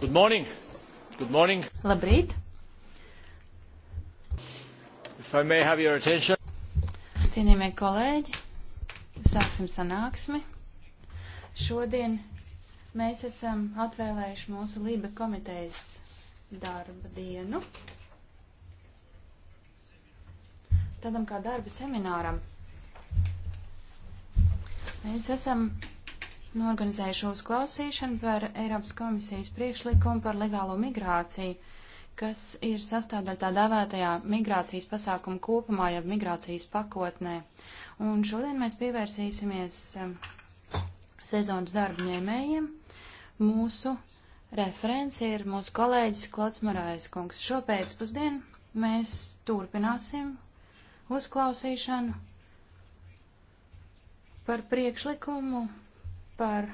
Good morning. Good morning. Labrīt. If I may have your attention. Cienījamie kolēģi, sāksim sanāksmi. Šodien mēs esam atvēlējuši mūsu Lība komitejas darba dienu. Tādam kā darba semināram. Mēs esam norganizējuši uzklausīšanu par Eiropas komisijas priekšlikumu par legālo migrāciju, kas ir sastāvdaļa tā dēvētajā migrācijas pasākuma kopumā, jeb migrācijas pakotnē. Un šodien mēs pievērsīsimies um, sezonas darba ņēmējiem. Mūsu referents ir mūsu kolēģis Klots Marājas kungs. Šo pēcpusdienu mēs turpināsim uzklausīšanu par priekšlikumu par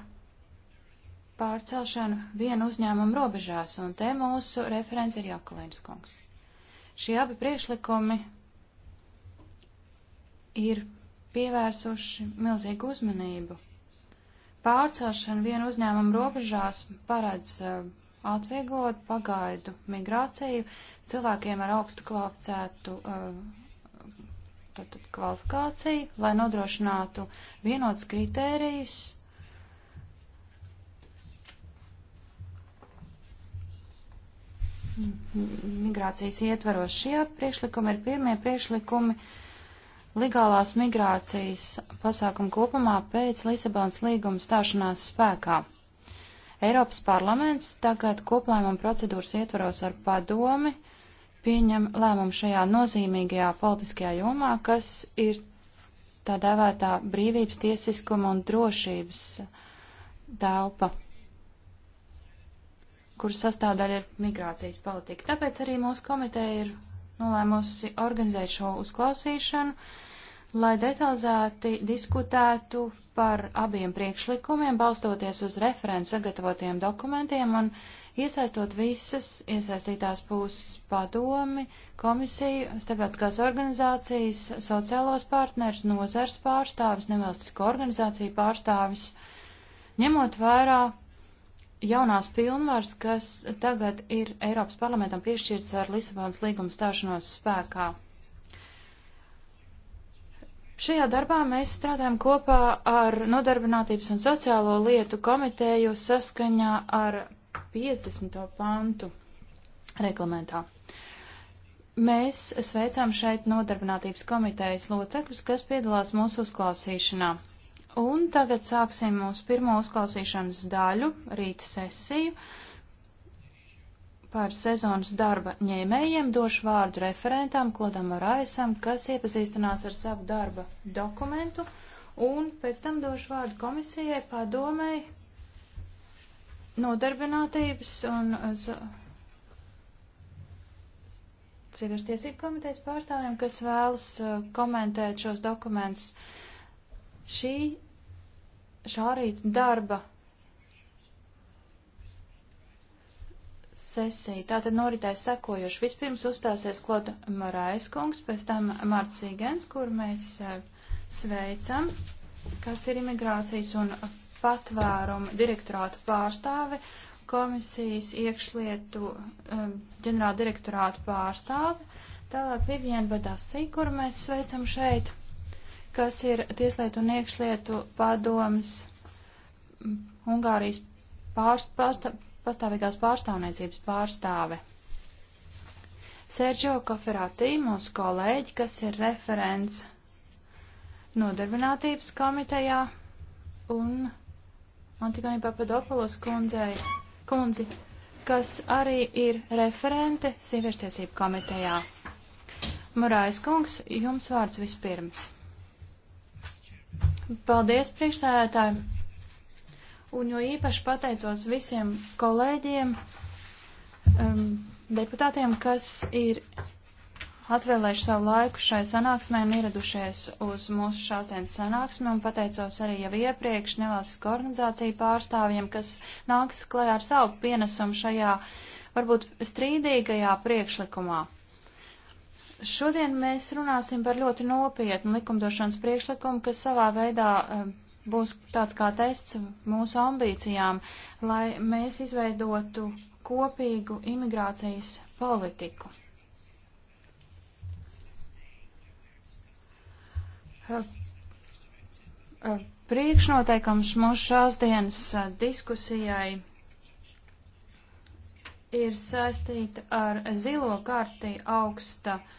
pārcelšanu vienu uzņēmumu robežās, un te mūsu referents ir Jakolīns kungs. Šie abi priešlikumi ir pievērsuši milzīgu uzmanību. Pārcelšana vienu uzņēmumu robežās paredz uh, atvieglot pagaidu migrāciju cilvēkiem ar augstu kvalificētu uh, tad, tad kvalifikāciju, lai nodrošinātu vienotus kritērijus migrācijas ietvaros. Šie priekšlikumi ir pirmie priekšlikumi legālās migrācijas pasākumu kopumā pēc Lisabonas līguma stāšanās spēkā. Eiropas parlaments tagad koplēmuma procedūras ietvaros ar padomi pieņem lēmumu šajā nozīmīgajā politiskajā jomā, kas ir tā dēvētā brīvības, tiesiskuma un drošības telpa kuras sastāvdaļa ir migrācijas politika. Tāpēc arī mūsu komiteja ir nolēmusi organizēt šo uzklausīšanu, lai detalizēti diskutētu par abiem priekšlikumiem, balstoties uz referents sagatavotiem dokumentiem un iesaistot visas iesaistītās puses padomi, komisiju, starptautiskās organizācijas, sociālos partners, nozars pārstāvis, nevalstisko organizāciju pārstāvis, ņemot vērā jaunās pilnvaras, kas tagad ir Eiropas parlamentam piešķirts ar Lisabonas līguma stāšanos spēkā. Šajā darbā mēs strādājam kopā ar Nodarbinātības un sociālo lietu komiteju saskaņā ar 50. pantu reglamentā. Mēs sveicām šeit Nodarbinātības komitejas locekļus, kas piedalās mūsu uzklausīšanā. Un tagad sāksim mūsu pirmo uzklausīšanas daļu, rīta sesiju. Par sezonas darba ņēmējiem došu vārdu referentam Klodam Raisam, kas iepazīstinās ar savu darba dokumentu, un pēc tam došu vārdu komisijai, padomēji, nodarbinātības un sieviešu uh, tiesību komitejas pārstāvjiem, kas vēlas uh, komentēt šos dokumentus. Šī šā rīta darba sesija. Tātad noritēs sekojuši. Vispirms uzstāsies Kloda Marais kungs, pēc tam Marts Sīgens, kur mēs e, sveicam, kas ir imigrācijas un patvērumu direktorātu pārstāve, komisijas iekšlietu e, ģenerāla direktorātu pārstāve. Tālāk Vivienu Badasī, kur mēs sveicam šeit kas ir Tieslietu un iekšlietu padomas Ungārijas pārst, pārsta, pastāvīgās pārstāvniecības pārstāve. Sergio Koferatī, mūsu kolēģi, kas ir referents nodarbinātības komitejā, un Antigoni Papadopolos kundzei, kundzi, kas arī ir referente sieviešu tiesību komitejā. Morais kungs, jums vārds vispirms. Paldies, priekšsēdētāji! Un jo īpaši pateicos visiem kolēģiem, um, deputātiem, kas ir atvēlējuši savu laiku šai sanāksmē un ieradušies uz mūsu šāsdienas sanāksmi, un pateicos arī jau iepriekš nevalstisko organizāciju pārstāvjiem, kas nāks klajā ar savu pienesumu šajā varbūt strīdīgajā priekšlikumā. Šodien mēs runāsim par ļoti nopietnu likumdošanas priekšlikumu, kas savā veidā eh, būs tāds kā tests mūsu ambīcijām, lai mēs izveidotu kopīgu imigrācijas politiku. Priekšnoteikums mūsu šās dienas diskusijai ir saistīta ar zilo karti augsta uh,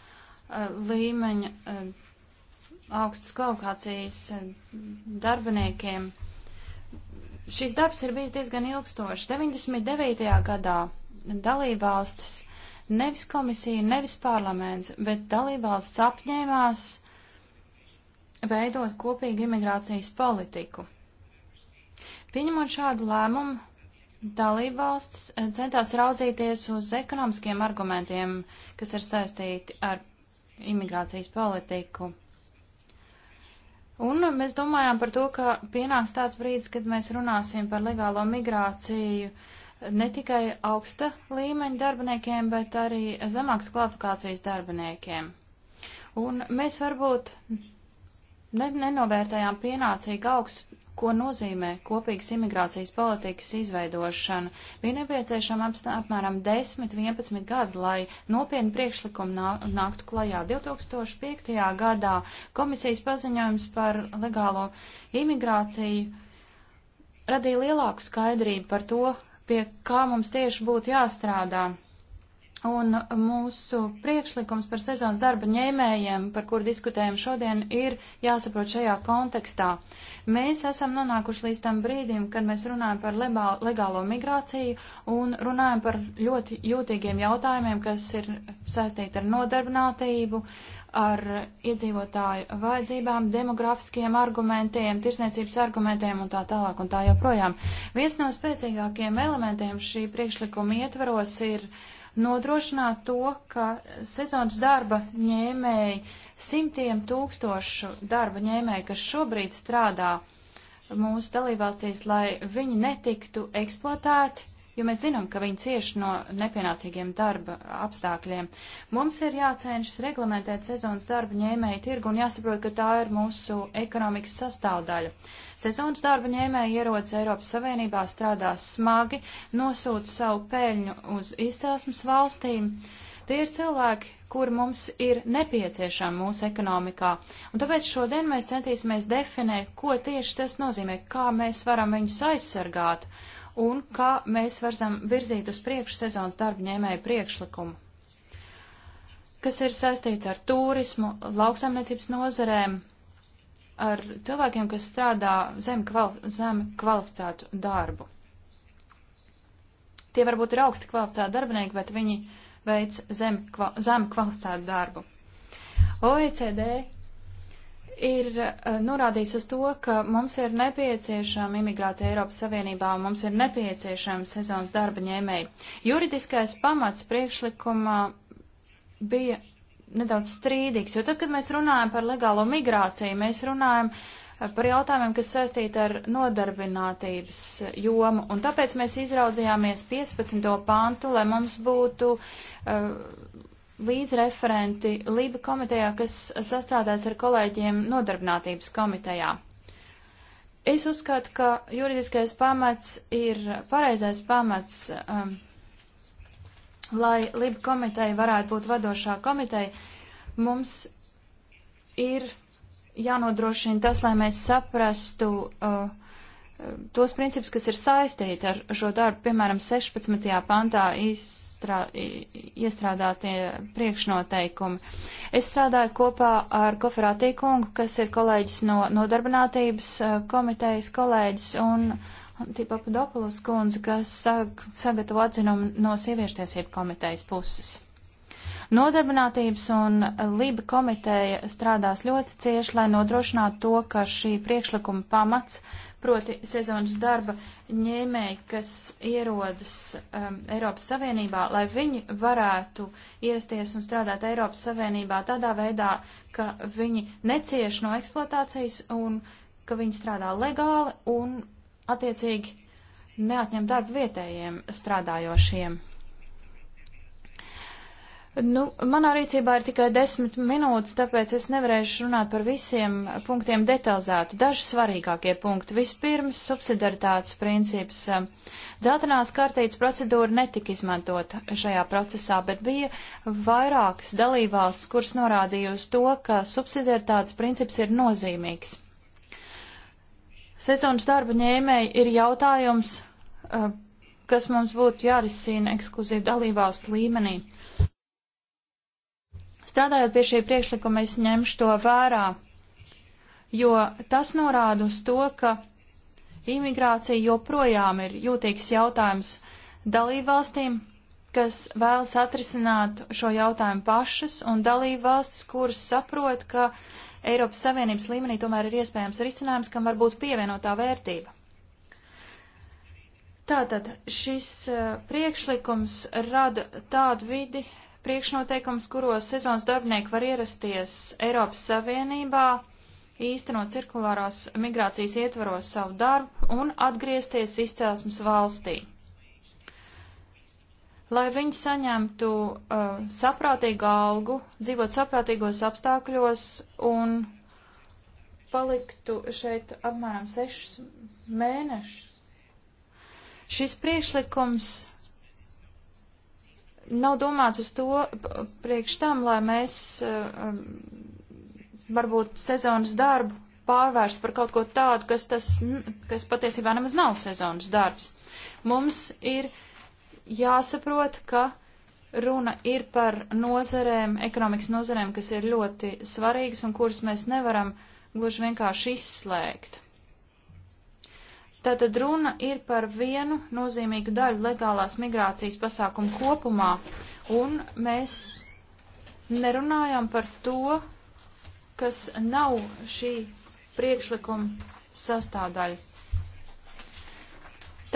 Uh, līmeņa uh, augstas kvalifikācijas uh, darbiniekiem. Šis darbs ir bijis diezgan ilgstošs. 99. gadā dalībvalstis, nevis komisija, nevis parlaments, bet dalībvalsts apņēmās veidot kopīgu imigrācijas politiku. Pieņemot šādu lēmumu, dalībvalstis centās raudzīties uz ekonomiskiem argumentiem, kas ir saistīti ar imigrācijas politiku. Un mēs domājām par to, ka pienāks tāds brīdis, kad mēs runāsim par legālo migrāciju ne tikai augsta līmeņa darbiniekiem, bet arī zemākas kvalifikācijas darbiniekiem. Un mēs varbūt ne, nenovērtējām pienācīgi augstu ko nozīmē kopīgas imigrācijas politikas izveidošana. Bija nepieciešama apmēram 10-11 gadi, lai nopietni priekšlikumi nā, nāktu klajā. 2005. gadā komisijas paziņojums par legālo imigrāciju radīja lielāku skaidrību par to, pie kā mums tieši būtu jāstrādā. Un mūsu priekšlikums par sezonas darba ņēmējiem, par kur diskutējam šodien, ir jāsaprot šajā kontekstā. Mēs esam nonākuši līdz tam brīdim, kad mēs runājam par legālo migrāciju un runājam par ļoti jūtīgiem jautājumiem, kas ir saistīti ar nodarbinātību, ar iedzīvotāju vajadzībām, demografiskiem argumentiem, tirsniecības argumentiem un tā tālāk un tā joprojām. Viens no spēcīgākiem elementiem šī priekšlikuma ietveros ir uh, nodrošināt to, ka sezonas darba ņēmēji, simtiem tūkstošu darba ņēmēji, kas šobrīd strādā mūsu dalībvalstīs, lai viņi netiktu eksploatēti jo mēs zinām, ka viņi cieši no nepienācīgiem darba apstākļiem. Mums ir jācenšas reglamentēt sezonas darba ņēmēju tirgu un jāsaprot, ka tā ir mūsu ekonomikas sastāvdaļa. Sezonas darba ņēmēji ierodas Eiropas Savienībā, strādās smagi, nosūta savu peļņu uz izcelsmes valstīm. Tie ir cilvēki, kuri mums ir nepieciešami mūsu ekonomikā. Un tāpēc šodien mēs centīsimies definēt, ko tieši tas nozīmē, kā mēs varam viņus aizsargāt. Uh, un kā mēs varam virzīt uz priekšu sezonas darba ņēmēju priekšlikumu, kas ir saistīts ar turismu, lauksaimniecības nozarēm, ar cilvēkiem, kas strādā zem, kvali zem kvalificētu darbu. Tie varbūt ir augsti kvalificēti darbinieki, bet viņi veic zem, kva zem kvalificētu darbu. OECD ir uh, norādījis uz to, ka mums ir nepieciešama imigrācija Eiropas Savienībā un mums ir nepieciešama sezonas darba ņēmēji. Juridiskais pamats priekšlikumā bija nedaudz strīdīgs, jo tad, kad mēs runājam par legālo migrāciju, mēs runājam eh, par jautājumiem, kas saistīti ar nodarbinātības jomu, un tāpēc mēs izraudzījāmies 15. pantu, lai mums būtu uh, līdzreferenti Lība komitejā, kas sastrādās ar kolēģiem nodarbinātības komitejā. Es uzskatu, ka juridiskais pamats ir pareizais pamats, um, lai Lība komiteja varētu būt vadošā komiteja. Mums ir jānodrošina tas, lai mēs saprastu uh, tos principus, kas ir saistīti ar šo darbu. Piemēram, 16. pantā iz, strā, iestrādātie priekšnoteikumi. Es strādāju kopā ar Koferātī kungu, kas ir kolēģis no nodarbinātības eh, komitejas kolēģis un Tīpa Papadopoulos kundze, kas sagatavo atzinumu no sieviešķiesību komitejas puses. Nodarbinātības un Lība komiteja strādās ļoti cieši, lai nodrošinātu to, ka šī priekšlikuma pamats uh, proti sezonas darba ņēmēji, kas ierodas um, Eiropas Savienībā, lai viņi varētu ierasties un strādāt Eiropas Savienībā tādā veidā, ka viņi necieš no eksploatācijas un ka viņi strādā legāli un attiecīgi neatņem darbu vietējiem strādājošiem. Nu, manā rīcībā ir tikai desmit minūtes, tāpēc es nevarēšu runāt par visiem punktiem detalizēti. Daži svarīgākie punkti. Vispirms, subsidaritātes princips. Dzeltenās kartītes procedūra netika izmantota šajā procesā, bet bija vairākas dalībvalsts, kuras norādīja uz to, ka subsidaritātes princips ir nozīmīgs. Sezonas darba ņēmēji ir jautājums, eh, kas mums būtu jārisina ekskluzīvi dalībvalstu līmenī. Strādājot pie šī priekšlikuma, es ņemšu to vērā, jo tas norāda uz to, ka imigrācija joprojām ir jūtīgs jautājums dalībvalstīm, kas vēlas atrisināt šo jautājumu pašas, un dalībvalstis, kuras saprot, ka Eiropas Savienības līmenī tomēr ir iespējams risinājums, kam var būt pievienotā vērtība. Tātad šis eh, priekšlikums rada tādu vidi, priekšnoteikums, kuros sezonas darbinieki var ierasties Eiropas Savienībā, īstenot cirkulārās migrācijas ietvaros savu darbu un atgriezties izcelsmes valstī. Lai viņi saņemtu uh, saprātīgu algu, dzīvot saprātīgos apstākļos un paliktu šeit apmēram sešus mēnešus. Šis priekšlikums nav domāts uz to priekš tam, lai mēs eh, um, varbūt sezonas darbu pārvērstu par kaut ko tādu, kas, tas, kas patiesībā nemaz nav sezonas darbs. Mums ir jāsaprot, ka runa ir par nozarēm, ekonomikas nozarēm, kas ir ļoti svarīgas un kuras mēs nevaram gluži vienkārši izslēgt. Tātad runa ir par vienu nozīmīgu daļu legālās migrācijas pasākumu kopumā, un mēs nerunājam par to, kas nav šī priekšlikuma sastāvdaļa.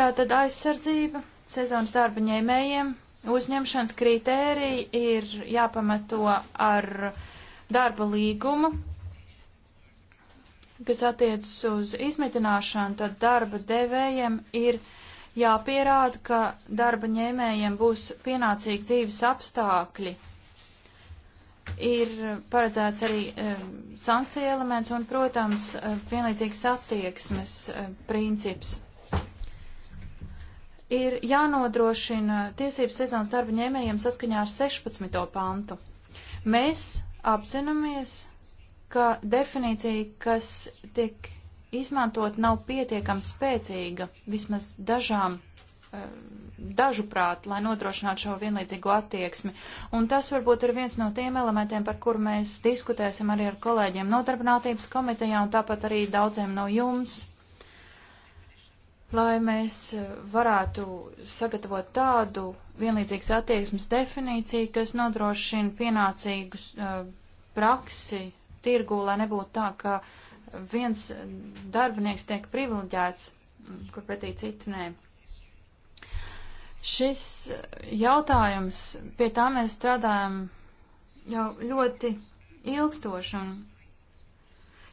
Tātad aizsardzība sezonas darba ņēmējiem, uzņemšanas kritēriji ir jāpamato ar darba līgumu, kas attiecas uz izmitināšanu, tad darba devējiem ir jāpierāda, ka darba ņēmējiem būs pienācīgi dzīves apstākļi. Ir paredzēts arī e, sankcija elements un, protams, um, vienlīdzīgs attieksmes e, princips. Ir jānodrošina tiesības sezonas darba ņēmējiem saskaņā ar 16. pantu. Mēs apzināmies, ka definīcija, kas tiek izmantot, nav pietiekami spēcīga vismaz dažām eh, dažuprāt, lai nodrošinātu šo vienlīdzīgo attieksmi. Un tas varbūt ir viens no tiem elementiem, par kuru mēs diskutēsim arī ar kolēģiem nodarbinātības komitejā un tāpat arī daudziem no jums, lai mēs eh, varētu sagatavot tādu vienlīdzīgas attieksmes definīciju, kas nodrošina pienācīgu uh, eh, praksi tirgu, lai nebūtu tā, ka viens darbinieks tiek privileģēts, kur pretī citu nē. Šis jautājums, pie tā mēs strādājam jau ļoti ilgstoši un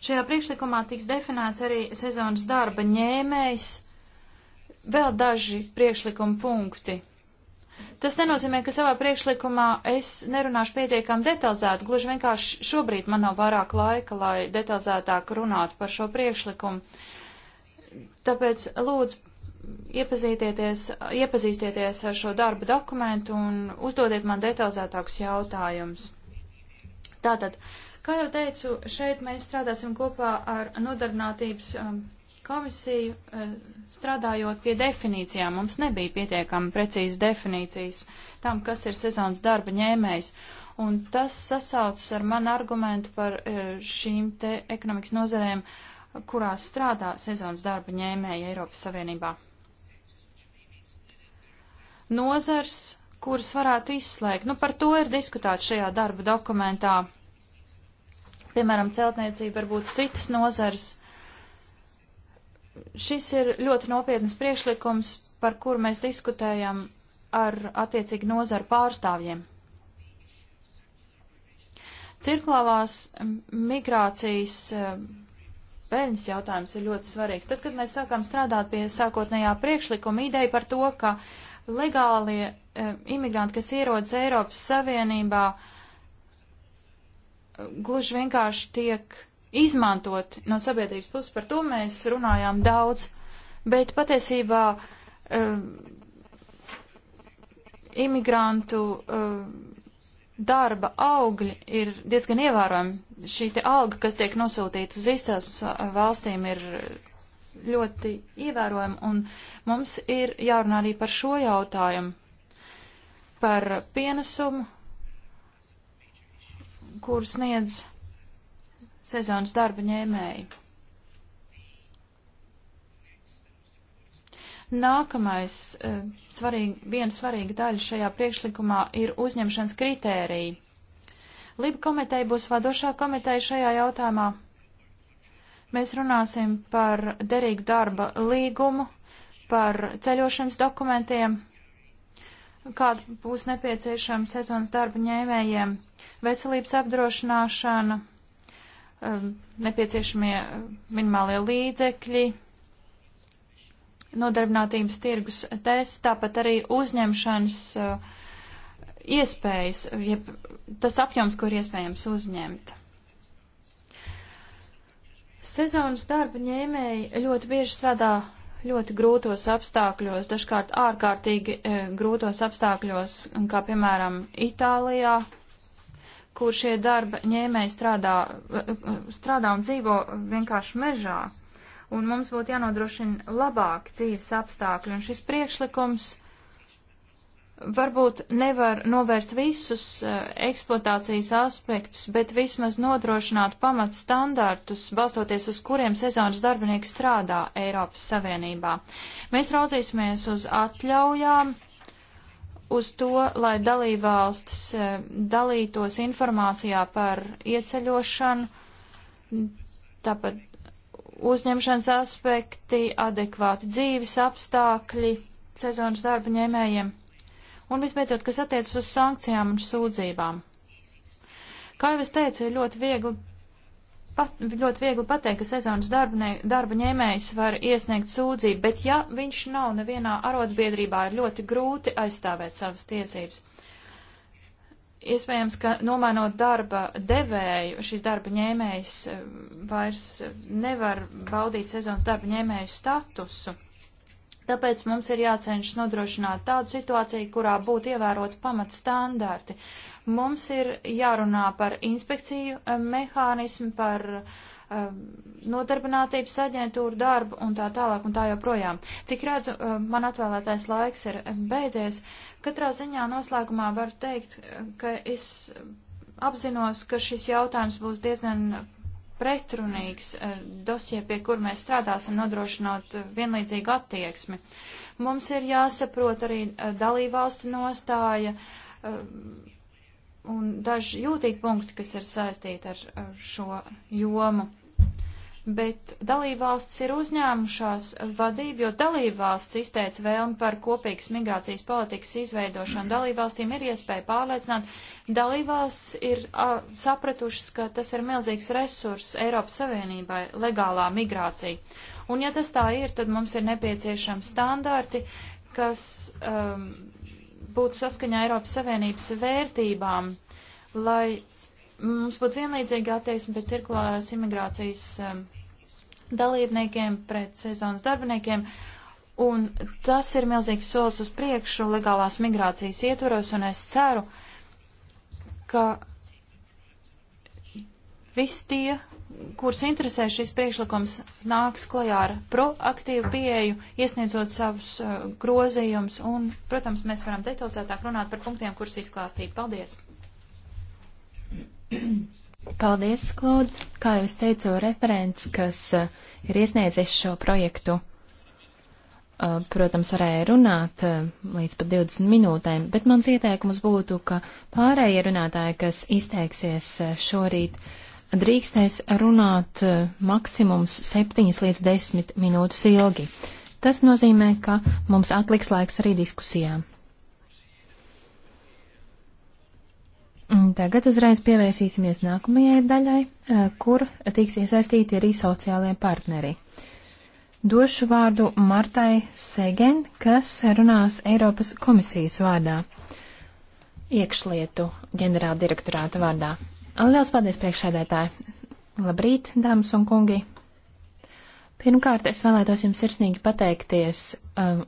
šajā priekšlikumā tiks definēts arī sezonas darba ņēmējs, vēl daži priekšlikuma punkti Tas nenozīmē, ka savā priekšlikumā es nerunāšu pietiekami detalizēti, gluži vienkārši šobrīd man nav vairāk laika, lai detalizētāk runātu par šo priekšlikumu. Tāpēc lūdzu iepazīstieties ar šo darba dokumentu un uzdodiet man detalizētākus jautājumus. Tātad, kā jau teicu, šeit mēs strādāsim kopā ar nodarbinātības um, komisiju eh, strādājot pie definīcijām. Mums nebija pietiekami precīzas definīcijas tam, kas ir sezonas darba ņēmējs. Un tas sasaucas ar manu argumentu par eh, šīm te ekonomikas nozarēm, kurās strādā sezonas darba ņēmēji Eiropas Savienībā. Nozars, kuras varētu izslēgt, nu par to ir diskutēts šajā darba dokumentā. Piemēram, celtniecība, varbūt citas nozars Šis ir ļoti nopietnas priekšlikums, par kur mēs diskutējam ar attiecīgi nozaru pārstāvjiem. Cirklāvās migrācijas eh, peļņas jautājums ir ļoti svarīgs. Tad, kad mēs sākām strādāt pie sākotnējā priekšlikuma ideja par to, ka legālie e, imigranti, kas ierodas Eiropas Savienībā, eh, gluži vienkārši tiek izmantot no sabiedrības puses. Par to mēs runājām daudz, bet patiesībā uh, imigrantu uh, darba augļi ir diezgan ievērojami. Šī te alga, kas tiek nosūtīta uz izcelsmes valstīm, ir ļoti ievērojama, un mums ir jārunā arī par šo jautājumu, par pienesumu, kur sniedz sezonas darba ņēmēji. Nākamais e, svarīgi, viena svarīga daļa šajā priekšlikumā ir uzņemšanas kritērija. Liba komiteja būs vadošā komiteja šajā jautājumā. Mēs runāsim par derīgu darba līgumu, par ceļošanas dokumentiem, kāda būs nepieciešama sezonas darba ņēmējiem, veselības apdrošināšana Um, nepieciešamie uh, minimālie līdzekļi, nodarbinātības tirgus tests, tāpat arī uzņemšanas uh, iespējas, jeb tas apjoms, kur iespējams uzņemt. Sezonas darba ņēmēji ļoti bieži strādā ļoti grūtos apstākļos, dažkārt ārkārtīgi eh, grūtos apstākļos, kā piemēram Itālijā, kur šie darba ņēmēji strādā, strādā un dzīvo vienkārši mežā. Un mums būtu jānodrošina labāki dzīves apstākļi. Un šis priekšlikums varbūt nevar novērst visus eh, eksploatācijas aspektus, bet vismaz nodrošināt pamat standartus, balstoties uz kuriem sezonas darbinieki strādā Eiropas Savienībā. Mēs raudzīsimies uz atļaujām uz to, lai dalībvalstis e, dalītos informācijā par ieceļošanu, tāpat uzņemšanas aspekti, adekvāti dzīves apstākļi sezonas darba ņēmējiem un visbeidzot, kas attiecas uz sankcijām un sūdzībām. Kā jau es teicu, ir ļoti viegli pat, ļoti viegli pateikt, ka sezonas darba, darba ņēmējs var iesniegt sūdzību, bet ja viņš nav nevienā arotbiedrībā, ir ļoti grūti aizstāvēt savas tiesības. Iespējams, ka nomainot darba devēju, šis darba ņēmējs eh, vairs nevar baudīt sezonas darba ņēmēju statusu. Tāpēc mums ir jācenšas nodrošināt tādu situāciju, kurā būtu ievērot pamatstandarti. standarti Mums ir jārunā par inspekciju eh, mehānismu, par uh, nodarbinātības aģentūru darbu un tā tālāk un tā joprojām. Cik redzu, uh, man atvēlētais laiks ir beidzies. Katrā ziņā noslēgumā varu teikt, ka es apzinos, ka šis jautājums būs diezgan pretrunīgs dosie, pie kur mēs strādāsim, nodrošinot vienlīdzīgu attieksmi. Mums ir jāsaprot arī dalībvalstu nostāja, un daži jūtīgi punkti, kas ir saistīti ar, ar šo jomu. Bet dalībvalstis ir uzņēmušās vadību, jo dalībvalsts izteica vēlmi par kopīgas migrācijas politikas izveidošanu. Dalībvalstīm ir iespēja pārliecināt. Dalībvalsts ir a, sapratušas, ka tas ir milzīgs resurs Eiropas Savienībai - legālā migrācija. Un ja tas tā ir, tad mums ir nepieciešami standarti, kas um, būtu saskaņā Eiropas Savienības vērtībām, lai mums būtu vienlīdzīga attieksme pret cirkulārās imigrācijas um, dalībniekiem, pret sezonas darbiniekiem. Un tas ir milzīgs solis uz priekšu legālās migrācijas ietvaros, un es ceru, ka Visi tie, kurus interesē šis priekšlikums, nāks klajā ar proaktīvu pieeju, iesniedzot savus uh, grozījumus, un, protams, mēs varam detalizētāk runāt par punktiem, kurus izklāstīja. Paldies! Paldies, Klod! Kā jau es teicu, referents, kas uh, ir iesniedzis šo projektu, uh, protams, varēja runāt uh, līdz pat 20 minūtēm, bet mans ieteikums būtu, ka pārējie runātāji, kas izteiksies uh, šorīt, uh, drīkstēs runāt eh, maksimums 7 līdz 10 minūtes ilgi. Tas nozīmē, ka mums atliks laiks arī diskusijām. Tagad uzreiz pievērsīsimies nākamajai daļai, eh, kur tiks iesaistīti arī sociālajie partneri. Došu vārdu Martai Segen, kas runās Eiropas komisijas vārdā, iekšlietu ģenerāldirektorāta vārdā. Lielas paldies priekšsēdētāji! Labrīt, dāmas un kungi! Pirmkārt, es vēlētos jums sirsnīgi pateikties um,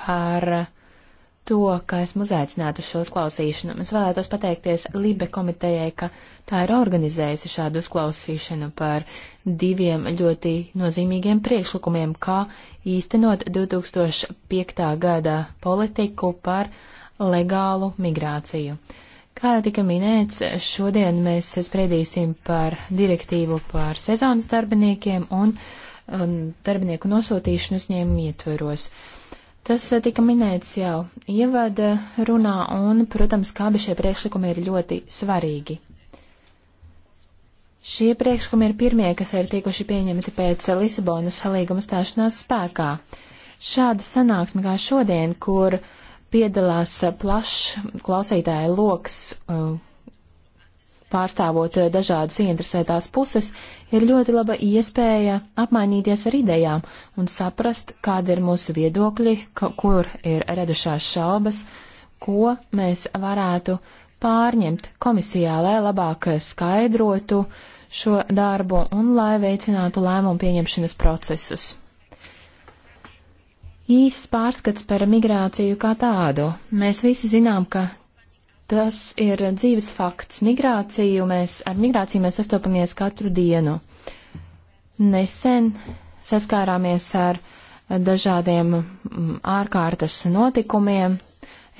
par to, ka esmu uzaicināta uz šo uzklausīšanu. Es vēlētos pateikties Libe komitejai, ka tā ir organizējusi šādu uzklausīšanu par diviem ļoti nozīmīgiem priekšlikumiem, kā īstenot 2005. gada politiku par legālu migrāciju. Uh, Kā jau tika minēts, šodien mēs spriedīsim par direktīvu par sezonas darbiniekiem un um, darbinieku nosūtīšanu uzņēmumu ietveros. Tas uh, tika minēts jau ievada runā un, protams, kā abi šie priekšlikumi ir ļoti svarīgi. Šie priekšlikumi ir pirmie, kas ir tikuši pieņemti pēc Lisabonas līguma stāšanās spēkā. Šāda sanāksme kā šodien, kur uh, piedalās plašs klausītāja loks, uh, pārstāvot uh, dažādas ieinteresētās puses, ir ļoti laba iespēja apmainīties ar idejām un saprast, kāda ir mūsu viedokļi, kur ir redušās šaubas, ko mēs varētu pārņemt komisijā, lai labāk skaidrotu šo darbu un lai veicinātu lēmumu pieņemšanas procesus. Īsts pārskats par migrāciju kā tādu. Mēs visi zinām, ka tas ir dzīves fakts. Migrāciju mēs, ar migrāciju mēs sastopamies katru dienu. Nesen saskārāmies ar dažādiem mm, ārkārtas notikumiem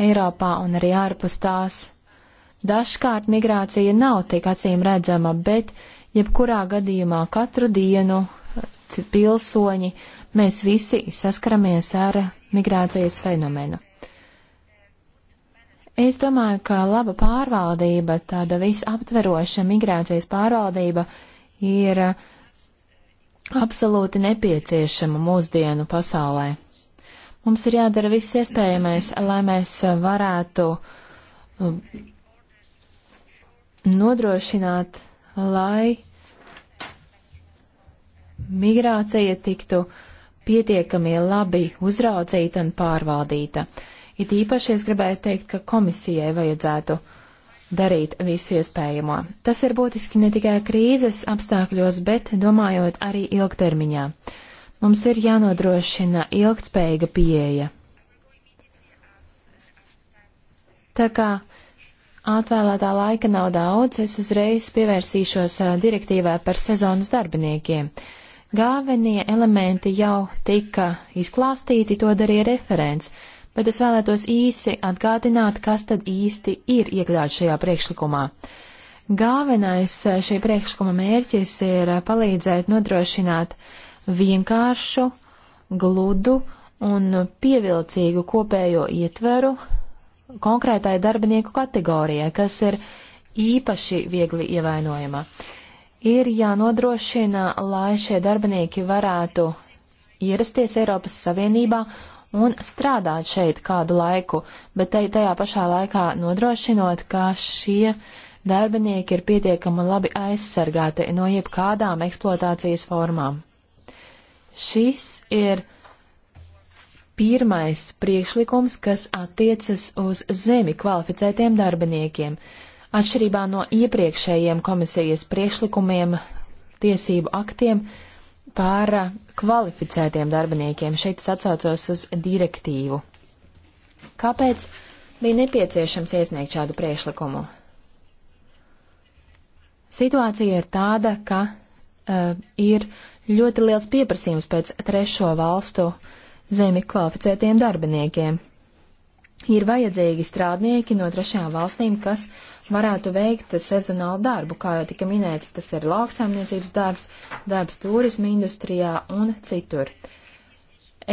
Eiropā un arī ārpus tās. Dažkārt migrācija nav tik acīm redzama, bet jebkurā gadījumā katru dienu pilsoņi mēs visi saskaramies ar migrācijas fenomenu. Es domāju, ka laba pārvaldība, tāda visaptveroša migrācijas pārvaldība ir absolūti nepieciešama mūsdienu pasaulē. Mums ir jādara viss iespējamais, lai mēs varētu um, nodrošināt, lai migrācija tiktu uh, pietiekami labi uzraudzīta un pārvaldīta. It īpaši es gribēju teikt, ka komisijai vajadzētu darīt visu iespējamo. Tas ir būtiski ne tikai krīzes apstākļos, bet domājot arī ilgtermiņā. Mums ir jānodrošina ilgtspējīga pieeja. Tā kā atvēlētā laika nav daudz, es uzreiz pievērsīšos direktīvā par sezonas darbiniekiem. Uh, Galvenie elementi jau tika izklāstīti, to darīja referents, bet es vēlētos īsi atgādināt, kas tad īsti ir iekļauts šajā priekšlikumā. Galvenais eh, šī priekšlikuma mērķis ir eh, palīdzēt nodrošināt vienkāršu, gludu un pievilcīgu kopējo ietveru konkrētai darbinieku kategorijai, kas ir īpaši viegli ievainojama ir jānodrošina, lai šie darbinieki varētu ierasties Eiropas Savienībā un strādāt šeit kādu laiku, bet te, tajā pašā laikā nodrošinot, ka šie darbinieki ir pietiekami labi aizsargāti no jebkādām eksploatācijas formām. Šis ir pirmais priekšlikums, kas attiecas uz zemi kvalificētiem darbiniekiem. Uh, Atšķirībā no iepriekšējiem komisijas priekšlikumiem, tiesību aktiem pār kvalificētiem darbiniekiem, šeit es atsaucos uz direktīvu. Kāpēc bija nepieciešams iesniegt šādu priekšlikumu? Situācija ir tāda, ka uh, ir ļoti liels pieprasījums pēc trešo valstu zemi kvalificētiem darbiniekiem ir vajadzīgi strādnieki no trešajām valstīm, kas varētu veikt sezonālu darbu. Kā jau tika minēts, tas ir lauksaimniecības darbs, darbs turisma industrijā un citur.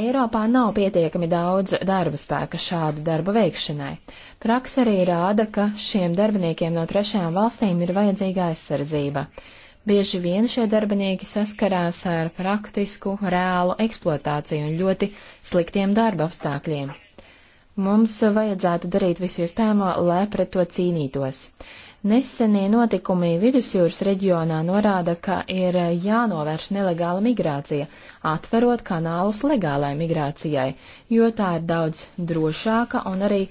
Eiropā nav pietiekami daudz darba spēka šādu darbu veikšanai. Praksa arī rāda, ka šiem darbiniekiem no trešajām valstīm ir vajadzīga aizsardzība. Bieži vien šie darbinieki saskarās ar praktisku, reālu eksploatāciju un ļoti sliktiem darba apstākļiem. Mums vajadzētu darīt visu iespējamo, lai pret to cīnītos. Nesenie notikumi vidusjūras reģionā norāda, ka ir jānovērš nelegāla migrācija, atverot kanālus legālai migrācijai, jo tā ir daudz drošāka un arī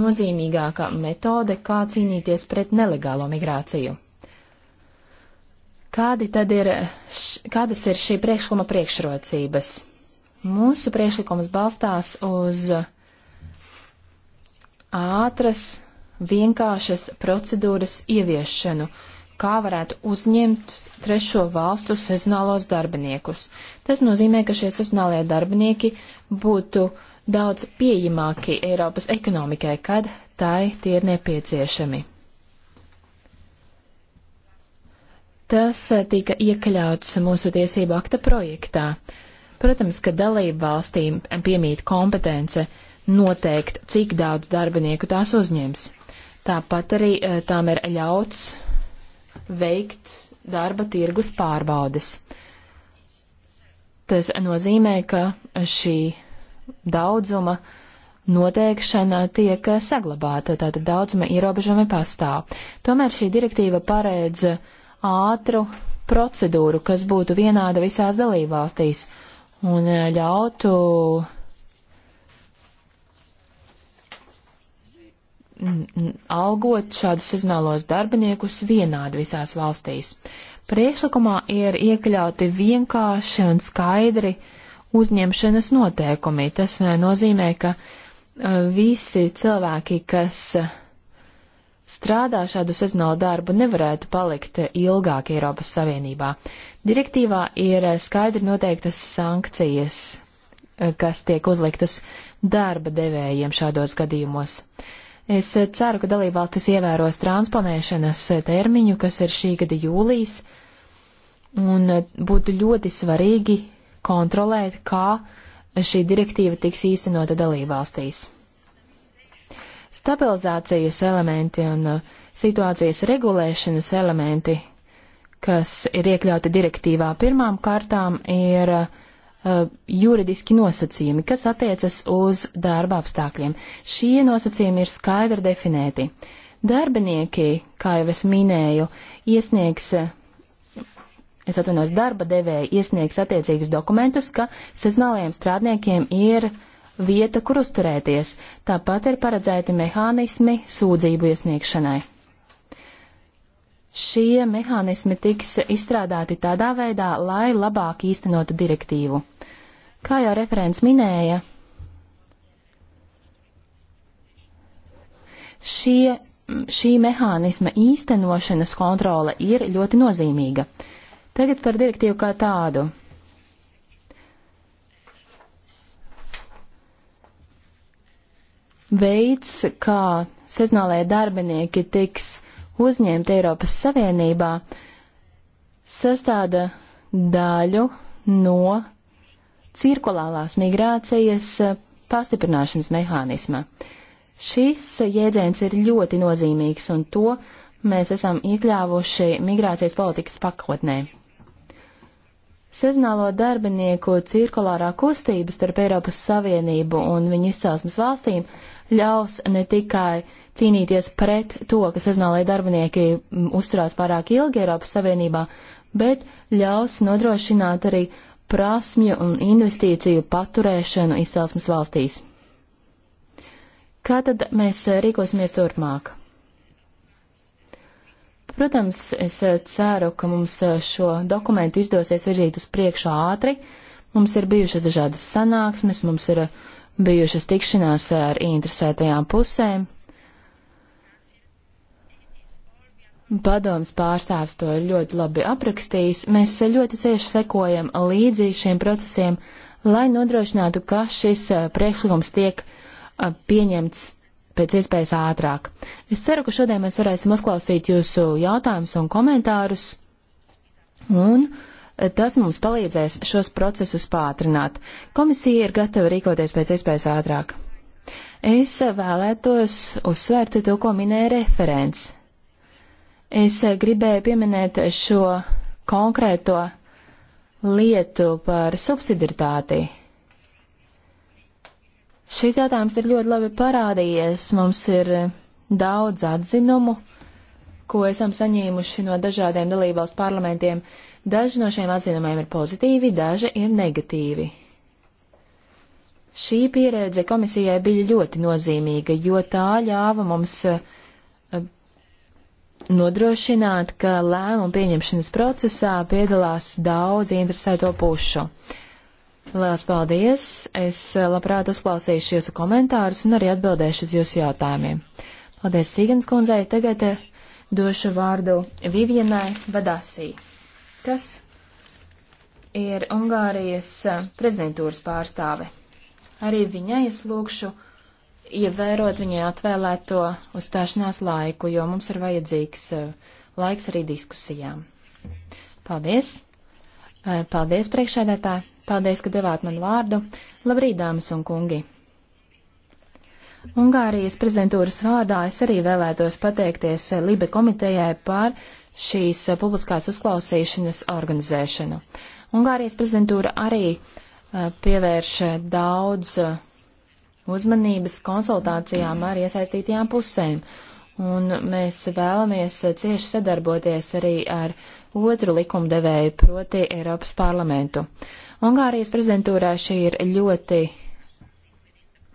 nozīmīgāka metode, kā cīnīties pret nelegālo migrāciju. Kādi tad ir, š, kādas ir šī priekšlikuma priekšrocības? Mūsu priekšlikums balstās uz ātras, vienkāršas procedūras ieviešanu, kā varētu uzņemt trešo valstu sezonālos darbiniekus. Tas nozīmē, ka šie sezonālie darbinieki būtu daudz pieejamāki Eiropas ekonomikai, kad tai tie ir nepieciešami. Tas tika iekļauts mūsu tiesību akta projektā. Protams, ka dalību valstīm piemīt kompetence noteikt, cik daudz darbinieku tās uzņems. Tāpat arī eh, tām ir ļauts veikt darba tirgus pārbaudes. Tas nozīmē, ka šī daudzuma noteikšana tiek saglabāta, tātad daudzuma ierobežojumi pastāv. Tomēr šī direktīva paredz ātru procedūru, kas būtu vienāda visās dalībvalstīs un ļautu algot šādus sezonālos darbiniekus vienādi visās valstīs. Priekšlikumā ir iekļauti vienkārši un skaidri uzņemšanas noteikumi. Tas e, nozīmē, ka e, visi cilvēki, kas e, strādā šādu sezonālu darbu, nevarētu palikt ilgāk Eiropas Savienībā. Direktīvā ir skaidri noteiktas sankcijas, kas tiek uzliktas darba devējiem šādos gadījumos. Es ceru, ka dalībvalstis ievēros transponēšanas termiņu, kas ir šī gada jūlijas, un būtu ļoti svarīgi kontrolēt, kā šī direktīva tiks īstenota dalībvalstīs. Stabilizācijas elementi un situācijas regulēšanas elementi, kas ir iekļauti direktīvā pirmām kārtām, ir uh, Uh, juridiski nosacījumi, kas attiecas uz darba apstākļiem. Šie nosacījumi ir skaidri definēti. Darbinieki, kā jau es minēju, iesniegs, es atvainojos, darba devēji iesniegs attiecīgus dokumentus, ka sezonālajiem strādniekiem ir vieta, kur uzturēties. Tāpat ir paredzēti mehānismi sūdzību iesniegšanai. Šie mehānismi tiks izstrādāti tādā veidā, lai labāk īstenotu direktīvu. Kā jau referents minēja, šie, šī mehānisma īstenošanas kontrole ir ļoti nozīmīga. Tagad par direktīvu kā tādu. Veids, kā sezonālajie darbinieki tiks uzņemti Eiropas Savienībā, sastāda daļu no cirkulārās migrācijas pastiprināšanas mehānisma. Šis jēdziens ir ļoti nozīmīgs, un to mēs esam iekļāvuši migrācijas politikas pakotnē. Sezonālo darbinieku cirkulārā kustība starp Eiropas Savienību un viņu izcelsmes valstīm ļaus ne tikai cīnīties pret to, ka sezonālai darbinieki mm, uzturās pārāk ilgi Eiropas Savienībā, bet ļaus nodrošināt arī prasmju un investīciju paturēšanu izcelsmes valstīs. Kā tad mēs eh, rīkosimies turpmāk? Protams, es eh, ceru, ka mums eh, šo dokumentu izdosies virzīt uz priekšu ātri. Mums ir bijušas dažādas sanāksmes, mums ir bijušas tikšanās ar interesētajām pusēm. Padoms pārstāvs to ir ļoti labi aprakstījis. Mēs ļoti cieši sekojam līdzi šiem procesiem, lai nodrošinātu, ka šis eh, priekšlikums tiek eh, pieņemts pēc iespējas ātrāk. Es ceru, ka šodien mēs varēsim uzklausīt jūsu jautājumus un komentārus, un eh, tas mums palīdzēs šos procesus pātrināt. Komisija ir gatava rīkoties pēc iespējas ātrāk. Es vēlētos uzsvērt to, ko minēja referents. Es gribēju pieminēt šo konkrēto lietu par subsidiritāti. Šis jautājums ir ļoti labi parādījies. Mums ir daudz atzinumu, ko esam saņēmuši no dažādiem dalībvalstu parlamentiem. Daži no šiem atzinumiem ir pozitīvi, daži ir negatīvi. Šī pieredze komisijai bija ļoti nozīmīga, jo tā ļāva mums uh, nodrošināt, ka lēmumu pieņemšanas procesā piedalās daudz interesēto pušu. Lielas paldies! Es labprāt uzklausīšu jūsu komentārus un arī atbildēšu uz jūsu jautājumiem. Paldies Sīgans kundzei! Tagad eh, došu vārdu Vivienai Vadasī, kas ir Ungārijas eh, prezidentūras pārstāve. Arī viņai es lūkšu ievērot viņai atvēlēto uzstāšanās laiku, jo mums ir vajadzīgs eh, laiks arī diskusijām. Paldies! Eh, paldies, priekšēdētāji! Paldies, ka devāt man vārdu! Labrīt, dāmas un kungi! Ungārijas prezidentūras vārdā es arī vēlētos pateikties eh, Libe komitejai par šīs publiskās uzklausīšanas organizēšanu. Ungārijas prezidentūra arī pievērš daudz uzmanības konsultācijām ar iesaistītajām pusēm. Un mēs vēlamies cieši sadarboties arī ar otru likumdevēju, proti Eiropas parlamentu. Ungārijas prezidentūrā šī ir ļoti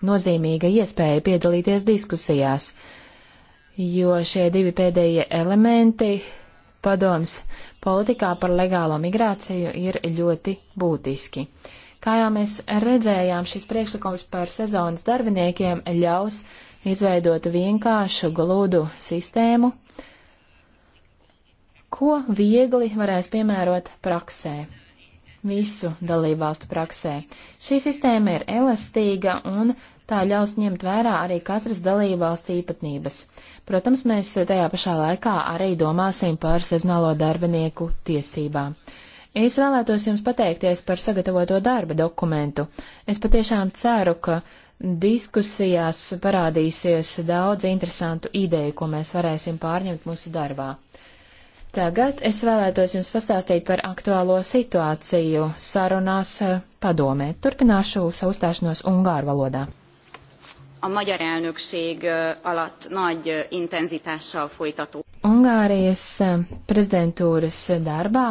nozīmīga iespēja piedalīties diskusijās, jo šie divi pēdējie elementi padoms politikā par legālo migrāciju ir ļoti būtiski. Uh, Kā jau mēs redzējām, šis priekšlikums par sezonas darbiniekiem ļaus izveidot vienkāršu glūdu sistēmu, ko viegli varēs piemērot praksē, visu dalībvalstu praksē. Šī sistēma ir elastīga un tā ļaus ņemt vērā arī katras dalībvalsts īpatnības. Protams, mēs tajā pašā laikā arī domāsim par sezonālo darbinieku tiesībām. Es vēlētos jums pateikties par sagatavoto darba dokumentu. Es patiešām ceru, ka diskusijās parādīsies daudz interesantu ideju, ko mēs varēsim pārņemt mūsu darbā. Tagad es vēlētos jums pastāstīt par aktuālo situāciju sarunās eh, padomē. Turpināšu savu stāšanos Ungāru valodā. A magyar elnökség eh, alatt nagy eh, intenzitással folytató. Ungārijas prezidentūras darbā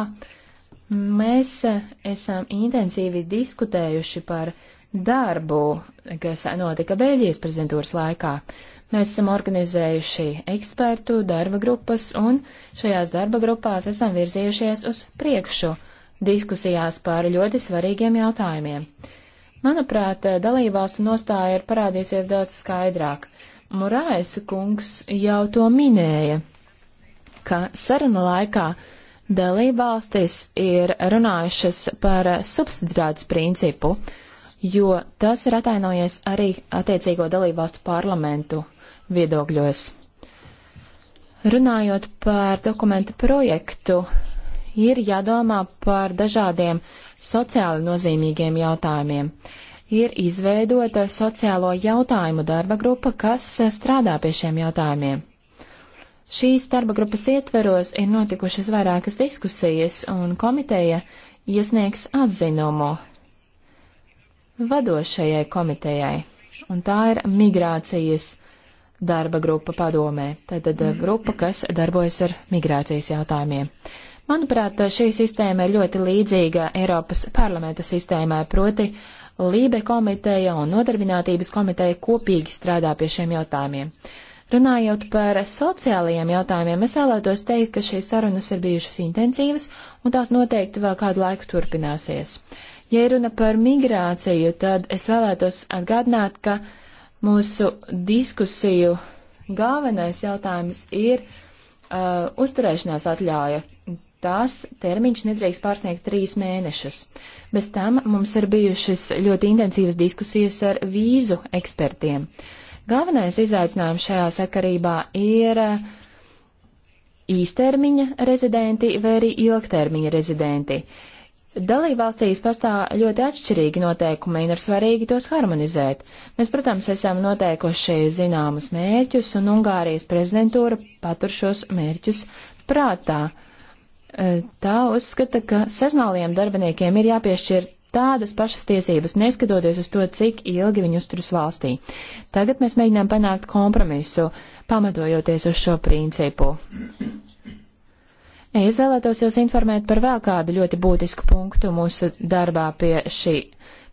Mēs e, esam intensīvi diskutējuši par darbu, kas notika Beļģijas prezidentūras laikā. Mēs esam organizējuši ekspertu darba grupas un šajās darba grupās esam virzījušies uz priekšu diskusijās par ļoti svarīgiem jautājumiem. Manuprāt, e, dalībvalstu nostāja ir parādīsies daudz skaidrāk. Morāes kungs jau to minēja, ka saruna laikā Dalībvalstis ir runājušas par subsidiāts principu, jo tas ir atainojies arī attiecīgo dalībvalstu parlamentu viedokļos. Runājot par dokumentu projektu, ir jādomā par dažādiem sociāli nozīmīgiem jautājumiem. Ir izveidota sociālo jautājumu darba grupa, kas strādā pie šiem jautājumiem. Šīs darba grupas ietveros ir notikušas vairākas diskusijas, un komiteja iesniegs atzinumu vadošajai komitejai, un tā ir migrācijas darba grupa padomē, tātad eh, grupa, kas darbojas ar migrācijas jautājumiem. Manuprāt, šī sistēma ir ļoti līdzīga Eiropas parlamenta sistēmai, proti Lībe komiteja un Nodarbinātības komiteja kopīgi strādā pie šiem jautājumiem. Runājot par sociālajiem jautājumiem, es vēlētos teikt, ka šīs sarunas ir bijušas intensīvas un tās noteikti vēl kādu laiku turpināsies. Ja runa par migrāciju, tad es vēlētos atgādināt, ka mūsu diskusiju galvenais jautājums ir uh, uzturēšanās atļauja. Tās termiņš nedrīkst pārsniegt trīs mēnešus. Bez tam mums ir bijušas ļoti intensīvas diskusijas ar vīzu ekspertiem. Uh, Galvenais izaicinājums šajā sakarībā ir eh, īstermiņa rezidenti vai arī ilgtermiņa rezidenti. Dalībvalstīs pastāv ļoti atšķirīgi noteikumi un ir svarīgi tos harmonizēt. Mēs, protams, esam noteikuši zināmus mērķus, un Ungārijas prezidentūra patur šos mērķus prātā. Eh, tā uzskata, ka sezonāliem darbiniekiem ir jāpiešķir tādas pašas tiesības, neskatoties uz to, cik ilgi viņi uzturas valstī. Tagad mēs mēģinām panākt kompromisu, pamatojoties uz šo principu. Es vēlētos jūs informēt par vēl kādu ļoti būtisku punktu mūsu darbā pie šī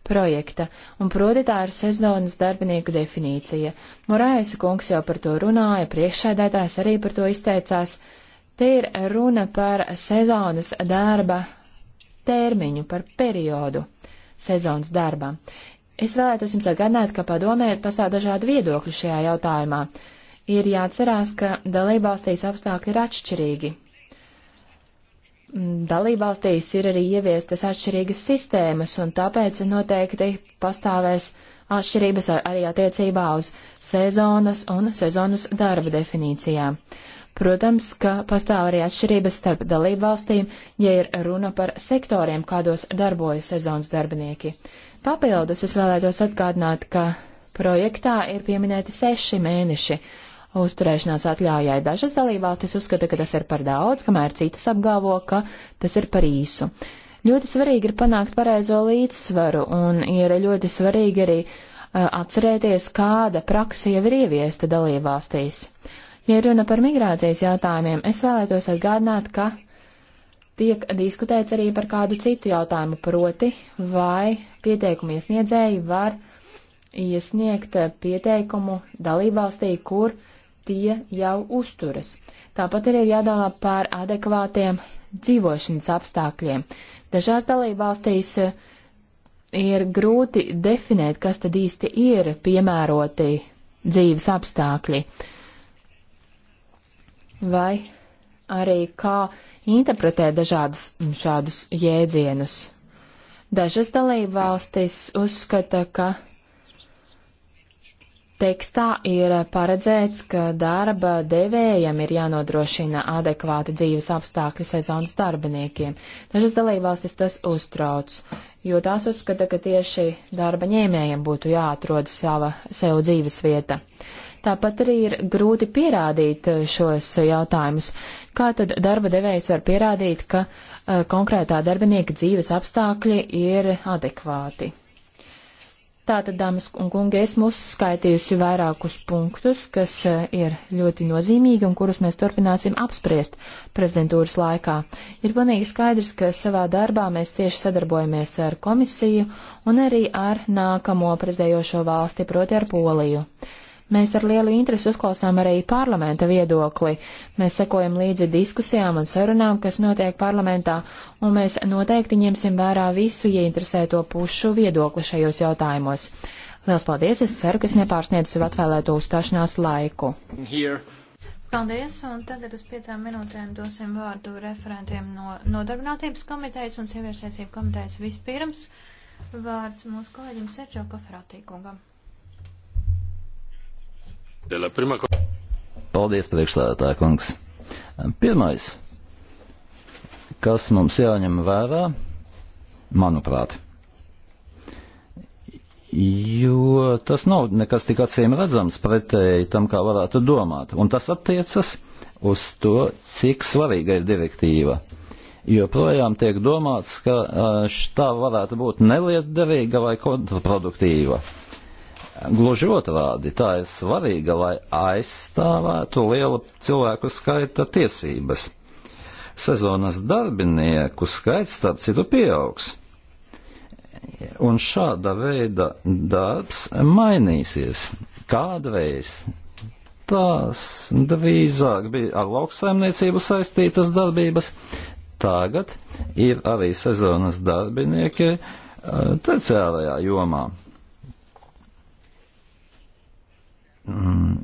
projekta, un proti tā ir sezonas darbinieku definīcija. Morājas kungs jau par to runāja, priekšsēdētājs arī par to izteicās. Te ir runa par sezonas darba termiņu, par periodu sezonas darbam. Es vēlētos jums atgādināt, ka padomē pastāv dažādi viedokļi šajā jautājumā. Ir jāatcerās, ka dalībvalstīs apstākļi ir atšķirīgi. Mm, dalībvalstīs ir arī ieviestas atšķirīgas sistēmas, un tāpēc noteikti pastāvēs atšķirības arī attiecībā uz sezonas un sezonas darba definīcijām. Protams, ka pastāv arī atšķirības starp dalībvalstīm, ja ir runa par sektoriem, kādos darbojas sezonas darbinieki. Papildus es vēlētos atgādināt, ka projektā ir pieminēti seši mēneši uzturēšanās atļaujai. Dažas dalībvalstis uzskata, ka tas ir par daudz, kamēr citas apgalvo, ka tas ir par īsu. Ļoti svarīgi ir panākt pareizo līdzsvaru un ir ļoti svarīgi arī uh, atcerēties, kāda praksa jau ir ieviesta dalībvalstīs. Uh, Ja runa par migrācijas jautājumiem, es vēlētos atgādināt, ka tiek diskutēts arī par kādu citu jautājumu, proti, vai pieteikumu iesniedzēji var iesniegt pieteikumu dalībvalstī, kur tie jau uzturas. Tāpat arī ir jādomā par adekvātiem dzīvošanas apstākļiem. Dažās dalībvalstīs eh, ir grūti definēt, kas tad īsti ir piemēroti dzīves apstākļi. Uh, vai arī kā interpretē dažādus šādus jēdzienus. Dažas dalībvalstis uzskata, ka tekstā ir paredzēts, ka darba devējam ir jānodrošina adekvāti dzīves apstākļi sezonas darbiniekiem. Dažas dalībvalstis tas uztrauc, jo tās uzskata, ka tieši darba ņēmējiem būtu jāatrod sava sev dzīves vieta. Tāpat arī ir grūti pierādīt eh, šos jautājumus. Kā tad darba devējs var pierādīt, ka uh, konkrētā darbinieka dzīves apstākļi ir adekvāti? Tātad, dāmas un kungi, esmu uzskaitījusi vairākus punktus, kas eh, ir ļoti nozīmīgi un kurus mēs turpināsim apspriest prezidentūras laikā. Ir panīgi skaidrs, ka savā darbā mēs tieši sadarbojamies ar komisiju un arī ar nākamo prezidējošo valsti, proti ar Poliju. Mēs ar lielu interesi uzklausām arī parlamenta viedokli. Mēs sekojam līdzi diskusijām un sarunām, kas notiek parlamentā, un mēs noteikti ņemsim vērā visu ieinteresēto pušu viedokli šajos jautājumos. Liels paldies! Es ceru, ka es nepārsniedzu sev atvēlēto uzstāšanās laiku. Here. Paldies, un tagad uz piecām minūtēm dosim vārdu referentiem no Nodarbinātības komitejas un Sieviešu tiesību komitejas vispirms. Vārds mūsu kolēģim Sergio Kofrātīkungam. Paldies, priekšstādātāja kungs. Pirmais, kas mums jāņem vērā, manuprāt, jo tas nav nekas tik acīm redzams pretēji tam, kā varētu domāt, un tas attiecas uz to, cik svarīga ir direktīva. Jo projām tiek domāts, ka tā varētu būt nelietderīga vai kontraproduktīva. Gluži otrādi, tā ir svarīga, lai aizstāvētu liela cilvēku skaita tiesības. Sezonas darbinieku skaits, starp citu, pieaugs. Un šāda veida darbs mainīsies. Kādreiz tās drīzāk bija ar lauksaimniecību saistītas darbības, tagad ir arī sezonas darbinieki eh, terciārajā jomā. Mm.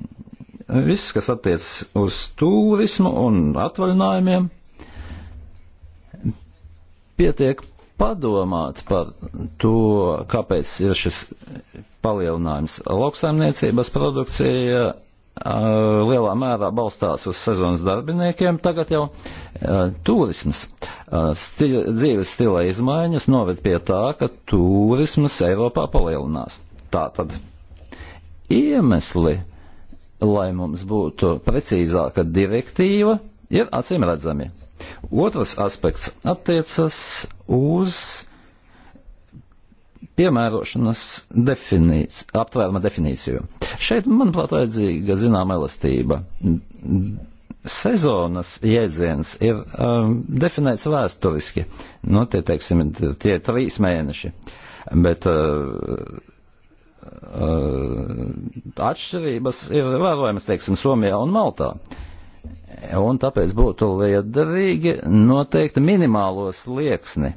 viss, kas attiecas uz turismu un atvaļinājumiem, pietiek padomāt par to, kāpēc ir šis palielinājums. Lauksaimniecības produkcija uh, lielā mērā balstās uz sezonas darbiniekiem, tagad jau uh, turisms, uh, stil, dzīves stila izmaiņas noved pie tā, ka turisms Eiropā palielinās. Tā tad iemesli, lai mums būtu precīzāka direktīva, ir acīm redzami. Otrs aspekts attiecas uz piemērošanas definīci, aptvērma definīciju. Šeit, manuprāt, vajadzīga zināma elastība. Sezonas jēdziens ir um, definēts vēsturiski. Nu, tie, teiksim, tie trīs mēneši. Bet uh, atšķirības ir vērojamas, teiksim, Somijā un Maltā. Un tāpēc būtu liederīgi noteikti minimālo slieksni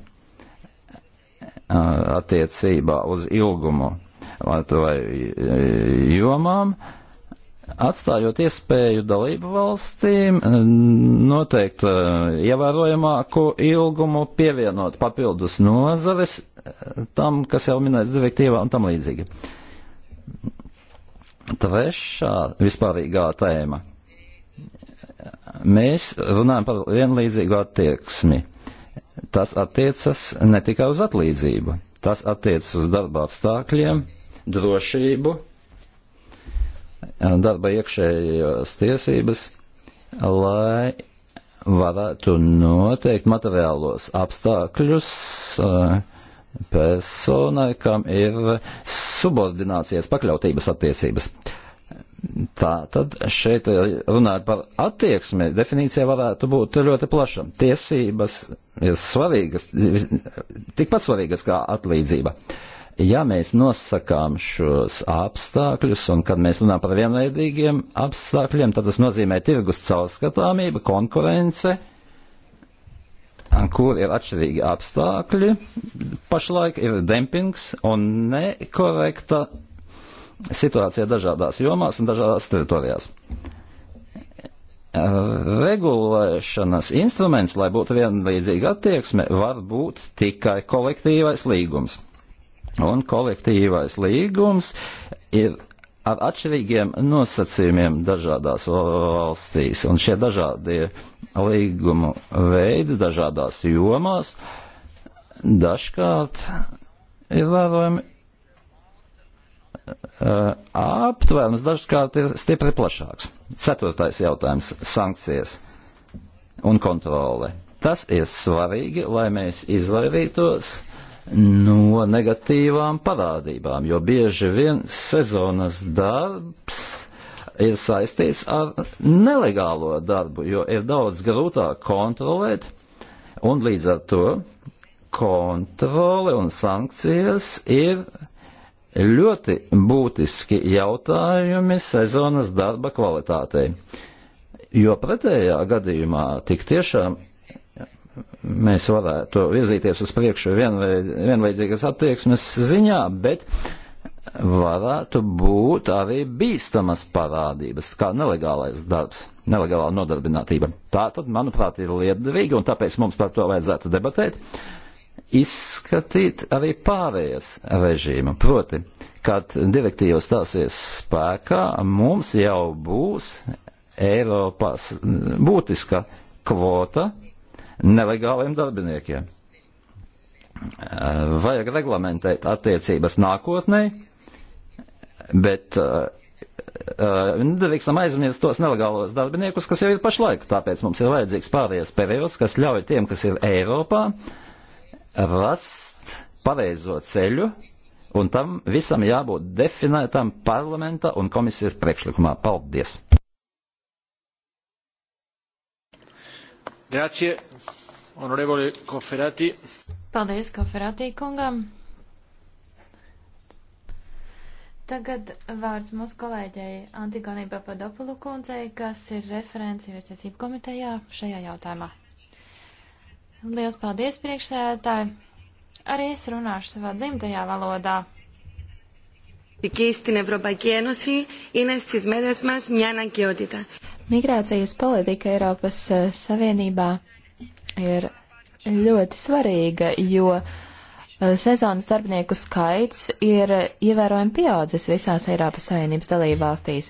attiecībā uz ilgumu vai jomām, atstājot iespēju dalību valstīm noteikt ievērojamāku ilgumu, pievienot papildus nozares tam, kas jau minēts direktīvā un tam līdzīgi. Uh, Trešā vispārīgā tēma. Mēs runājam par vienlīdzīgu attieksmi. Tas attiecas ne tikai uz atlīdzību, tas attiecas uz darba apstākļiem, drošību, darba iekšējās tiesības, lai varētu noteikt materiālos apstākļus, eh, personai, kam ir subordinācijas pakļautības attiecības. Tā tad šeit runājot par attieksmi, definīcija varētu būt ļoti plaša. Tiesības ir svarīgas, tikpat svarīgas kā atlīdzība. Ja mēs nosakām šos apstākļus, un kad mēs runājam par vienveidīgiem apstākļiem, tad tas nozīmē tirgus caurskatāmība, konkurence, uh, kur ir atšķirīgi apstākļi. Pašlaik ir dempings un nekorekta situācija dažādās jomās un dažādās teritorijās. Regulēšanas instruments, lai būtu vienlīdzīga attieksme, var būt tikai kolektīvais līgums. Un kolektīvais līgums ir ar atšķirīgiem nosacījumiem dažādās valstīs, un šie dažādie līgumu veidi dažādās jomās dažkārt ir vērojami aptvērums dažkārt ir stipri plašāks. Ceturtais jautājums - sankcijas un kontrole. Tas ir svarīgi, lai mēs izvairītos no negatīvām parādībām, jo bieži vien sezonas darbs ir saistīts ar nelegālo darbu, jo ir daudz grūtāk kontrolēt, un līdz ar to kontrole un sankcijas ir ļoti būtiski jautājumi sezonas darba kvalitātei. Jo pretējā gadījumā tik tiešām mēs varētu virzīties uz priekšu vienveidīgas attieksmes ziņā, bet uh, varētu būt arī bīstamas parādības, kā nelegālais darbs, nelegālā nodarbinātība. Tā tad, manuprāt, ir liederīga, un tāpēc mums par to vajadzētu debatēt, izskatīt arī pārējais režīma. Proti, kad direktīva stāsies spēkā, mums jau būs Eiropas būtiska kvota nelegāliem darbiniekiem. Vajag reglamentēt attiecības nākotnē, bet uh, uh, nedrīkstam aizmirst tos nelegālos darbiniekus, kas jau ir pašlaik. Tāpēc mums ir vajadzīgs pārējais periods, kas ļauj tiem, kas ir Eiropā, rast pareizo ceļu, un tam visam jābūt definētam parlamenta un komisijas priekšlikumā. Paldies! Grazie, onorevole Koferati. Paldies, Koferati kungam. Tagad vārds mūsu kolēģei Antigonai Papadopulu kundzei, kas ir referents investīciju komitejā šajā jautājumā. Liels paldies, priekšsēdētāji! Arī es runāšu savā dzimtajā valodā. Στην Ευρωπαϊκή Ένωση είναι στις μέρες μας μια αναγκαιότητα. Migrācijas politika Eiropas Savienībā ir ļoti svarīga, jo uh, Eh, sezonas darbinieku skaits ir ievērojami pieaudzis visās Eiropas Savienības dalībvalstīs.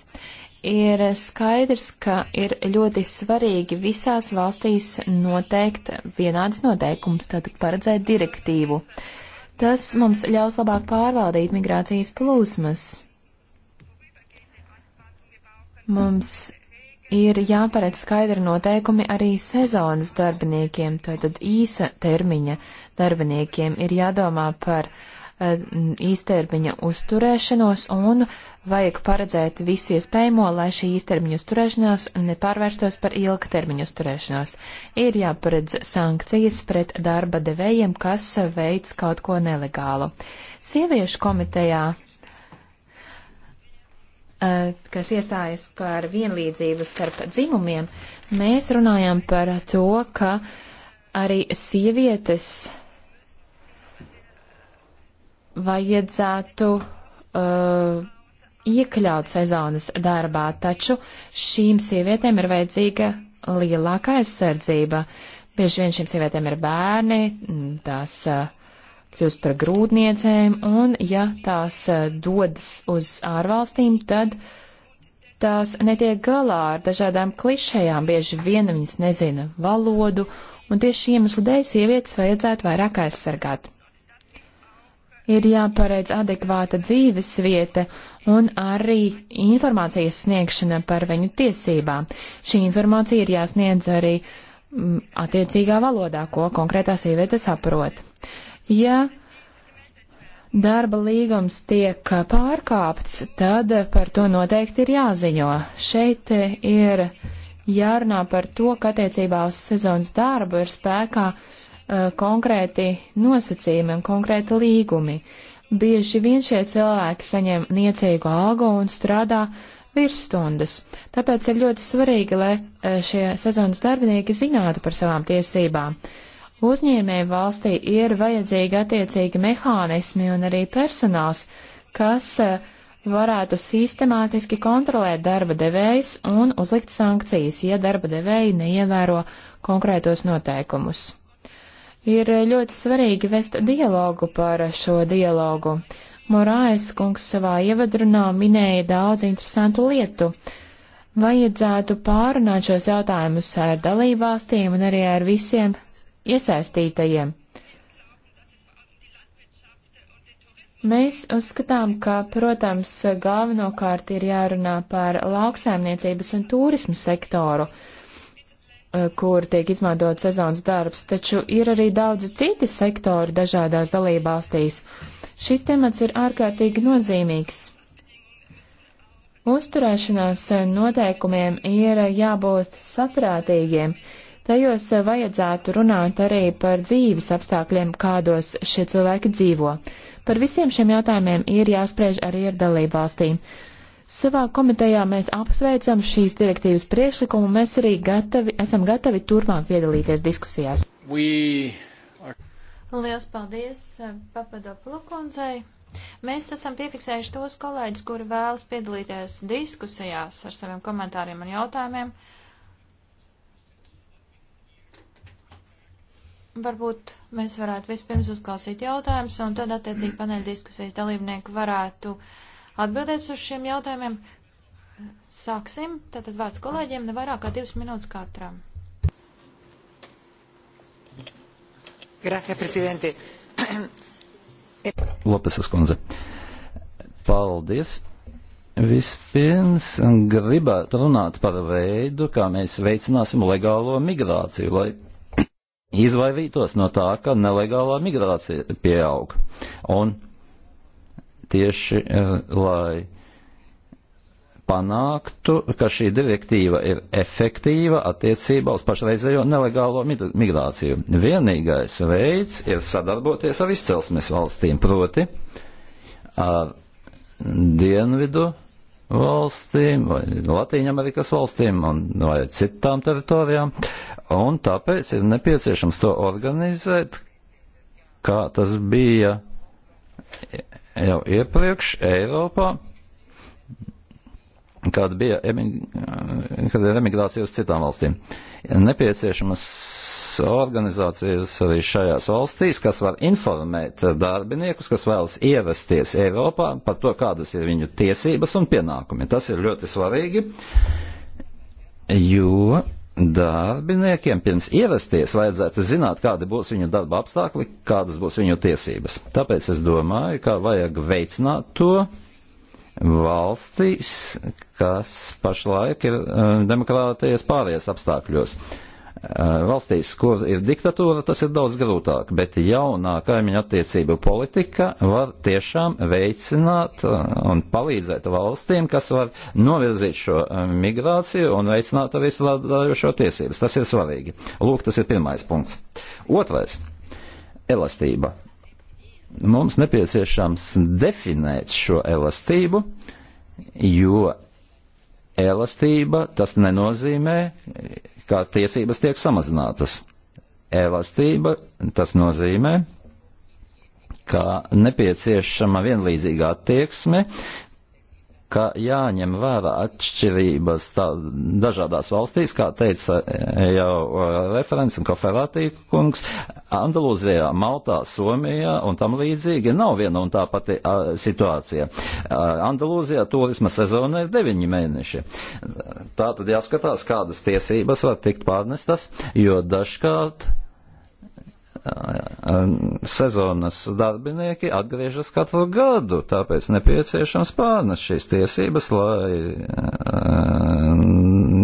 Ir skaidrs, ka ir ļoti svarīgi visās valstīs noteikt vienādas noteikums, tātad paredzēt direktīvu. Tas mums ļaus labāk pārvaldīt migrācijas plūsmas. Mums ir jāparedz skaidri noteikumi arī sezonas darbiniekiem, tātad īsa termiņa darbiniekiem. Ir jādomā par eh, īstermiņa uzturēšanos un vajag paredzēt visu iespējamo, lai šī īstermiņa uzturēšanās nepārvērstos par ilgtermiņa uzturēšanos. Ir jāparedz sankcijas pret darba devējiem, kas veids kaut ko nelegālu. Sieviešu komitejā eh, kas iestājas par vienlīdzību starp dzimumiem, mēs runājam par to, ka arī sievietes uh, vajadzētu uh, iekļaut sezonas darbā, taču šīm sievietēm ir vajadzīga lielāka aizsardzība. Bieži vien šīm sievietēm ir bērni, mm, tās uh, kļūst par grūtniecēm, un ja tās uh, dodas uz ārvalstīm, tad tās netiek galā ar dažādām klišejām, bieži vien viņas nezina valodu, un tieši iemeslu dēļ sievietes vajadzētu vairāk aizsargāt ir jāparedz adekvāta dzīves vieta un arī informācijas sniegšana par viņu tiesībām. Šī informācija ir jāsniedz arī m, mm, attiecīgā valodā, ko konkrētā sieviete saprot. Ja darba līgums tiek pārkāpts, tad par to noteikti ir jāziņo. Šeit ir jārunā par to, ka attiecībā uz sezonas darbu ir spēkā Uh, konkrēti nosacījumi un konkrēti līgumi. Bieži vien šie cilvēki saņem niecīgu algu un strādā virsstundas. Tāpēc ir ļoti svarīgi, lai uh, šie sezonas darbinieki zinātu par savām tiesībām. Uzņēmēju valstī ir vajadzīgi attiecīgi mehānismi un arī personāls, kas uh, varētu sistemātiski kontrolēt darba devējus un uzlikt sankcijas, ja darba devēji neievēro konkrētos noteikumus. Ir ļoti svarīgi vest dialogu par šo dialogu. Morājas kungs savā ievadrunā minēja daudz interesantu lietu. Vajadzētu pārunāt šos jautājumus ar dalībvalstīm un arī ar visiem iesaistītajiem. Mēs uzskatām, ka, protams, galvenokārt ir jārunā par lauksaimniecības un turismu sektoru Eh, kur tiek izmantot sezonas darbs, taču ir arī daudzi citi sektori dažādās dalībvalstīs. Šis temats ir ārkārtīgi nozīmīgs. Uzturēšanās noteikumiem ir jābūt saprātīgiem. Tajos vajadzētu runāt arī par dzīves apstākļiem, kādos šie cilvēki dzīvo. Par visiem šiem jautājumiem ir jāspriež arī ar dalībvalstīm. valstīm. Savā komitejā mēs apsveicam šīs direktīvas priekšlikumu, un mēs arī gatavi, esam gatavi turpmāk piedalīties diskusijās. We are... Lielas paldies eh, Papadopulukundzei. Mēs esam piefiksējuši tos kolēģus, kuri vēlas piedalīties diskusijās ar saviem komentāriem un jautājumiem. Varbūt mēs varētu vispirms uzklausīt jautājumus, un tad attiecīgi paneļa diskusijas dalībnieki varētu uh, atbildēs uz šiem jautājumiem. Sāksim, tātad vārds kolēģiem ne vairāk kā divas minūtes katram. Gracias, prezidente. Lopesas kundze. Paldies. Vispirms gribētu runāt par veidu, kā mēs veicināsim legālo migrāciju, lai izvairītos no tā, ka nelegālā migrācija pieaug. Un tieši eh, lai panāktu, ka šī direktīva ir efektīva attiecībā uz pašreizējo nelegālo migrāciju. Vienīgais veids ir sadarboties ar izcelsmes valstīm, proti ar dienvidu valstīm, vai Latīņamerikas valstīm, un, vai citām teritorijām, un tāpēc ir nepieciešams to organizēt, kā tas bija jau iepriekš Eiropā, kad bija emig kad emigrācija uz citām valstīm. Nepieciešamas organizācijas arī šajās valstīs, kas var informēt darbiniekus, kas vēlas ievesties Eiropā par to, kādas ir viņu tiesības un pienākumi. Tas ir ļoti svarīgi, jo Darbiniekiem pirms ierasties vajadzētu zināt, kādi būs viņu darba apstākļi, kādas būs viņu tiesības. Tāpēc es domāju, ka vajag veicināt to valstīs, kas pašlaik ir um, demokrātijas pārējais apstākļos. Uh, Eh, valstīs, kur ir diktatūra, tas ir daudz grūtāk, bet jaunā kaimiņa attiecību politika var tiešām veicināt eh, un palīdzēt valstīm, kas var novirzīt šo eh, migrāciju un veicināt arī strādājošo tiesības. Tas ir svarīgi. Lūk, tas ir pirmais punkts. Otrais - elastība. Mums nepieciešams definēt šo elastību, jo elastība tas nenozīmē, ka tiesības tiek samazinātas. Elastība tas nozīmē, ka nepieciešama vienlīdzīga attieksme ka jāņem vērā atšķirības tā, dažādās valstīs, kā teica e, jau uh, referents un koferātīku kungs, Andalūzijā, Maltā, Somijā un tam līdzīgi nav viena un tā pati uh, situācija. Uh, Andalūzijā turisma sezona ir deviņi mēneši. Tā tad jāskatās, kādas tiesības var tikt pārnestas, jo dažkārt Eh, sezonas darbinieki atgriežas katru gadu, tāpēc nepieciešams pārnes šīs tiesības, lai eh,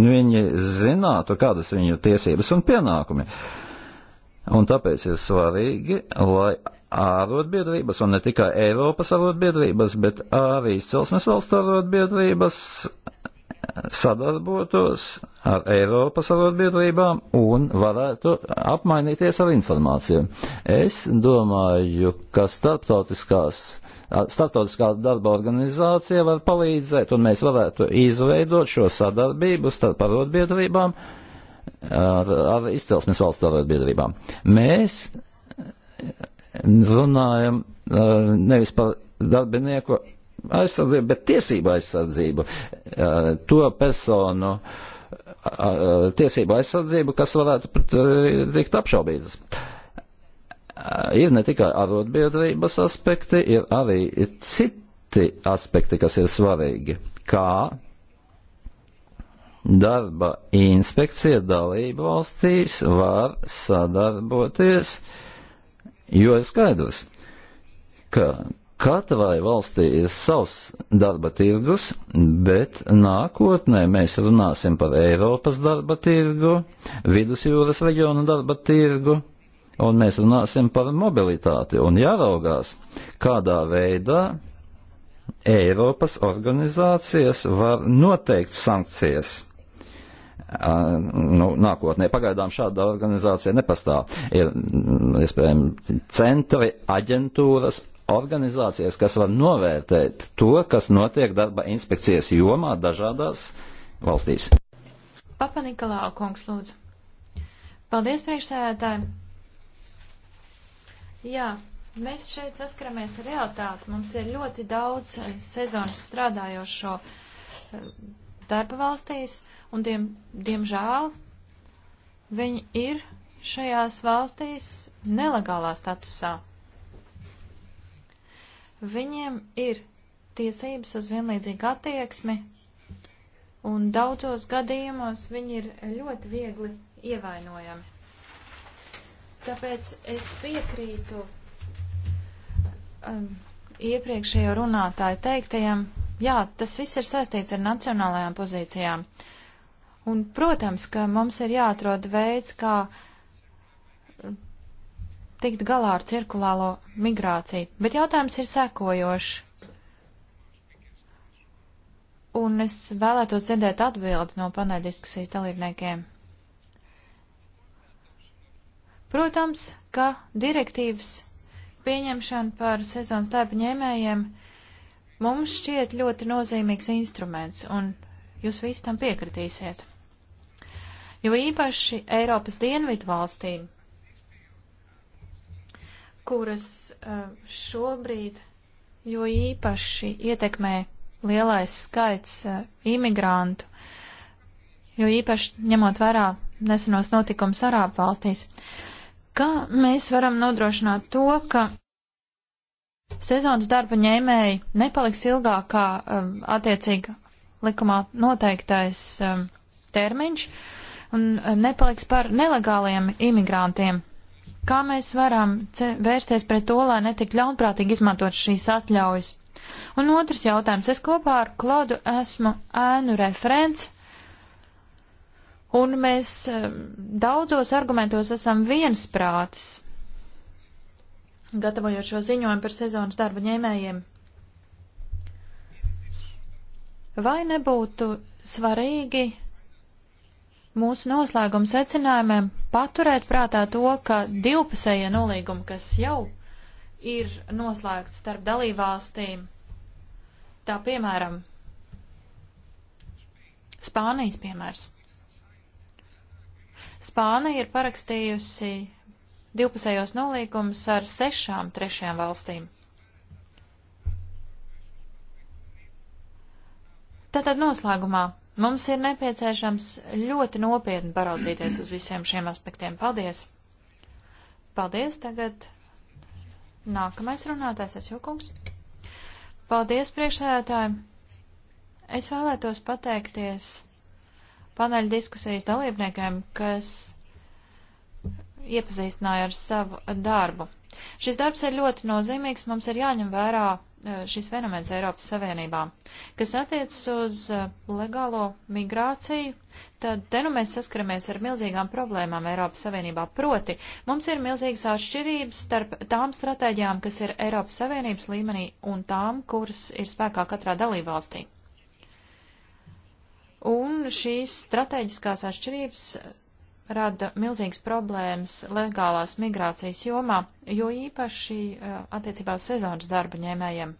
viņi zinātu, kādas viņu tiesības un pienākumi. Un tāpēc ir svarīgi, lai ārotbiedrības, un ne tikai Eiropas arotbiedrības, bet arī izcelsmes valstu arotbiedrības sadarbotos ar Eiropas arotbiedrībām un varētu apmainīties ar informāciju. Es domāju, ka starptautiskās Startautiskā darba organizācija var palīdzēt, un mēs varētu izveidot šo sadarbību starp arotbiedrībām ar, ar izcelsmes valstu arotbiedrībām. Mēs runājam eh, nevis par darbinieku aizsardzību, bet tiesību aizsardzību, to personu tiesību aizsardzību, kas varētu tikt apšaubītas ir ne tikai arotbiedrības aspekti, ir arī citi aspekti, kas ir svarīgi, kā darba inspekcija dalību valstīs var sadarboties, jo ir skaidrs, ka Katrai valstī ir savs darba tirgus, bet nākotnē mēs runāsim par Eiropas darba tirgu, vidusjūras reģionu darba tirgu, un mēs runāsim par mobilitāti un jāraugās, kādā veidā Eiropas organizācijas var noteikt sankcijas. Uh, nu, nākotnē. Pagaidām šāda organizācija nepastāv. Ir, mm, iespējams, centri, aģentūras, organizācijas, kas var novērtēt to, kas notiek darba inspekcijas jomā dažādās valstīs. Papa Nikolāu kungs, lūdzu. Paldies, priekšsēdētāji. Jā, mēs šeit saskaramies ar realitāti. Mums ir ļoti daudz eh, sezonas strādājošo eh, darba valstīs, un, diem, diemžēl, viņi ir šajās valstīs nelegālā statusā. Viņiem ir tiesības uz vienlīdzīgu attieksmi, un daudzos gadījumos viņi ir ļoti viegli ievainojami. Tāpēc es piekrītu um, iepriekšējo runātāju teiktajam, jā, tas viss ir saistīts ar nacionālajām pozīcijām. Un, protams, ka mums ir jāatrod veids, kā uh, tikt galā ar cirkulālo migrāciju, bet jautājums ir sekojošs. Un es vēlētos dzirdēt atbildi no paneļdiskusijas dalībniekiem. Protams, ka direktīvas pieņemšana par sezonas darba ņēmējiem mums šķiet ļoti nozīmīgs instruments, un jūs visi tam piekritīsiet. Jo īpaši Eiropas dienvidu valstīm kuras eh, šobrīd jo īpaši ietekmē lielais skaits eh, imigrantu, jo īpaši ņemot vērā nesenos notikums Arābu valstīs. Kā mēs varam nodrošināt to, ka sezonas darba ņēmēji nepaliks ilgākā eh, attiecīga likumā noteiktais termiņš un nepaliks par nelegāliem imigrantiem? Kā mēs varam vērsties pret to, lai netik ļaunprātīgi izmantot šīs atļaujas? Un otrs jautājums. Es kopā ar Klaudu esmu ēnu referents, un mēs eh, daudzos argumentos esam viensprātis, gatavojot šo ziņojumu par sezonas darba ņēmējiem. Vai nebūtu svarīgi mūsu noslēguma secinājumiem paturēt prātā to, ka divpusējie nolīgumi, kas jau ir noslēgts starp dalībvalstīm, tā piemēram, Spānijas piemērs. Spānija ir parakstījusi divpusējos nolīgumus ar sešām trešajām valstīm. Tātad noslēgumā Mums ir nepieciešams ļoti nopietni paraudzīties uz visiem šiem aspektiem. Paldies! Paldies! Tagad nākamais runātājs Esjokungs. Paldies priekšsēdētājiem! Es vēlētos pateikties paneļa diskusijas dalībniekiem, kas iepazīstināja ar savu darbu. Šis darbs ir ļoti nozīmīgs, mums ir jāņem vērā Eh, šis fenomens Eiropas Savienībā. Kas attiecas uz eh, legālo migrāciju, tad te nu mēs saskaramies ar milzīgām problēmām Eiropas Savienībā. Proti, mums ir milzīgas atšķirības starp tām stratēģijām, kas ir Eiropas Savienības līmenī un tām, kuras ir spēkā katrā dalībvalstī. Un šīs strateģiskās atšķirības rada milzīgas problēmas legālās migrācijas jomā, jo īpaši eh, attiecībā uz sezonas darba ņēmējiem.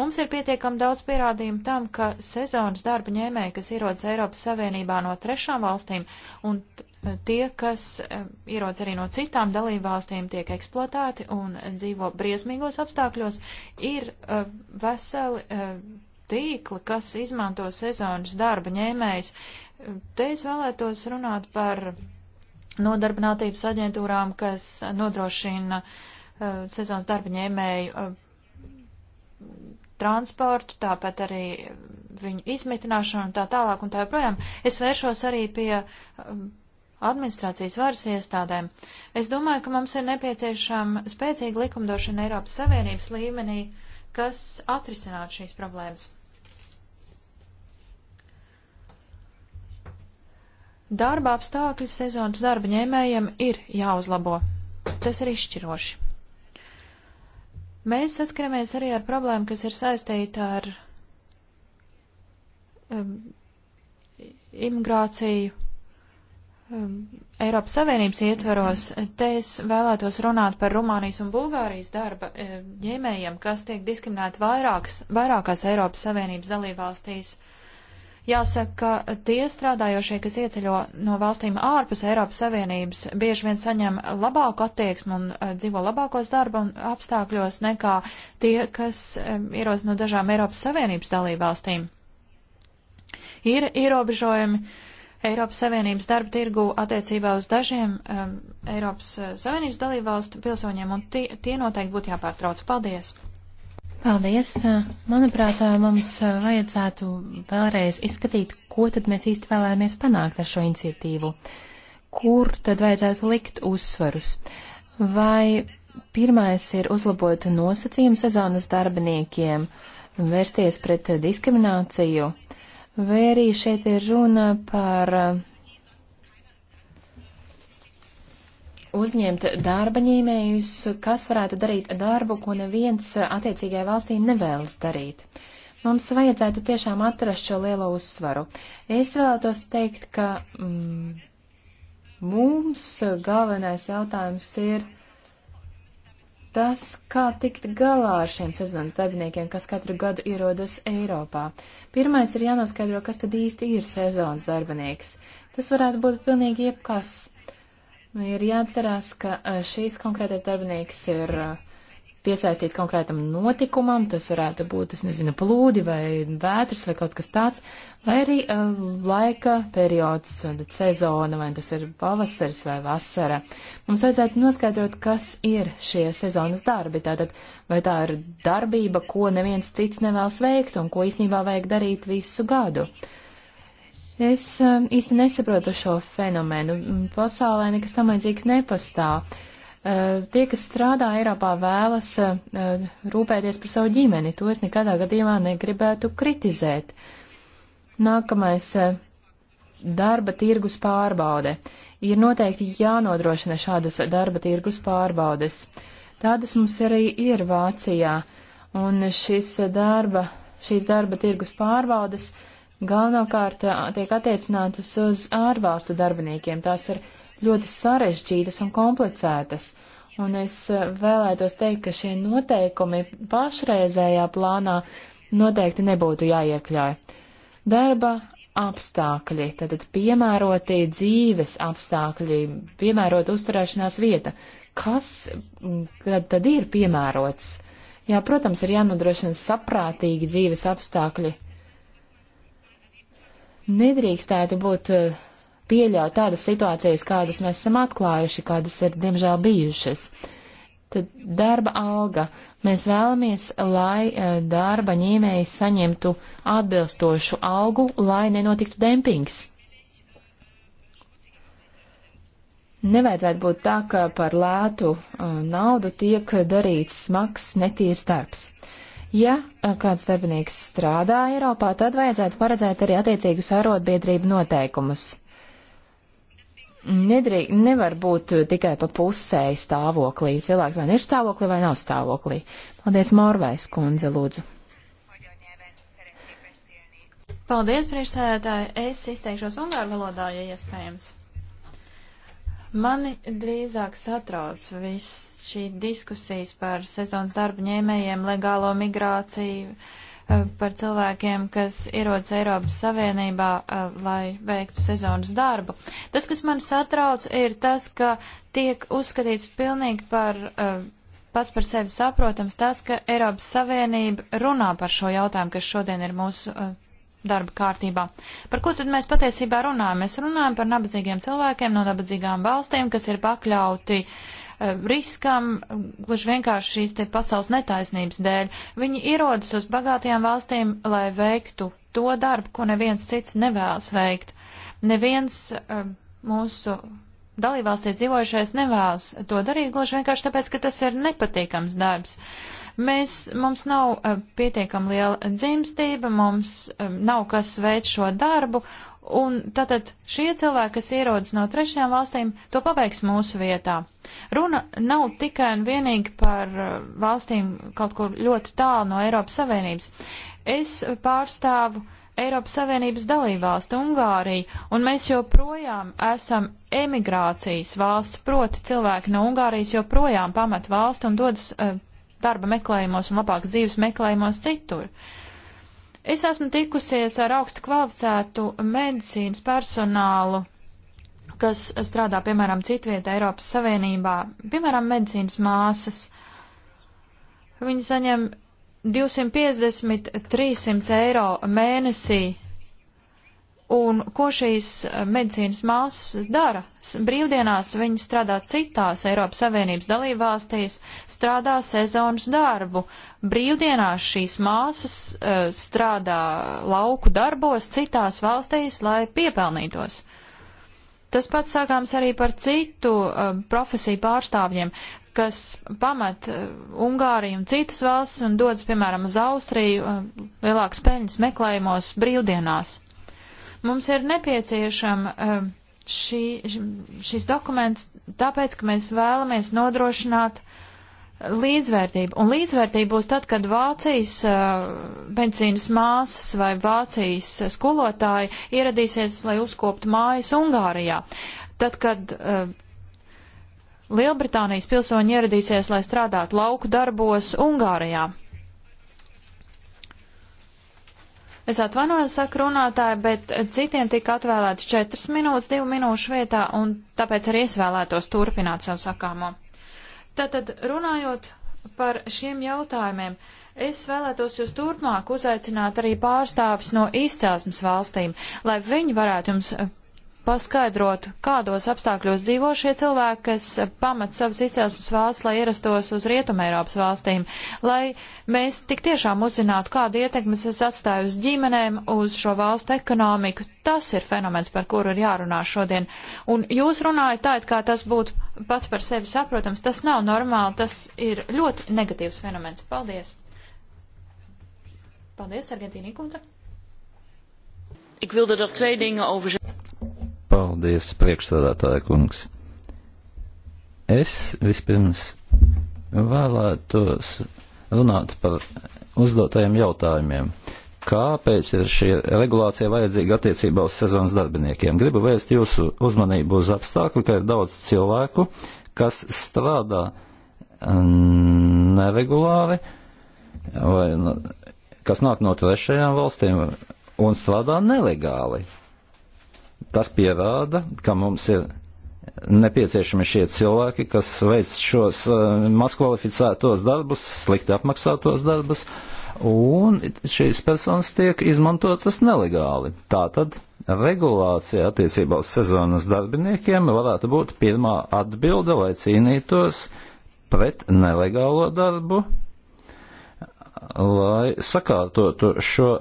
Mums ir pietiekami daudz pierādījumu tam, ka sezonas darba ņēmēji, kas ierodas Eiropas Savienībā no trešām valstīm un eh, tie, kas eh, ierodas arī no citām dalību valstīm, tiek eksploatēti un dzīvo briesmīgos apstākļos, ir veseli tīkli, kas izmanto sezonas darba ņēmējus, Te es vēlētos runāt par nodarbinātības aģentūrām, kas nodrošina uh, sezonas darba ņēmēju uh, transportu, tāpat arī viņu izmitināšanu un tā tālāk un tā joprojām. Es vēršos arī pie uh, administrācijas varas iestādēm. Es domāju, ka mums ir nepieciešama spēcīga likumdošana Eiropas Savienības līmenī, kas atrisinātu šīs problēmas. Darba apstākļi sezonas darba ņēmējiem ir jāuzlabo. Tas ir izšķiroši. Mēs saskaramies arī ar problēmu, kas ir saistīta ar um, imigrāciju um, Eiropas Savienības ietveros. Te es vēlētos runāt par Rumānijas un Bulgārijas darba um, ņēmējiem, kas tiek diskriminēti vairākas, vairākās Eiropas Savienības dalībvalstīs. Uh, Jāsaka, ka tie strādājošie, kas ieceļo no valstīm ārpus Eiropas Savienības, bieži vien saņem labāku attieksmi un eh, dzīvo labākos darba un apstākļos nekā tie, kas ierodas no dažām Eiropas Savienības dalībvalstīm. Ir ierobežojumi. Eiropas Savienības darba tirgu attiecībā uz dažiem um, Eiropas eh, Savienības dalībvalstu pilsoņiem, un tie, tie noteikti būtu jāpārtrauc. Paldies! Paldies! Manuprāt, mums vajadzētu vēlreiz izskatīt, ko tad mēs īsti vēlējāmies panākt ar šo iniciatīvu. Kur tad vajadzētu likt uzsvarus? Vai pirmais ir uzlabot nosacījumu sezonas darbiniekiem, vērsties pret diskrimināciju, vai arī šeit ir runa par uzņemt darba ņēmējus, kas varētu darīt darbu, ko neviens attiecīgajai valstī nevēlas darīt. Mums vajadzētu tiešām atrast šo lielo uzsvaru. Es vēlētos teikt, ka mm, mums galvenais jautājums ir tas, kā tikt galā ar šiem sezonas darbiniekiem, kas katru gadu ierodas Eiropā. Pirmais ir jānoskaidro, kas tad īsti ir sezonas darbinieks. Tas varētu būt pilnīgi jebkas. Ir jāatcerās, ka e, šīs konkrētais darbinieks ir e, piesaistīts konkrētam notikumam, tas varētu būt, es nezinu, plūdi vai vētras vai kaut kas tāds, vai arī uh, laika periods, sezona, vai tas ir pavasars vai vasara. Mums vajadzētu noskaidrot, kas ir šie sezonas darbi, tātad vai tā ir darbība, ko neviens cits nevēlas veikt un ko īsnībā vajag darīt visu gadu. Uh, Es eh, īsti nesaprotu šo fenomenu. Mm, pasaulē nekas tam līdzīgs nepastāv. Eh, tie, kas strādā Eiropā, vēlas eh, rūpēties par savu ģimeni. To es nekādā gadījumā negribētu kritizēt. Nākamais darba tirgus pārbaude. Ir noteikti jānodrošina šādas darba tirgus pārbaudes. Tādas mums arī ir Vācijā. Un šis darba, šīs darba tirgus pārbaudes uh, galvenokārt tiek attiecinātas uz ārvalstu darbiniekiem. Tās ir ļoti sarežģītas un komplicētas. Un es vēlētos teikt, ka šie noteikumi pašreizējā plānā noteikti nebūtu jāiekļauj. Darba apstākļi, tātad piemērotie dzīves apstākļi, piemērot uzturēšanās vieta. Kas tad, tad ir piemērots? Jā, protams, ir jānodrošina saprātīgi dzīves apstākļi nedrīkstētu būt eh, pieļaut tādas situācijas, kādas mēs esam atklājuši, kādas ir diemžēl bijušas. Tad darba alga. Mēs vēlamies, lai eh, darba ņēmēji saņemtu atbilstošu algu, lai nenotiktu dempings. Nevajadzētu būt tā, ka par lētu eh, naudu tiek darīts smags, netīrs darbs. Uh, Ja eh, kāds darbinieks strādā Eiropā, tad vajadzētu paredzēt arī attiecīgus arotbiedrību noteikumus. Nedrī, nevar būt tikai pa pusēji stāvoklī. Cilvēks vai nu ir stāvoklī, vai nav stāvoklī. Paldies, Morvais kundze, lūdzu. Paldies, priekšsēdētāji. Es izteikšos ungāru valodā, ja iespējams. Mani drīzāk satrauc viss šī diskusijas par sezonas darba ņēmējiem, legālo migrāciju, eh, par cilvēkiem, kas ierodas Eiropas Savienībā, eh, lai veiktu sezonas darbu. Tas, kas man satrauc, ir tas, ka tiek uzskatīts pilnīgi par eh, pats par sevi saprotams tas, ka Eiropas Savienība runā par šo jautājumu, kas šodien ir mūsu uh, darba kārtībā. Par ko tad mēs patiesībā runājam? Mēs runājam par nabadzīgiem cilvēkiem no nabadzīgām valstīm, kas ir pakļauti uh, riskam, gluži vienkārši šīs te pasaules netaisnības dēļ. Viņi ierodas uz bagātajām valstīm, lai veiktu to darbu, ko neviens cits nevēlas veikt. Neviens uh, mūsu dalībvalstīs dzīvojušais nevēlas to darīt, gluži vienkārši tāpēc, ka tas ir nepatīkams darbs. Uh, Mēs, mums nav uh, eh, pietiekami liela dzimstība, mums uh, nav kas veic šo darbu, un tātad šie cilvēki, kas ierodas no trešajām valstīm, to paveiks mūsu vietā. Runa nav tikai un vienīgi par uh, valstīm kaut kur ļoti tālu no Eiropas Savienības. Es pārstāvu uh, Eiropas Savienības dalībvalstu Ungāriju, un mēs joprojām esam emigrācijas valsts, proti cilvēki no Ungārijas joprojām pamet valstu un dodas uh, darba meklējumos un labākas dzīves meklējumos citur. Es esmu tikusies ar augstu kvalificētu medicīnas personālu, kas strādā, piemēram, citvietā Eiropas Savienībā, piemēram, medicīnas māsas. Viņi saņem 250-300 eiro mēnesī Un ko šīs eh, medicīnas māsas dara? Brīvdienās viņi strādā citās Eiropas Savienības dalībvalstīs, strādā sezonas darbu. Brīvdienās šīs māsas uh, strādā lauku darbos citās valstīs, lai piepelnītos. Tas pats sākāms arī par citu uh, profesiju pārstāvjiem, kas pamet uh, Ungāriju un citas valsts un dodas, piemēram, uz Austriju lielākas peļņas meklējumos brīvdienās. Mums ir nepieciešama um, šī, šis dokuments, tāpēc, ka mēs vēlamies nodrošināt līdzvērtību. Un līdzvērtība būs tad, kad Vācijas benzīnas uh, māsas vai Vācijas skolotāji ieradīsies, lai uzkoptu mājas Ungārijā. Tad, kad uh, Lielbritānijas pilsoņi ieradīsies, lai strādātu lauku darbos Ungārijā. Es atvainojos, saka runātāji, bet citiem tika atvēlēts 4 minūtes, 2 minūšu vietā, un tāpēc arī es vēlētos turpināt savu sakāmo. Tātad, runājot par šiem jautājumiem, es vēlētos jūs turpmāk uzaicināt arī pārstāvis no izcelsmes valstīm, lai viņi varētu jums paskaidrot, kādos apstākļos dzīvo šie cilvēki, kas pamat savas izcelsmes valsts, lai ierastos uz Rietuma Eiropas valstīm, lai mēs tik tiešām uzzinātu, kāda ietekmes es atstāju uz ģimenēm, uz šo valstu ekonomiku. Tas ir fenomens, par kuru ir jārunā šodien. Un jūs runājat tā, it kā tas būtu pats par sevi saprotams. Tas nav normāli, tas ir ļoti negatīvs fenomens. Paldies! Paldies, Argentīna Ikunze! Ik wilde er twee dingen over zeggen. Paldies, priekšsādātāja kungs. Es vispirms vēlētos runāt par uzdotajiem jautājumiem. Kāpēc ir šī regulācija vajadzīga attiecībā uz sezonas darbiniekiem? Gribu vērst jūsu uzmanību uz apstākli, ka ir daudz cilvēku, kas strādā neregulāri vai nu, kas nāk no trešajām valstīm un strādā nelegāli. Tas pierāda, ka mums ir nepieciešami šie cilvēki, kas veic šos uh, eh, mazkvalificētos darbus, slikti apmaksātos darbus, un šīs personas tiek izmantotas nelegāli. Tātad regulācija attiecībā uz sezonas darbiniekiem varētu būt pirmā atbilde, lai cīnītos pret nelegālo darbu, lai sakārtotu šo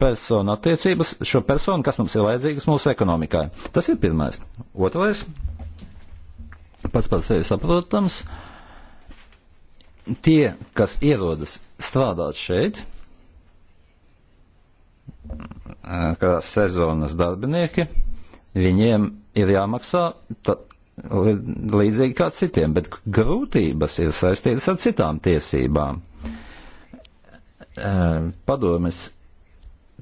personu attiecības, šo personu, kas mums ir vajadzīgas mūsu ekonomikai. Tas ir pirmais. Otrais, pats par sevi saprotams, tie, kas ierodas strādāt šeit, kā sezonas darbinieki, viņiem ir jāmaksā līdzīgi kā citiem, bet grūtības ir saistītas ar citām tiesībām. Padomis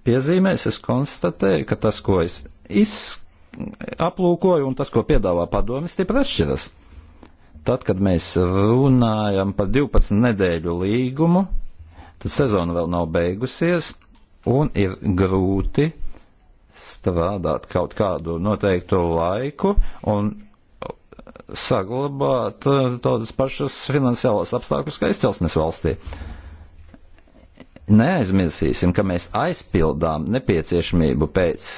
piezīmēs, es konstatēju, ka tas, ko es izskatēju, aplūkoju un tas, ko piedāvā padomis, stipri atšķiras. Tad, kad mēs runājam par 12 nedēļu līgumu, tad sezona vēl nav beigusies un ir grūti strādāt kaut kādu noteiktu laiku un saglabāt eh, tādas pašas finansiālas apstākļus kā izcelsmes valstī. Uh, neaizmirsīsim, ka mēs aizpildām nepieciešamību pēc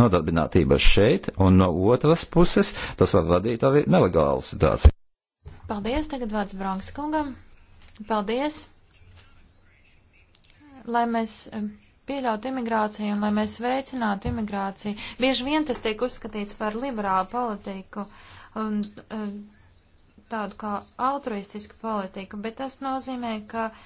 nodarbinātības šeit, un no otras puses tas var radīt arī nelegālu situāciju. Paldies, tagad vārds Bronks kungam. Paldies. Lai mēs eh, pieļautu imigrāciju un lai mēs veicinātu imigrāciju, bieži vien tas tiek uzskatīts par liberālu politiku. Un, eh, tādu kā altruistisku politiku, bet tas nozīmē, ka uh,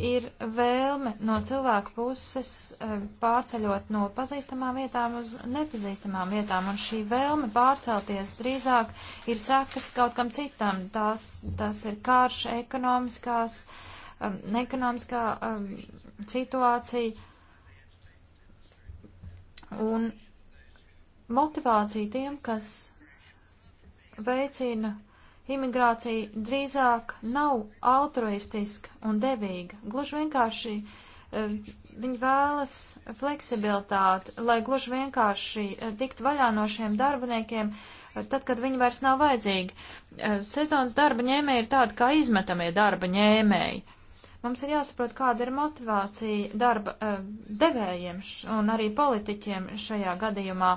ir vēlme no cilvēku puses eh, pārceļot no pazīstamām vietām uz nepazīstamām vietām, un šī vēlme pārcelties drīzāk ir sekas kaut kam citam. Tās, tās ir karš, ekonomiskās, um, ekonomiskā um, situācija. Un motivācija tiem, kas veicina imigrācija drīzāk nav altruistiska un devīga. Gluži vienkārši eh, viņi vēlas fleksibilitāti, lai gluži vienkārši eh, tikt vaļā no šiem darbiniekiem, eh, tad, kad viņi vairs nav vajadzīgi. Sezonas darba ņēmēji ir tādi kā izmetamie darba ņēmēji. Mums ir jāsaprot, kāda ir motivācija darba eh, devējiem un arī politiķiem šajā gadījumā,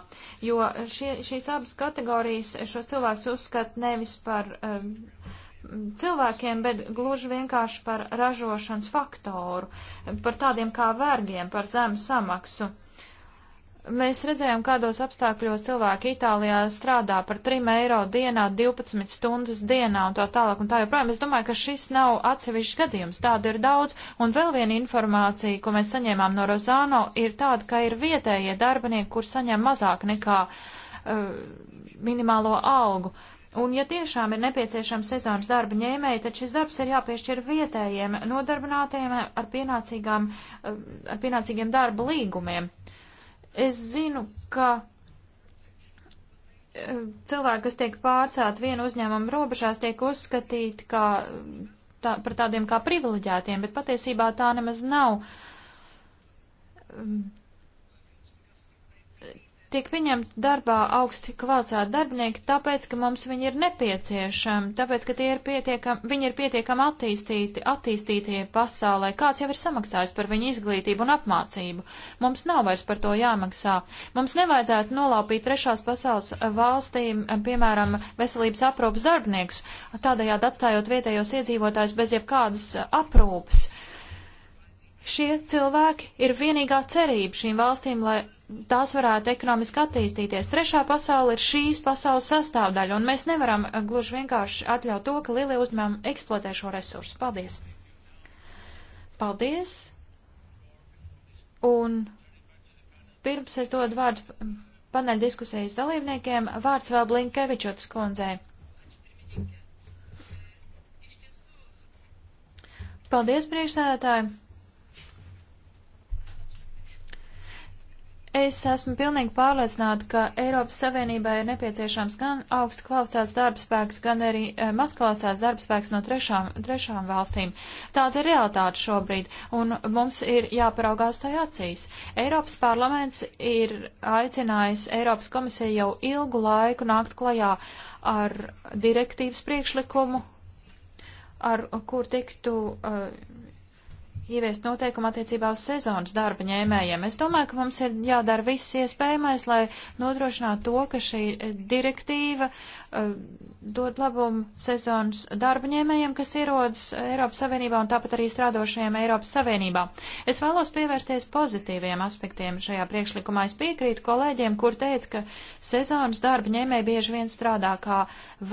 jo šie, šīs abas kategorijas šos cilvēkus uzskata nevis par eh, cilvēkiem, bet gluži vienkārši par ražošanas faktoru, par tādiem kā vergiem, par zemu samaksu. Uh, Mēs redzējām, kādos apstākļos cilvēki Itālijā strādā par 3 eiro dienā, 12 stundas dienā un tā tālāk un tā joprojām. Es domāju, ka šis nav atsevišķs gadījums, tādu ir daudz. Un vēl viena informācija, ko mēs saņēmām no Rozāno, ir tāda, ka ir vietējie darbinieki, kur saņem mazāk nekā uh, minimālo algu. Un ja tiešām ir nepieciešams sezonas darba ņēmēji, tad šis darbs ir jāpiešķir vietējiem nodarbinātajiem ar, pienācīgām, uh, ar pienācīgiem darba līgumiem. Uh, Es zinu, ka e, cilvēki, kas tiek pārcēti vienu uzņēmumu robežās, tiek uzskatīti kā tā, par tādiem kā privileģētiem, bet patiesībā tā nemaz nav tiek pieņemti darbā augsti kvalificēti darbinieki, tāpēc, ka mums viņi ir nepieciešami, tāpēc, ka ir pietiekam, viņi ir pietiekami attīstīti, attīstītie pasaulē, kāds jau ir samaksājis par viņu izglītību un apmācību. Mums nav vairs par to jāmaksā. Mums nevajadzētu nolaupīt trešās pasaules valstīm, piemēram, veselības aprūpas darbiniekus, tādējādi atstājot vietējos iedzīvotājus bez jebkādas aprūpas. Šie cilvēki ir vienīgā cerība šīm valstīm, lai tās varētu ekonomiski attīstīties. Trešā pasaule ir šīs pasaules sastāvdaļa, un mēs nevaram eh, gluži vienkārši atļaut to, ka lielie uzņēmumi eksploatē šo resursu. Paldies! Paldies! Un pirms es dodu vārdu mm, paneļa diskusijas dalībniekiem, vārds vēl Blinkevičotas kundzei. Paldies, priekšsēdētāji! Es esmu pilnīgi pārliecināta, ka Eiropas Savienībai ir nepieciešams gan augsti kvalificēts darbspēks, gan arī eh, mazkvalificēts darbspēks no trešām, trešām valstīm. Tāda ir realitāte šobrīd, un mums ir jāparaugās tajā acīs. Eiropas parlaments ir aicinājis Eiropas komisiju jau ilgu laiku nākt klajā ar direktīvas priekšlikumu, ar kur tiktu uh, ieviest noteikumu attiecībā uz sezonas darba ņēmējiem. Es domāju, ka mums ir jādara viss iespējamais, lai nodrošinātu to, ka šī eh, direktīva uh, dod labumu sezonas darba ņēmējiem, kas ierodas Eiropas Savienībā un tāpat arī strādošajiem Eiropas Savienībā. Es vēlos pievērsties pozitīviem aspektiem šajā priekšlikumā. Es piekrītu kolēģiem, kur teica, ka sezonas darba ņēmēji bieži vien strādā kā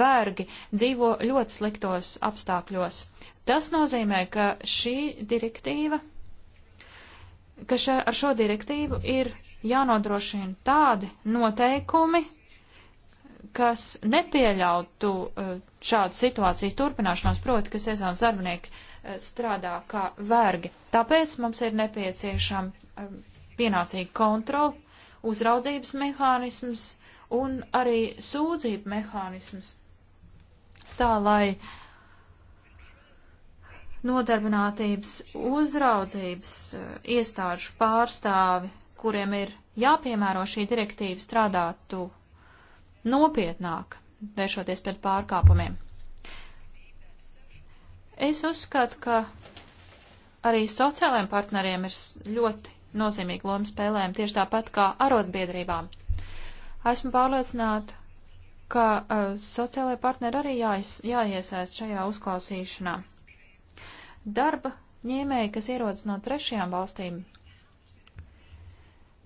vergi, dzīvo ļoti sliktos apstākļos. Tas nozīmē, ka šī direktīva, ka šā, ar šo direktīvu ir jānodrošina tādi noteikumi, kas nepieļautu uh, šādas situācijas turpināšanos, proti, ka sezonas darbinieki uh, strādā kā vergi. Tāpēc mums ir nepieciešama um, pienācīga kontrola, uzraudzības mehānisms un arī sūdzību mehānisms. Tā, lai uh, nodarbinātības uzraudzības eh, iestāžu pārstāvi, kuriem ir jāpiemēro šī direktīva, strādātu nopietnāk, vēršoties pret pārkāpumiem. Es uzskatu, ka arī sociālajiem partneriem ir ļoti nozīmīga loma spēlējama tieši tāpat kā arotbiedrībām. Esmu pārliecināta, ka uh, sociālajie partneri arī jāies, jāiesaist šajā uzklausīšanā. Darba ņēmēji, kas ierodas no trešajām valstīm,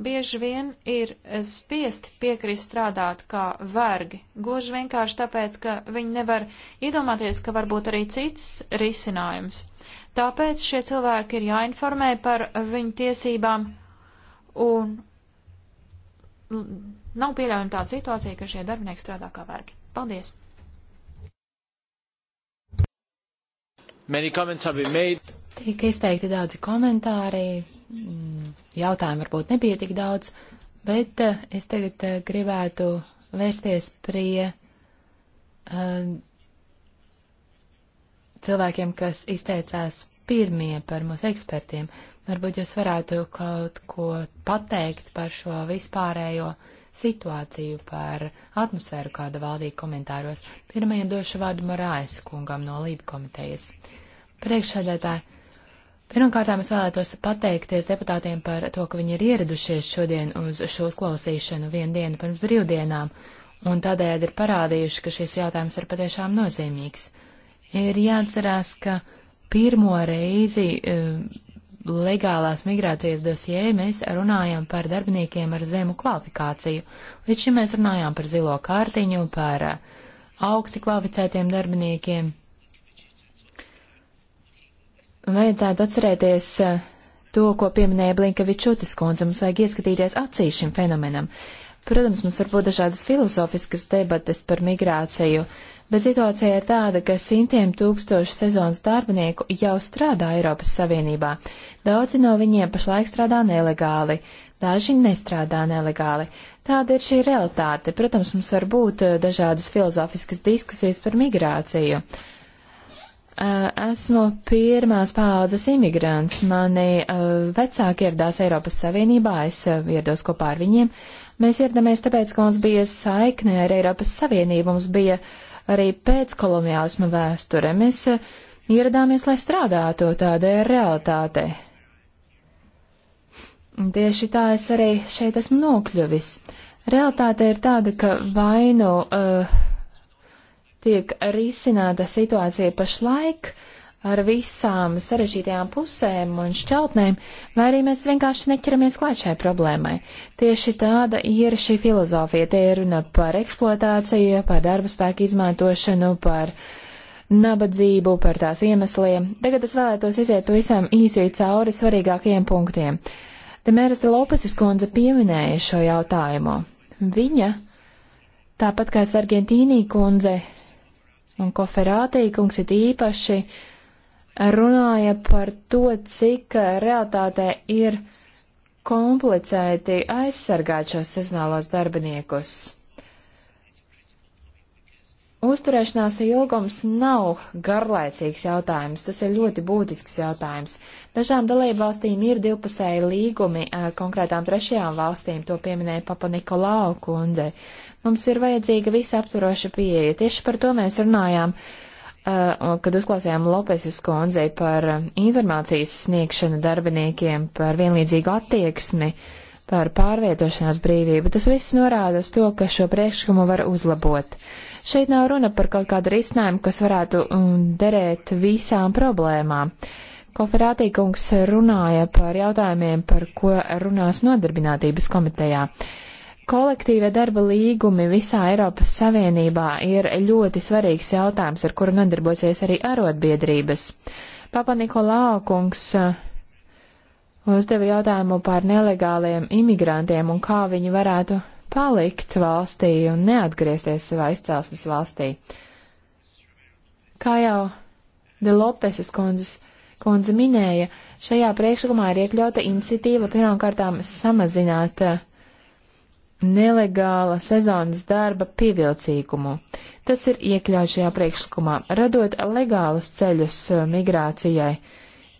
bieži vien ir spiesti piekrist strādāt kā vergi, gluži vienkārši tāpēc, ka viņi nevar iedomāties, ka varbūt arī cits risinājums. Tāpēc šie cilvēki ir jāinformē par viņu tiesībām un nav pieļaujama tāda situācija, ka šie darbinieki strādā kā vergi. Paldies! Tika izteikti daudzi komentāri, jautājumu varbūt nebija tik daudz, bet eh, es tagad eh, gribētu vērsties pie uh, eh, cilvēkiem, kas izteicās pirmie par mūsu ekspertiem. Varbūt jūs varētu kaut ko pateikt par šo vispārējo uh, situāciju, par atmosfēru, kāda valdīja komentāros. Pirmajam došu vārdu Morājas kungam no Lība komitejas. Priekšsēdētāji, pirmkārt es vēlētos pateikties deputātiem par to, ka viņi ir ieradušies šodien uz šo klausīšanu vienu dienu pirms brīvdienām, un tādējādi ir parādījuši, ka šis jautājums ir patiešām nozīmīgs. Ir jāatcerās, ka pirmo reizi eh, legālās migrācijas dosijē mēs runājam par darbiniekiem ar zemu kvalifikāciju. Līdz šim mēs runājām par zilo kārtiņu, par uh, augsti kvalificētiem darbiniekiem. Vajadzētu atcerēties uh, to, ko pieminēja Blinkevičūtas kundze, mums vajag ieskatīties acī šim fenomenam. Protams, mums var būt dažādas filozofiskas debates par migrāciju, uh, bet situācija ir tāda, ka simtiem tūkstošu sezonas darbinieku jau strādā Eiropas Savienībā. Daudzi no viņiem pašlaik strādā nelegāli, daži nestrādā nelegāli. Tāda ir šī realitāte. Protams, mums var būt eh, dažādas filozofiskas diskusijas par migrāciju. Eh, esmu pirmās paaudzes imigrants. Mani eh, vecāki ieradās Eiropas Savienībā, es ierados kopā ar viņiem. Mēs ieradāmies tāpēc, ka mums bija saikne ar Eiropas Savienību, mums bija uh, arī pēckoloniālisma vēsture. Mēs eh, ieradāmies, lai strādātu, tāda ir realitāte. Tieši tā es arī šeit esmu nokļuvis. Realtāte ir tāda, ka vainu uh, tiek risināta situācija pašlaik, uh, ar visām sarežģītajām pusēm un šķautnēm, vai arī mēs vienkārši neķeramies klāt šai problēmai. Tieši tāda ir šī filozofija. Te ir runa par eksploatāciju, par darba spēku izmantošanu, par nabadzību, par tās iemesliem. Tagad es vēlētos iziet pavisam īsi cauri svarīgākajiem punktiem. Demēras Lopesis kundze pieminēja šo jautājumu. Viņa, tāpat kā Sargentīnī kundze un Koferātī kungs, ir īpaši uh, runāja par to, cik realtātē ir komplicēti aizsargāt šos sezonālos darbiniekus. Uzturēšanās ilgums nav garlaicīgs jautājums, tas ir ļoti būtisks jautājums. Dažām dalībvalstīm ir divpusēji līgumi ar konkrētām trešajām valstīm, to pieminēja Papa Nikolau kundze. Mums ir vajadzīga visaptvaroša pieeja, tieši par to mēs runājām uh, Eh, kad uzklausījām Lopesis konzei par eh, informācijas sniegšanu darbiniekiem, par vienlīdzīgu attieksmi, par pārvietošanās brīvību, tas viss norāda uz to, ka šo priekšlikumu var uzlabot. Šeit nav runa par kaut kādu risinājumu, kas varētu mm, derēt visām problēmām. Koferātī kungs runāja par jautājumiem, par ko runās nodarbinātības komitejā. Uh, Kolektīvie darba līgumi visā Eiropas Savienībā ir ļoti svarīgs jautājums, ar kuru nodarbosies arī arotbiedrības. Papa Nikolāo kungs eh, uzdeva jautājumu par nelegāliem imigrantiem un kā viņi varētu palikt valstī un neatgriezties savā izcelsmes valstī. Kā jau De Lopeses kundzes kundze minēja, šajā priekšlikumā ir iekļauta iniciatīva pirmkārtām samazināt uh, nelegāla sezonas darba pievilcīgumu. Tas ir iekļauts šajā priekšlikumā, radot legālus ceļus uh, migrācijai,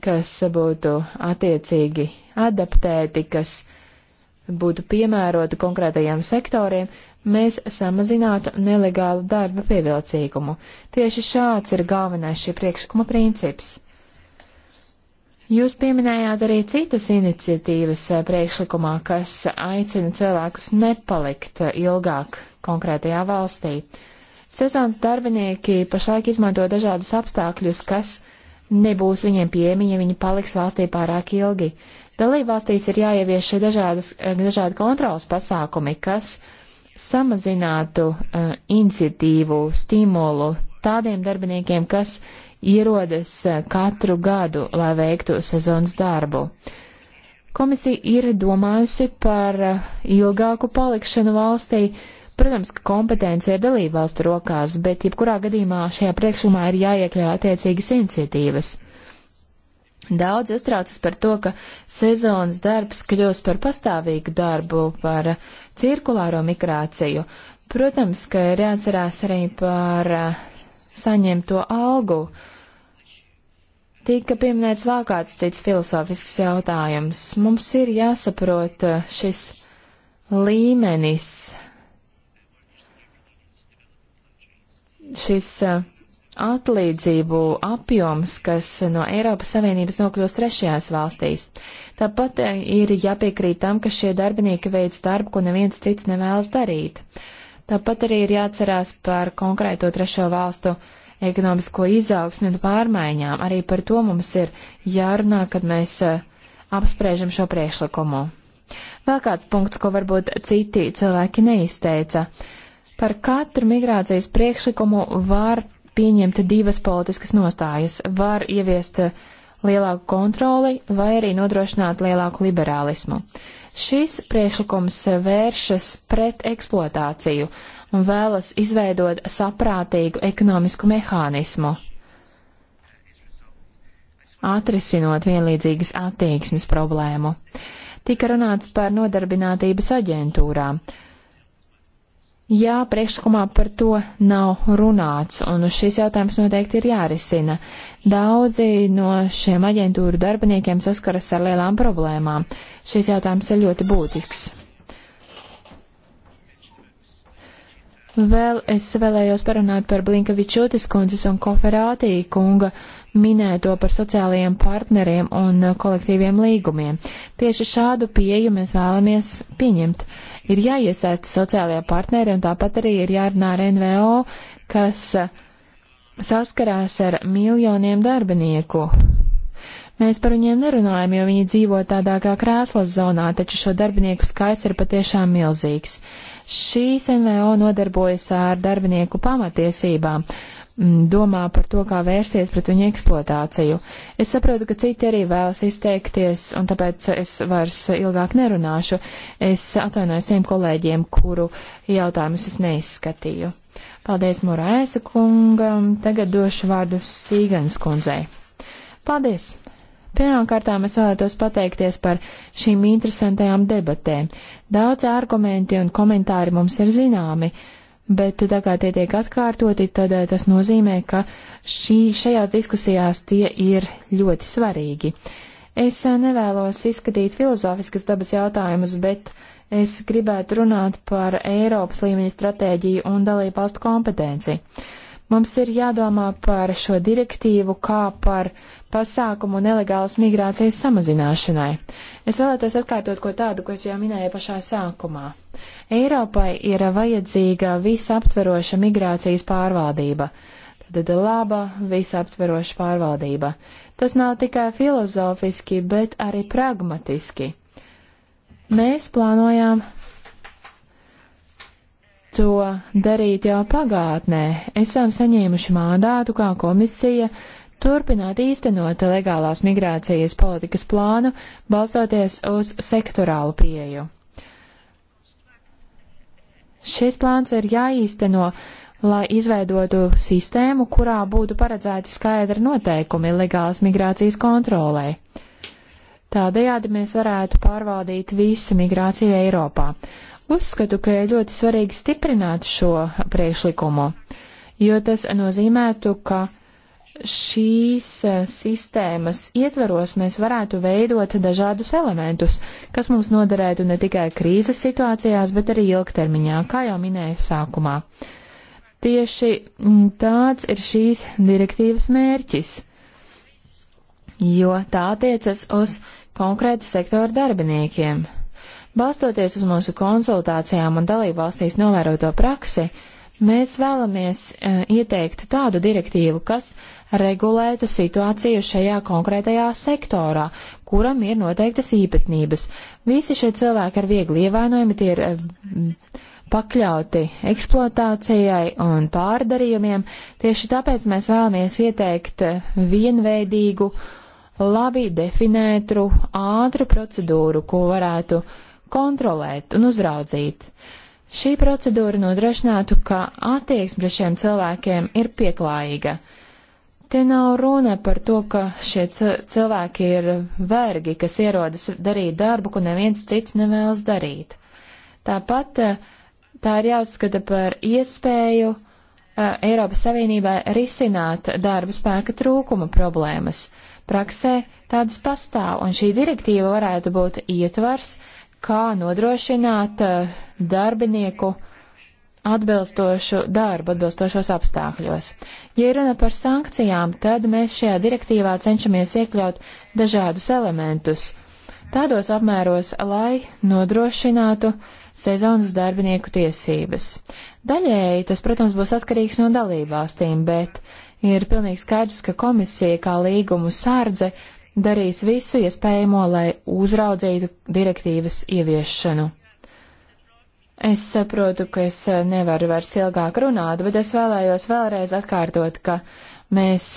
kas būtu attiecīgi adaptēti, kas būtu piemēroti konkrētajiem sektoriem, mēs samazinātu nelegālu darba pievilcīgumu. Tieši šāds ir galvenais šī priekšlikuma princips. Jūs pieminējāt arī citas iniciatīvas eh, priekšlikumā, kas aicina cilvēkus nepalikt eh, ilgāk konkrētajā valstī. Sezonas darbinieki pašlaik izmanto dažādus apstākļus, kas nebūs viņiem pieejami, ja viņi paliks valstī pārāk ilgi. Dalībvalstīs ir jāievieš dažādas, eh, dažādi kontrolas pasākumi, kas samazinātu uh, iniciatīvu, stimulu tādiem darbiniekiem, kas uh, ierodas e, katru gadu, lai veiktu sezonas darbu. Komisija ir domājusi par e, ilgāku palikšanu valstī. Protams, ka kompetence ir dalība valstu rokās, bet jebkurā gadījumā šajā priekšlikumā ir jāiekļauj attiecīgas iniciatīvas. Daudz uztraucas par to, ka sezonas darbs kļūs par pastāvīgu darbu, par e, cirkulāro migrāciju. Protams, ka ir jāatcerās arī par saņemto algu. Uh, Tika pieminēts vēl kāds cits filozofisks jautājums. Mums ir jāsaprot eh, šis līmenis, šis eh, atlīdzību apjoms, kas no Eiropas Savienības nokļūst trešajās valstīs. Tāpat eh, ir jāpiekrīt tam, ka šie darbinieki veids darbu, ko neviens cits nevēlas darīt. Tāpat arī ir jāatcerās par konkrēto trešo valstu uh, ekonomisko izaugsmi un pārmaiņām. Arī par to mums ir jārunā, kad mēs e, apspriežam šo priekšlikumu. Vēl kāds punkts, ko varbūt citi cilvēki neizteica. Par katru migrācijas priekšlikumu var pieņemt divas politiskas nostājas. Var ieviest e, lielāku kontroli vai arī nodrošināt lielāku liberālismu. Šis priekšlikums e, vēršas pret eksploatāciju, un vēlas izveidot saprātīgu ekonomisku mehānismu, atrisinot vienlīdzīgas attieksmes problēmu. Tika runāts par nodarbinātības aģentūrām. Jā, priekšlikumā par to nav runāts, un šis jautājums noteikti ir jārisina. Daudzi no šiem aģentūru darbiniekiem saskaras ar lielām problēmām. Šis jautājums ir ļoti būtisks. Vēl es vēlējos parunāt par Blinkavičūtis kundzes un Koferātī kunga minēto par sociālajiem partneriem un kolektīviem līgumiem. Tieši šādu pieju mēs vēlamies pieņemt. Ir jāiesaista sociālajie partneri un tāpat arī ir jārunā ar NVO, kas saskarās ar miljoniem darbinieku. Mēs par viņiem nerunājam, jo viņi dzīvo tādā kā krēslas zonā, taču šo darbinieku skaits ir patiešām milzīgs. Šīs NVO nodarbojas ar darbinieku pamatiesībām, mm, domā par to, kā vērsties pret viņu eksploatāciju. Es saprotu, ka citi arī vēlas izteikties, un tāpēc es vairs ilgāk nerunāšu. Es atvainojos tiem kolēģiem, kuru jautājumus es neizskatīju. Paldies Morēsa kungam, tagad došu vārdu Sīganas kundzei. Paldies! Pirmkārtām es vēlētos pateikties par šīm interesantajām debatēm. Daudz argumenti un komentāri mums ir zināmi, bet tā kā tie tiek atkārtoti, tad eh, tas nozīmē, ka šī, šajās diskusijās tie ir ļoti svarīgi. Es eh, nevēlos izskatīt filozofiskas dabas jautājumus, bet es gribētu runāt par Eiropas līmeņa stratēģiju un dalību valstu kompetenci. Uh, Mums ir jādomā par šo direktīvu kā par pasākumu nelegālas migrācijas samazināšanai. Es vēlētos atkārtot ko tādu, ko es jau minēju pašā sākumā. Eiropai ir vajadzīga visaptveroša migrācijas pārvaldība. Tad laba, visaptveroša pārvaldība. Tas nav tikai filozofiski, bet arī pragmatiski. Mēs plānojām to darīt jau pagātnē. Esam saņēmuši mandātu kā komisija turpināt īstenot legālās migrācijas politikas plānu, balstoties uz sektorālu pieju. Šis plāns ir jāīsteno, lai izveidotu sistēmu, kurā būtu paredzēti skaidri noteikumi legālas migrācijas kontrolē. Tādējādi mēs varētu pārvaldīt visu migrāciju Eiropā. Uzskatu, ka ir ļoti svarīgi stiprināt šo priekšlikumu, jo tas nozīmētu, ka šīs e, sistēmas ietveros mēs varētu veidot dažādus elementus, kas mums noderētu ne tikai krīzes situācijās, bet arī ilgtermiņā, kā jau minēju sākumā. Tieši tāds ir šīs direktīvas mērķis, jo tā attiecas uz konkrēta sektora darbiniekiem. Balstoties uz mūsu konsultācijām un dalībvalstīs novēroto praksi, Mēs vēlamies uh, ieteikt tādu direktīvu, kas regulētu situāciju šajā konkrētajā sektorā, kuram ir noteiktas īpatnības. Visi šie cilvēki ir viegli ievainojami, tie ir uh, pakļauti eksploatācijai un pārdarījumiem. Tieši tāpēc mēs vēlamies ieteikt e, vienveidīgu, labi definētu, ātru procedūru, ko varētu uh, kontrolēt un uzraudzīt. Šī procedūra nodrošinātu, ka attieksme pret šiem cilvēkiem ir pieklājīga. Te nav runa par to, ka šie cilvēki ir vergi, kas ierodas darīt darbu, ko neviens cits nevēlas darīt. Tāpat eh, tā ir jāuzskata par iespēju eh, Eiropas Savienībai risināt darba spēka trūkuma problēmas. Praksē tādas pastāv, un šī direktīva varētu būt ietvars, kā nodrošināt eh, darbinieku atbilstošu darbu, atbilstošos apstākļos. Ja runa par sankcijām, tad mēs šajā direktīvā cenšamies iekļaut dažādus elementus tādos apmēros, lai nodrošinātu sezonas darbinieku tiesības. Daļēji tas, protams, būs atkarīgs no dalībvalstīm, bet ir pilnīgi skaidrs, ka komisija kā līgumu sārdze darīs visu iespējamo, lai uzraudzītu direktīvas ieviešanu. Es saprotu, ka es nevaru vairs ilgāk runāt, bet es vēlējos vēlreiz atkārtot, ka mēs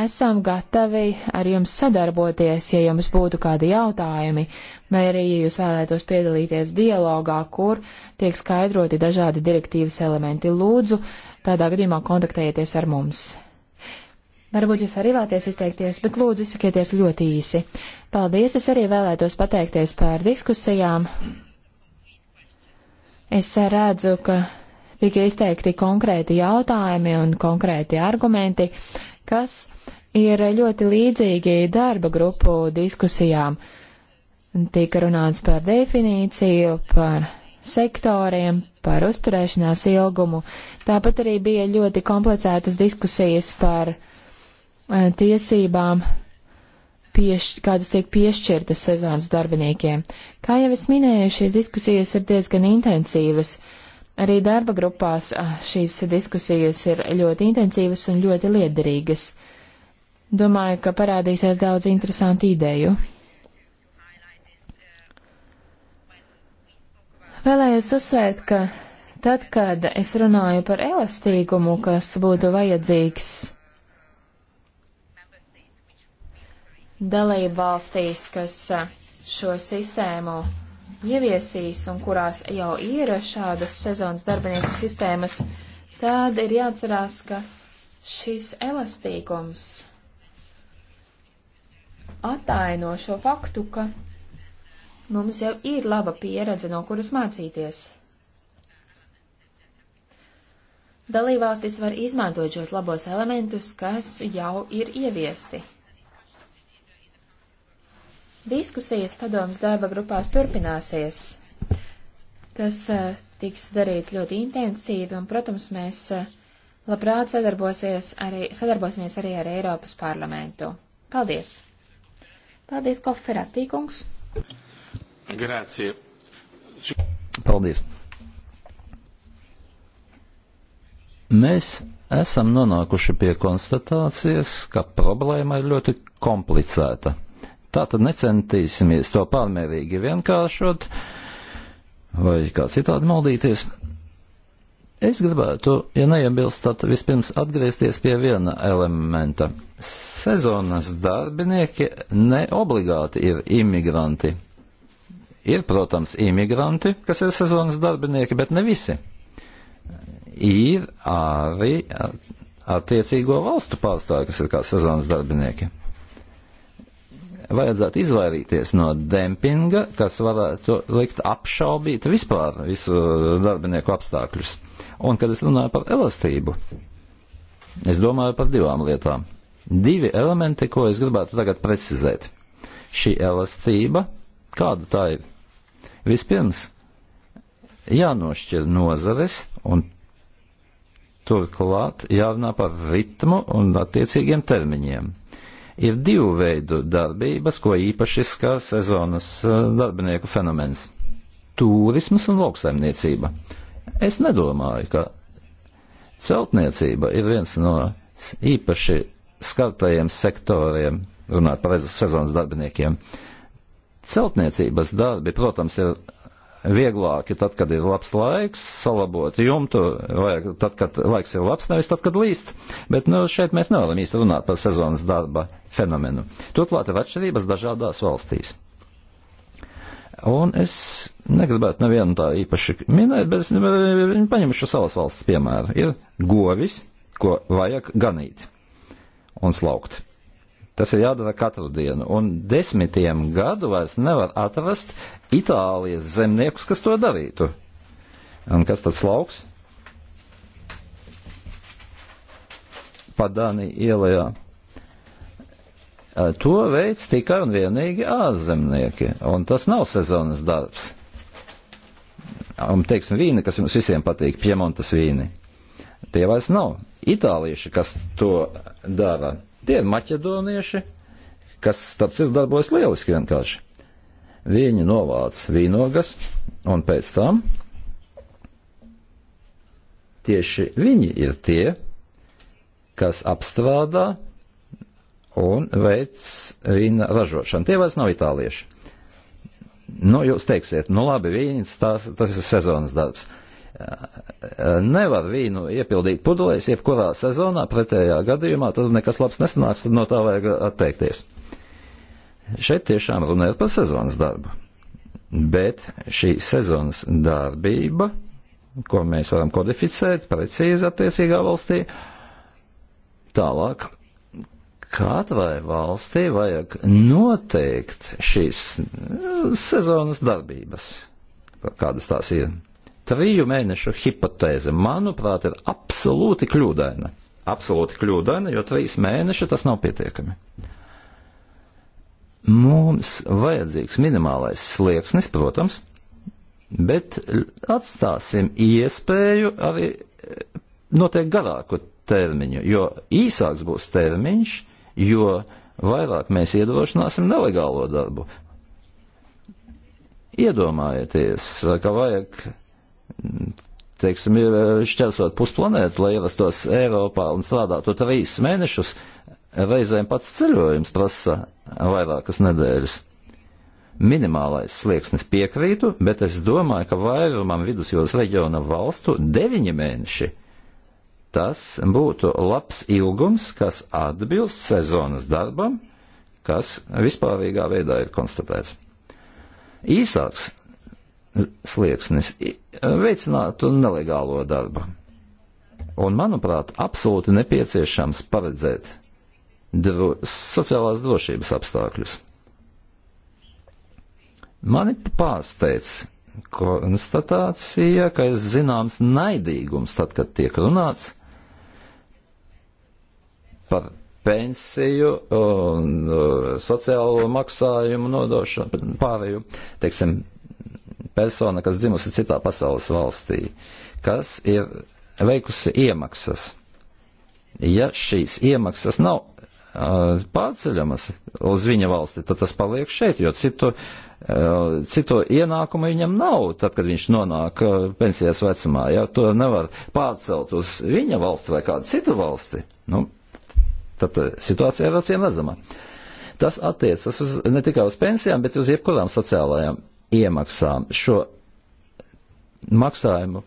esam gatavi ar jums sadarboties, ja jums būtu kādi jautājumi, vai arī, ja jūs vēlētos piedalīties dialogā, kur tiek skaidroti dažādi direktīvas elementi. Lūdzu, tādā gadījumā kontaktējieties ar mums. Varbūt jūs arī vēlaties izteikties, bet lūdzu izsakieties ļoti īsi. Paldies, es arī vēlētos pateikties par diskusijām. Es redzu, ka tika izteikti konkrēti jautājumi un konkrēti argumenti, kas ir ļoti līdzīgi darba grupu diskusijām. Tika runāts par definīciju, par sektoriem, par uzturēšanās ilgumu. Tāpat arī bija ļoti komplicētas diskusijas par E, tiesībām, pieš, kādas tiek piešķirtas sezonas darbiniekiem. Kā jau es minēju, šīs diskusijas ir diezgan intensīvas. Arī darba grupās šīs diskusijas ir ļoti intensīvas un ļoti liederīgas. Domāju, ka parādīsies daudz interesantu ideju. Vēlējos uzsvērt, ka tad, kad es runāju par elastīgumu, kas būtu vajadzīgs dalību valstīs, kas eh, šo sistēmu ieviesīs un kurās jau ir šādas sezonas darbinieku sistēmas, tad ir jāatcerās, ka šis elastīgums attaino šo faktu, ka mums jau ir laba pieredze, no kuras mācīties. Dalībvalstis var izmantot šos labos elementus, kas jau ir ieviesti. Diskusijas padomas darba grupās turpināsies. Tas e, tiks darīts ļoti intensīvi, un, protams, mēs e, labprāt sadarbosies arī, sadarbosimies arī ar Eiropas parlamentu. Paldies! Paldies, Koferatī kungs! Grācie! Paldies! Mēs esam nonākuši pie konstatācijas, ka problēma ir ļoti komplicēta. Tā tad necentīsimies to pārmērīgi vienkāršot vai kā citādi maldīties. Es gribētu, ja neiebilst, tad vispirms atgriezties pie viena elementa. Sezonas darbinieki neobligāti ir imigranti. Ir, protams, imigranti, kas ir sezonas darbinieki, bet ne visi. Ir arī attiecīgo valstu pārstāvji, kas ir kā sezonas darbinieki vajadzētu izvairīties no dempinga, kas varētu likt apšaubīt vispār visu uh, darbinieku apstākļus. Un, kad es runāju par elastību, es domāju par divām lietām. Divi elementi, ko es gribētu tagad precizēt. Šī elastība, kāda tā ir? Vispirms, jānošķir nozares un turklāt jārunā par ritmu un attiecīgiem termiņiem. Ir divu veidu darbības, ko īpaši skar sezonas eh, darbinieku fenomens - turismas un lauksaimniecība. Es nedomāju, ka celtniecība ir viens no īpaši skartajiem sektoriem, runāt par sezonas darbiniekiem. Celtniecības darbi, protams, ir vieglāk ir tad, kad ir labs laiks, salabot jumtu, vai tad, kad laiks ir labs, nevis tad, kad līst. Bet nu, šeit mēs nevaram īsti runāt par sezonas darba fenomenu. Turklāt ir atšķirības dažādās valstīs. Un es negribētu nevienu tā īpaši minēt, bet es paņemšu savas valsts piemēru. Ir govis, ko vajag ganīt un slaukt. Tas ir jādara katru dienu. Un desmitiem gadu vairs nevar atrast Itālijas zemniekus, kas to darītu. Un kas tas lauks? Padāni ielajā. Eh, to veids tikai un vienīgi ārzemnieki, un tas nav sezonas darbs. Un, teiksim, vīni, kas jums visiem patīk, piemontas vīni. Tie vairs nav itālieši, kas to dara Tie ir maķedonieši, kas, starp citu, darbojas lieliski vienkārši. Viņi novāc vīnogas, un pēc tam tieši viņi ir tie, kas apstrādā un veic vīna ražošanu. Tie vairs nav itālieši. Nu, jūs teiksiet, nu labi, vīns, tas, tas ir sezonas darbs. Eh, nevar vīnu iepildīt pudelēs, jebkurā sezonā, pretējā gadījumā, tad nekas labs nesanāks, tad no tā vajag atteikties. Šeit tiešām runa ir par sezonas darbu. Bet šī sezonas darbība, ko mēs varam kodificēt precīzi attiecīgā valstī, tālāk katrai valstī vajag noteikt šīs sezonas darbības, kādas tās ir triju mēnešu hipotēze, manuprāt, ir absolūti kļūdaina. Absolūti kļūdaina, jo trīs mēneši tas nav pietiekami. Mums vajadzīgs minimālais slieksnis, protams, bet atstāsim iespēju arī eh, noteikti garāku termiņu, jo īsāks būs termiņš, jo vairāk mēs iedrošināsim nelegālo darbu. Iedomājieties, ka vajag teiksim, eh, šķērsot pusplanētu, lai ierastos Eiropā un strādātu trīs mēnešus, reizēm pats ceļojums prasa vairākas nedēļas. Minimālais slieksnis piekrītu, bet es domāju, ka vairumam vidusjūras reģiona valstu deviņi mēneši. Tas būtu labs ilgums, kas atbilst sezonas darbam, kas vispārīgā veidā ir konstatēts. Īsāks slieksnis e, veicinātu nelegālo darbu. Un, manuprāt, absolūti nepieciešams paredzēt dro sociālās drošības apstākļus. Mani pārsteidz konstatācija, ka ir zināms naidīgums tad, kad tiek runāts par pensiju un uh, sociālo maksājumu nodošanu, pārēju, teiksim, persona, kas dzimusi citā pasaules valstī, kas ir veikusi iemaksas. Ja šīs iemaksas nav uh, pārceļamas uz viņa valsti, tad tas paliek šeit, jo citu, uh, citu ienākumu viņam nav, tad, kad viņš nonāk uh, pensijas vecumā. Ja to nevar pārcelt uz viņa valsti vai kādu citu valsti, nu, tad situācija ir acīm redzama. Tas attiecas uz, ne tikai uz pensijām, bet uz jebkurām sociālajām iemaksām. Šo maksājumu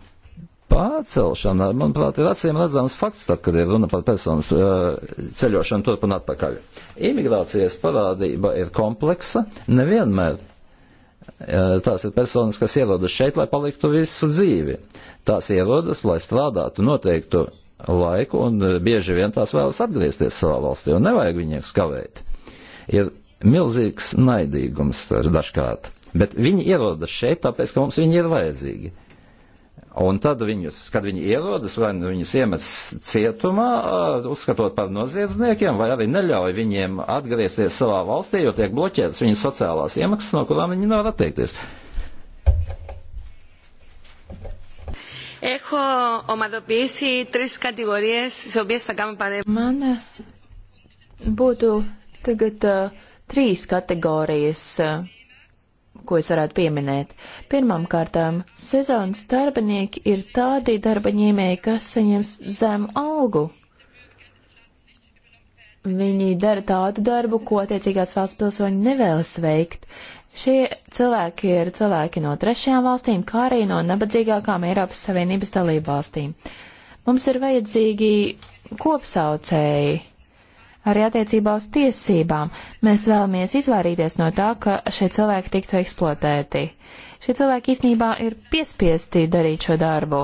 pārcelšana, manuprāt, ir acīm redzams fakts, tad, kad ir runa par personas uh, ceļošanu turp un atpakaļ. Imigrācijas parādība ir kompleksa, nevienmēr. Uh, tās ir personas, kas ierodas šeit, lai paliktu visu dzīvi. Tās ierodas, lai strādātu noteiktu laiku, un eh, bieži vien tās vēlas atgriezties savā valstī, un nevajag viņiem skavēt. Ir milzīgs naidīgums dažkārt. Bet viņi ierodas šeit, tāpēc, ka mums viņi ir vajadzīgi. Un tad, viņus, kad viņi ierodas, vai nu viņus iemet cietumā, uzskatot par noziedzniekiem, vai arī neļauj viņiem atgriezties savā valstī, jo tiek bloķētas viņu sociālās iemaksas, no kurām viņi nevar atteikties. Έχω ομαδοποιήσει τρεις κατηγορίες στις οποίες θα κάνουμε παρέμβαση. Man būtu tagad uh, trīs kategorijas, uh, ko es varētu pieminēt. Pirmkārtām, sezonas darbinieki ir tādi darbaņēmēji, kas saņems zemu algu. Viņi dara tādu darbu, ko attiecīgās valsts pilsoņi nevēlas veikt. Šie cilvēki ir cilvēki no trešajām valstīm, kā arī no nabadzīgākām Eiropas Savienības dalību valstīm. Mums ir vajadzīgi kopsaucēji arī attiecībā uz tiesībām. Mēs vēlamies izvairīties no tā, ka šie cilvēki tiktu eksploatēti. Šie cilvēki īsnībā ir piespiesti darīt šo darbu.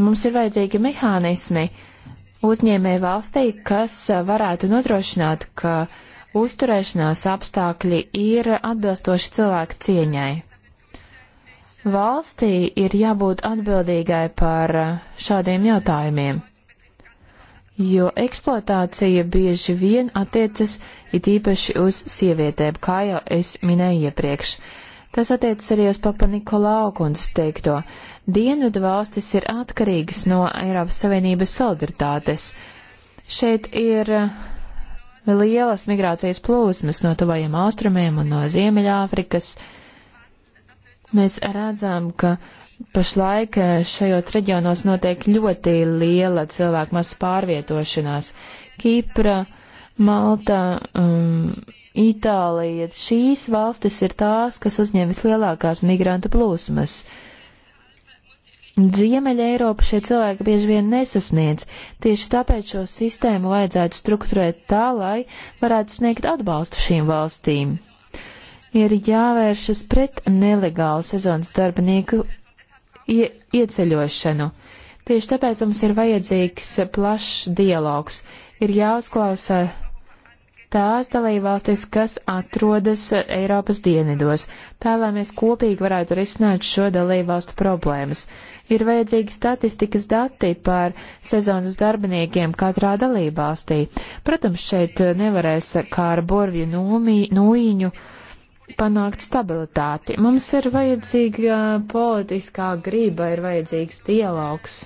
Mums ir vajadzīgi mehānismi uzņēmē valstī, kas varētu nodrošināt, ka uzturēšanās apstākļi ir atbilstoši cilvēku cieņai. Valstī ir jābūt atbildīgai par eh, šādiem jautājumiem, jo eksploatācija bieži vien attiecas it īpaši uz sievietēm, kā jau es minēju iepriekš. Tas attiecas arī uz Papa Nikolau kundzes teikto. Dienvidu valstis ir atkarīgas no Eiropas Savienības solidaritātes. Šeit ir eh, lielas migrācijas plūsmas no tuvajiem austrumiem un no Ziemeļāfrikas. Afrikas Mēs redzam, ka pašlaik eh, šajos reģionos notiek ļoti liela cilvēku masu pārvietošanās. Kipra, Malta, um, Itālija, šīs valstis ir tās, kas uzņem vislielākās migrantu plūsmas. Ziemeļa Eiropa šie cilvēki bieži vien nesasniedz, tieši tāpēc šo sistēmu vajadzētu strukturēt tā, lai varētu sniegt atbalstu šīm valstīm ir jāvēršas pret nelegālu sezonas darbinieku ie ieceļošanu. Tieši tāpēc mums ir vajadzīgs plašs dialogs. Ir jāuzklausa tās dalībvalstis, kas atrodas Eiropas dienvidos, tā lai mēs kopīgi varētu risināt šo dalībvalstu problēmas. Ir vajadzīgi statistikas dati par sezonas darbiniekiem katrā dalībvalstī. Protams, šeit nevarēs kā ar burvju nūmī, nūjiņu panākt stabilitāti. Mums ir vajadzīga uh, politiskā grība, ir vajadzīgs dialogs.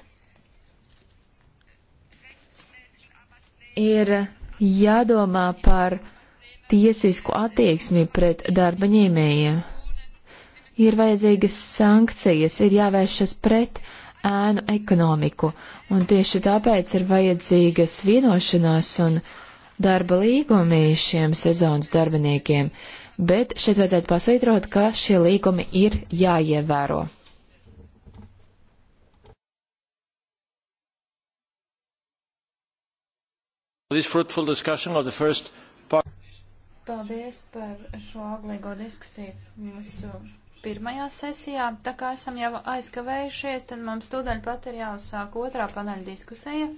Ir jādomā par tiesisku attieksmi pret darba ņēmējiem. Ir vajadzīgas sankcijas, ir jāvēršas pret ēnu ekonomiku, un tieši tāpēc ir vajadzīgas vienošanās un darba līgumi šiem sezonas darbiniekiem. Uh, bet šeit vajadzētu pasvītrot, ka šie līgumi ir jāievēro. Paldies par šo auglīgo diskusiju mūsu pirmajā sesijā. Tā kā esam jau aizkavējušies, tad mums tūdaļ pat ir jāuzsāk otrā paneļa diskusija.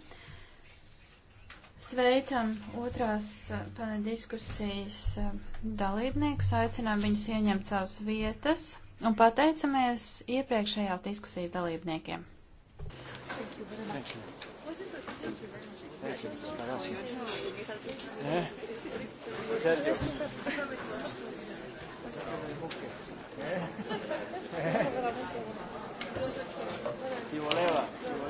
Sveicam otrās panel diskusijas dalībniekus, aicinām viņus ieņemt savas vietas un pateicamies iepriekšējās diskusijas dalībniekiem. Thank you very much. Thank you. Thank you. Thank you. Thank you. Ti voleva, ti voleva.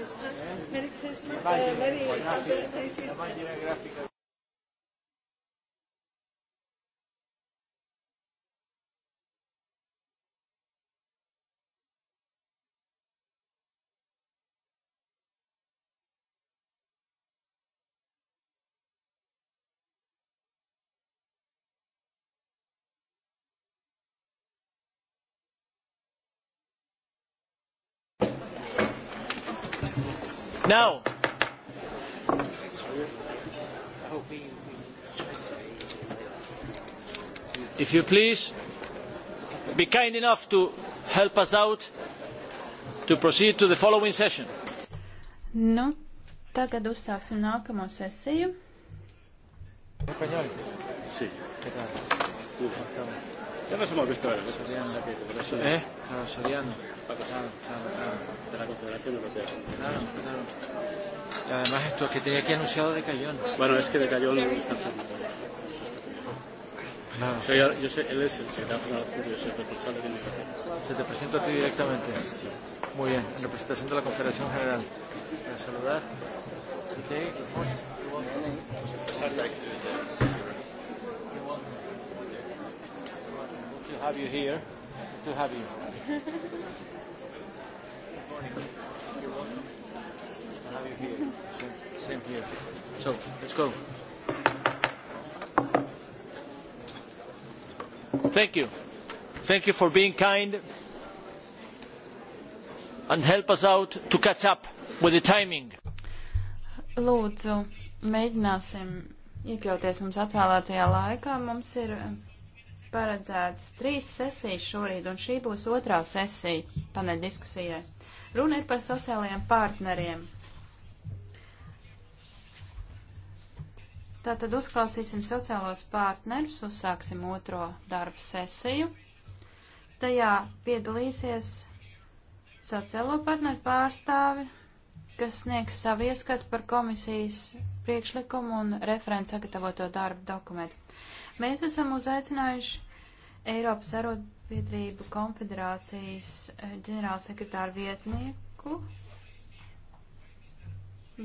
Christmas. Merry Christmas. Uh, Merry Christmas. Uh, Now, if you please, be kind enough to help us out to proceed to the following session. Nu, tagad uzsāksim nākamo sesiju. Sí. Ya no somos vestuarios. ¿Eh? Ah, Soriano. Eh? Soriano. Pakistán claro, claro, claro. de la Confederación Europea. Claro, claro. Y además esto que tenía aquí anunciado de Cayón. Bueno, es que de Cayón está firmado. Claro. Yo, soy, yo soy, él es el secretario general de soy responsable de migraciones. Se te presento a ti directamente. Sí. Muy bien, en representación de la Confederación General. Para saludar. Okay. To have you here, to have you morning. You're welcome. I'll have you here. Same, same here. So, let's go. Thank you. Thank you for being kind and help us out to catch up with the timing. Lūdzu, mēģināsim iekļauties mums atvēlētajā laikā. Mums ir paredzētas trīs sesijas šorīt, un šī būs otrā sesija paneļdiskusijai. Runa ir par sociālajiem partneriem. Tātad uzklausīsim sociālos partnerus, uzsāksim otro darbu sesiju. Tajā piedalīsies sociālo partneru pārstāvi, kas sniegs savu ieskatu par komisijas priekšlikumu un referents sagatavoto darbu dokumentu. Mēs esam uzaicinājuši Eiropas arot biedrību konfederācijas eh, ģenerālsekretāra vietnieku,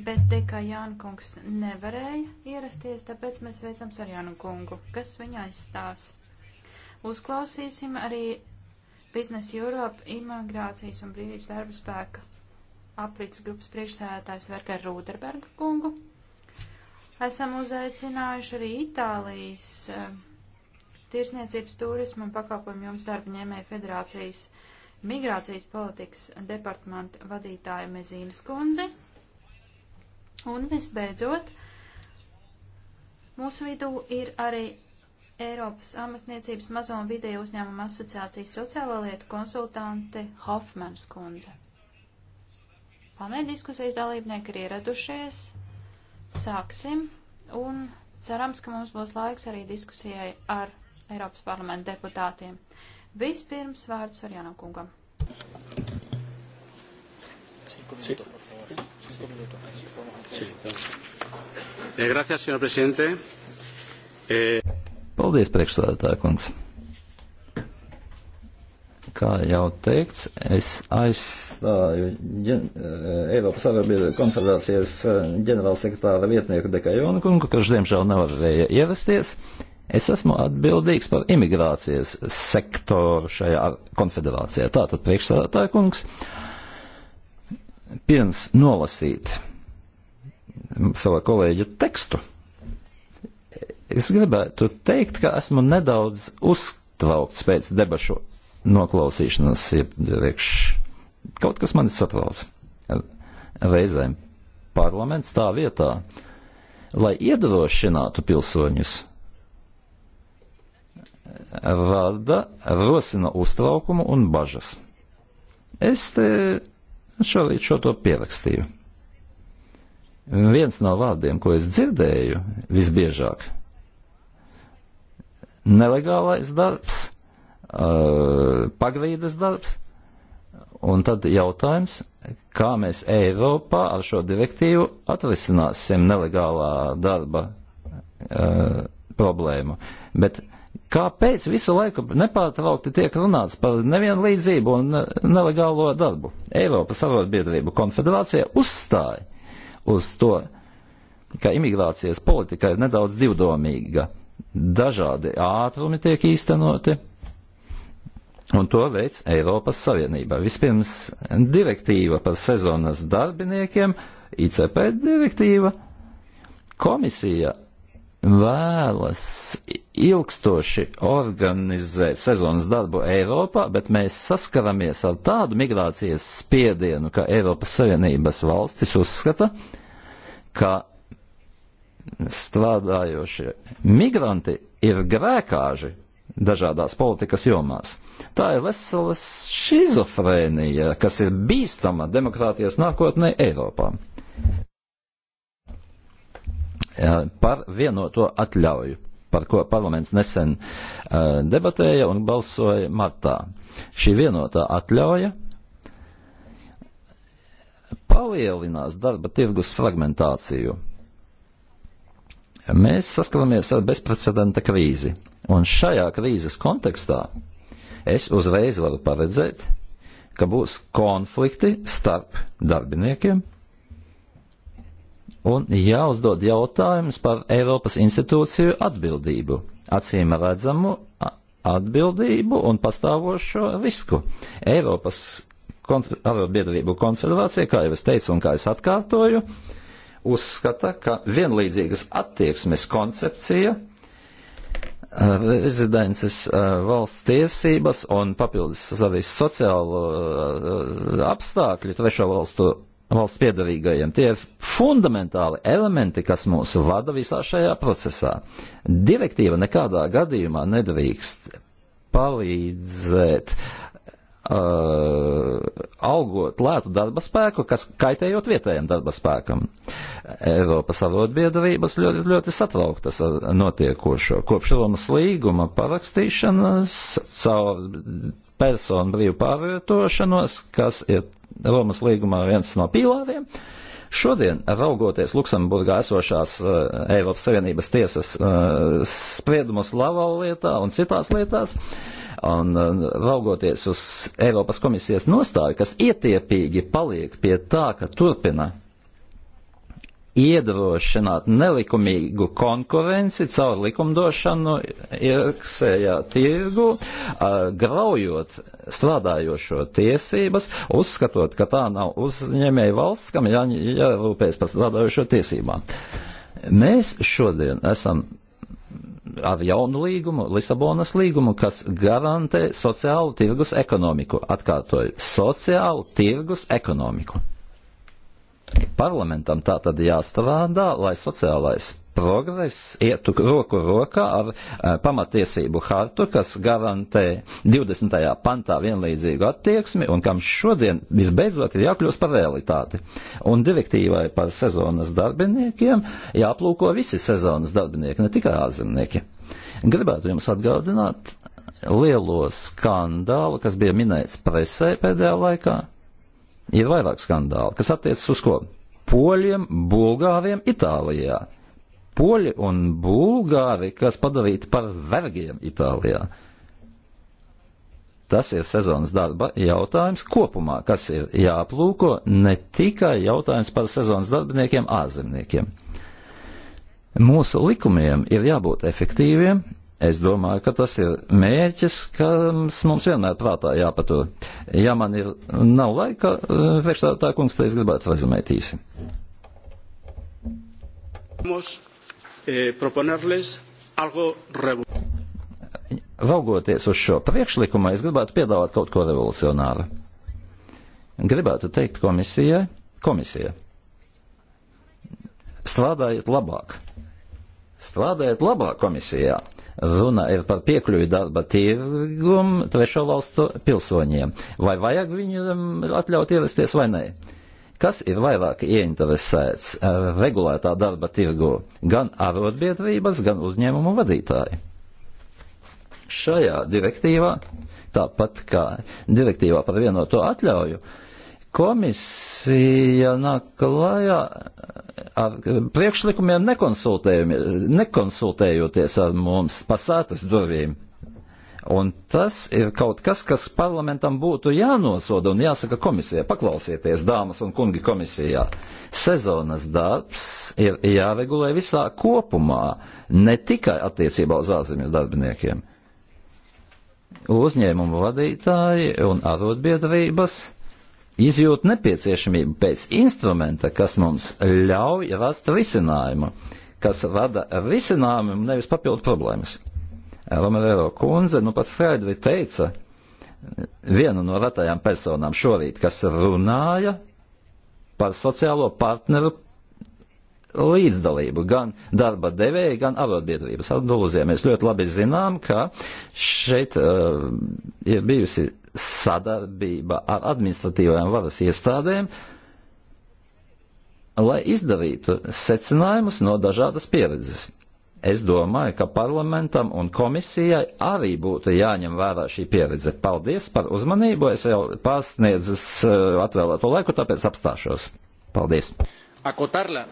bet tikā Jānkungs nevarēja ierasties, tāpēc mēs veicam Sarjānu kungu, kas viņa aizstās. Uzklausīsim arī Biznes Europe imigrācijas un brīvības darba spēka aprits grupas priekšsēdētājs Verker Rūderberga kungu. Esam uzaicinājuši arī Itālijas uh, tirsniecības turisma un pakalpojumu jums darba ņēmēja federācijas migrācijas politikas departamenta vadītāja Mezīnas kundzi. Un visbeidzot, mūsu vidū ir arī Eiropas amatniecības mazo un vidēju uzņēmumu asociācijas sociālo lietu konsultante Hofmans kundze. Paneļa diskusijas dalībnieki ir ieradušies. Sāksim un cerams, ka mums būs laiks arī diskusijai ar Eiropas parlamenta deputātiem. Vispirms vārds ar Jānu kungam. Eh, eh, Paldies, priekšsēdētāja kungs. Kā jau teikts, es aizstāju ģen, eh, Eiropas Savienības konfederācijas ģenerālsekretāra vietnieku Dekajonu kungu, kurš diemžēl nevarēja ierasties. Uh, Es esmu atbildīgs par imigrācijas sektoru šajā konfederācijā. Tātad priekšsādātāja kungs, pirms nolasīt savu kolēģu tekstu, es gribētu teikt, ka esmu nedaudz uztraukts pēc debašu noklausīšanas iepriekš. Kaut kas mani satrauc. Reizēm parlaments tā vietā, lai iedrošinātu pilsoņus rada, rosina uztraukumu un bažas. Es te šorīt šo to pierakstīju. Viens no vārdiem, ko es dzirdēju visbiežāk - nelegālais darbs, pagrīdes darbs, un tad jautājums, kā mēs Eiropā ar šo direktīvu atrisināsim nelegālā darba problēmu. Bet Kāpēc visu laiku nepārtraukti tiek runāts par nevienlīdzību un nelegālo darbu? Eiropas Arotbiedrību konfederācija uzstāja uz to, ka imigrācijas politika ir nedaudz divdomīga. Dažādi ātrumi tiek īstenoti, un to veids Eiropas Savienība. Vispirms direktīva par sezonas darbiniekiem, ICP direktīva, komisija vēlas ilgstoši organizēt sezonas darbu Eiropā, bet mēs saskaramies ar tādu migrācijas spiedienu, ka Eiropas Savienības valstis uzskata, ka strādājošie migranti ir grēkāži dažādās politikas jomās. Tā ir vesela šizofrēnija, kas ir bīstama demokrātijas nākotnē Eiropā par vienoto atļauju par ko parlaments nesen uh, debatēja un balsoja martā. Šī vienotā atļauja palielinās darba tirgus fragmentāciju. Mēs saskaramies ar bezprecedenta krīzi, un šajā krīzes kontekstā es uzreiz varu paredzēt, ka būs konflikti starp darbiniekiem un jāuzdod jautājums par Eiropas institūciju atbildību, acīm redzamu atbildību un pastāvošo risku. Eiropas konf arotbiedrību konfederācija, kā jau es teicu un kā es atkārtoju, uzskata, ka vienlīdzīgas attieksmes koncepcija rezidences valsts tiesības un papildus arī sociālo apstākļu trešo valstu valsts piedarīgajiem. Tie ir fundamentāli elementi, kas mūs vada visā šajā procesā. Direktīva nekādā gadījumā nedrīkst palīdzēt uh, algot lētu darba spēku, kas kaitējot vietējiem darba spēkam. Eiropas arotbiedrības ļoti, ļoti satrauktas ar notiekošo. Kopš Romas līguma parakstīšanas caur personu brīvu pārvietošanos, kas ir Romas līgumā viens no pīlāriem. Šodien, raugoties Luksemburgā esošās uh, Eiropas Savienības tiesas uh, eh, spriedumus Lavau lietā un citās lietās, un uh, raugoties uz Eiropas komisijas nostāju, kas ietiepīgi paliek pie tā, ka turpina iedrošināt nelikumīgu konkurenci caur likumdošanu iekšējā tirgu, graujot strādājošo tiesības, uzskatot, ka tā nav uzņēmēja valsts, kam jā, jārūpēs par strādājošo tiesībām. Mēs šodien esam ar jaunu līgumu, Lisabonas līgumu, kas garantē sociālu tirgus ekonomiku. Atkārtoju, sociālu tirgus ekonomiku. Parlamentam tā tad jāstrādā, lai sociālais progress ietu roku rokā ar uh, pamatiesību hartu, kas garantē 20. pantā vienlīdzīgu attieksmi un kam šodien visbeidzot ir jākļūst par realitāti. Un direktīvai par sezonas darbiniekiem jāplūko visi sezonas darbinieki, ne tikai ārzemnieki. Gribētu jums atgādināt lielo skandālu, kas bija minēts presē pēdējā laikā ir vairāk skandāli, kas attiecas uz ko? Poļiem, Bulgāriem, Itālijā. Poļi un Bulgāri, kas padarīti par vergiem Itālijā. Tas ir sezonas darba jautājums kopumā, kas ir jāaplūko, ne tikai jautājums par sezonas darbiniekiem, ārzemniekiem. Mūsu likumiem ir jābūt efektīviem, Es domāju, ka tas ir mērķis, kas mums vienmēr prātā jāpatur. Ja man ir nav laika, eh, priekšstādā kungs, tad es gribētu rezumēt īsi. Eh, Raugoties uz šo priekšlikumu, es gribētu piedāvāt kaut ko revolucionāru. Gribētu teikt komisijai, komisija, strādājiet labāk. Strādājiet labāk komisijā. Runa ir par piekļuvi darba tirgumu trešo valstu pilsoņiem. Vai vajag viņiem atļaut ierasties vai nē? Kas ir vairāk ieinteresēts eh, regulētā darba tirgu - gan arotbiedrības, gan uzņēmumu vadītāji? Šajā direktīvā, tāpat kā direktīvā par vienoto atļauju, uh, Komisija nāk klājā ar priekšlikumiem nekonsultējoties ar mums pasātas durvīm. Un tas ir kaut kas, kas parlamentam būtu jānosoda un jāsaka komisijai. Paklausieties, dāmas un kungi komisijā. Sezonas darbs ir jāregulē visā kopumā, ne tikai attiecībā uz ārzemju darbiniekiem. Uzņēmumu vadītāji un arotbiedrības izjūt nepieciešamību pēc instrumenta, kas mums ļauj rast risinājumu, kas rada risinājumu, nevis papildu problēmas. Romero kundze, nu pats Freidri teica, viena no retajām personām šorīt, kas runāja par sociālo partneru līdzdalību gan darba devēja, gan arotbiedrības atbildūzē. Mēs ļoti labi zinām, ka šeit uh, ir bijusi sadarbība ar administratīvajām varas iestādēm, lai izdarītu secinājumus no dažādas pieredzes. Es domāju, ka parlamentam un komisijai arī būtu jāņem vērā šī pieredze. Paldies par uzmanību. Es jau pārsniedzu eh, atvēlēto laiku, tāpēc apstāšos. Paldies. Akotarla,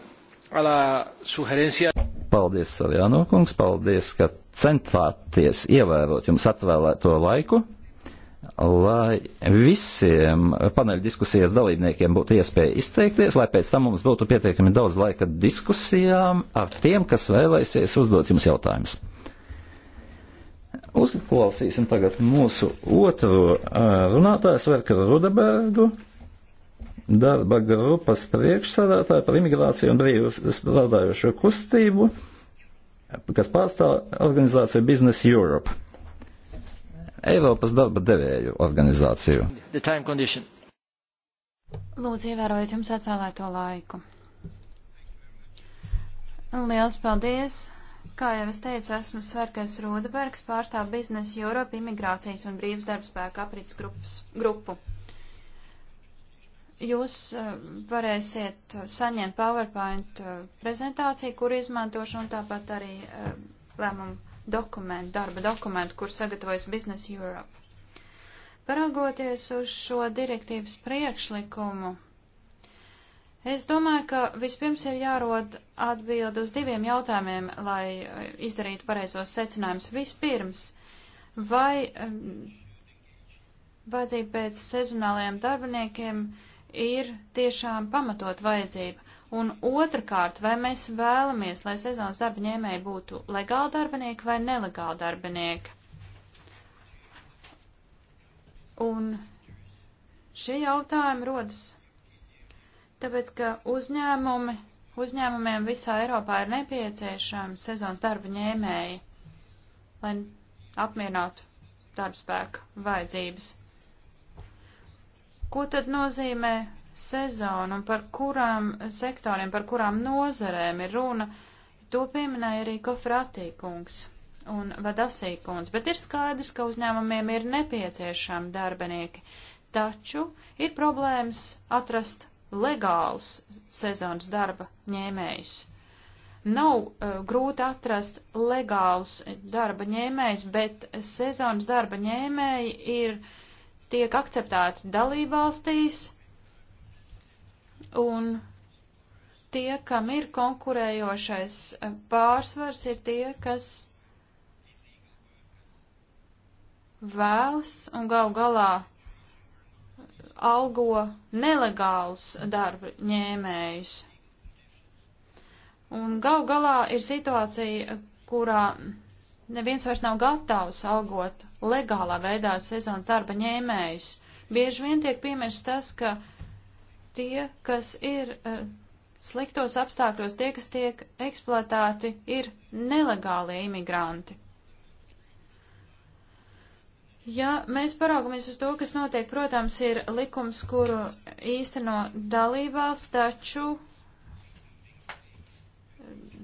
paldies, Sarjāno kungs, paldies, ka centāties ievērot jums atvēlēto laiku lai visiem paneļa diskusijas dalībniekiem būtu iespēja izteikties, lai pēc tam mums būtu pietiekami daudz laika diskusijām ar tiem, kas vēlēsies uzdot jums jautājumus. Uzklausīsim tagad mūsu otru runātāju, Sverkaru Rudebergu, darba grupas priekšsādātāju par imigrāciju un brīvu strādājošo kustību, kas pārstāv organizāciju Business Europe. Eiropas darba devēju organizāciju. Lūdzu, ievērojiet jums atvēlēto laiku. Liels paldies! Kā jau es teicu, esmu Sverkais Rūdebergs, pārstāv biznesa Europa imigrācijas un brīvs darbspēka aprits grupas, grupu. Jūs uh, varēsiet saņemt PowerPoint uh, prezentāciju, kur izmantošu un tāpat arī uh, lēmumu dokumentu, darba dokumentu, kur sagatavojas Business Europe. Paraugoties uz šo direktīvas priekšlikumu, es domāju, ka vispirms ir jārod atbild uz diviem jautājumiem, lai izdarītu pareizos secinājumus. Vispirms, vai um, vajadzība pēc sezonālajiem darbiniekiem ir tiešām pamatot vajadzība? Un otrkārt, vai mēs vēlamies, lai sezonas darba ņēmēji būtu legāli darbinieki vai nelegāli darbinieki? Un šie jautājumi rodas tāpēc, ka uzņēmumi, uzņēmumiem visā Eiropā ir nepieciešami sezonas darba ņēmēji, lai apmierinātu darbspēka vajadzības. Ko tad nozīmē sezonu un par kurām sektoriem, par kurām nozarēm ir runa, to pieminēja arī Kofratīkungs un Vadasīkungs, bet ir skaidrs, ka uzņēmumiem ir nepieciešami darbinieki, taču ir problēmas atrast legālus sezonas darba ņēmējus. Nav uh, grūti atrast legālus darba ņēmējus, bet sezonas darba ņēmēji ir tiek akceptēti dalībvalstīs, un tie, kam ir konkurējošais eh, pārsvars, ir tie, kas vēlas un gal galā algo nelegālus darba ņēmējus. Un gal galā ir situācija, kurā neviens vairs nav gatavs algot legālā veidā sezonas darba ņēmējus. Bieži vien tiek piemirst tas, ka uh, tie, kas ir uh, sliktos apstākļos, tie, kas tiek eksploatēti, ir nelegālie imigranti. Ja mēs paraugamies uz to, kas notiek, protams, ir likums, kuru īsteno dalībās, taču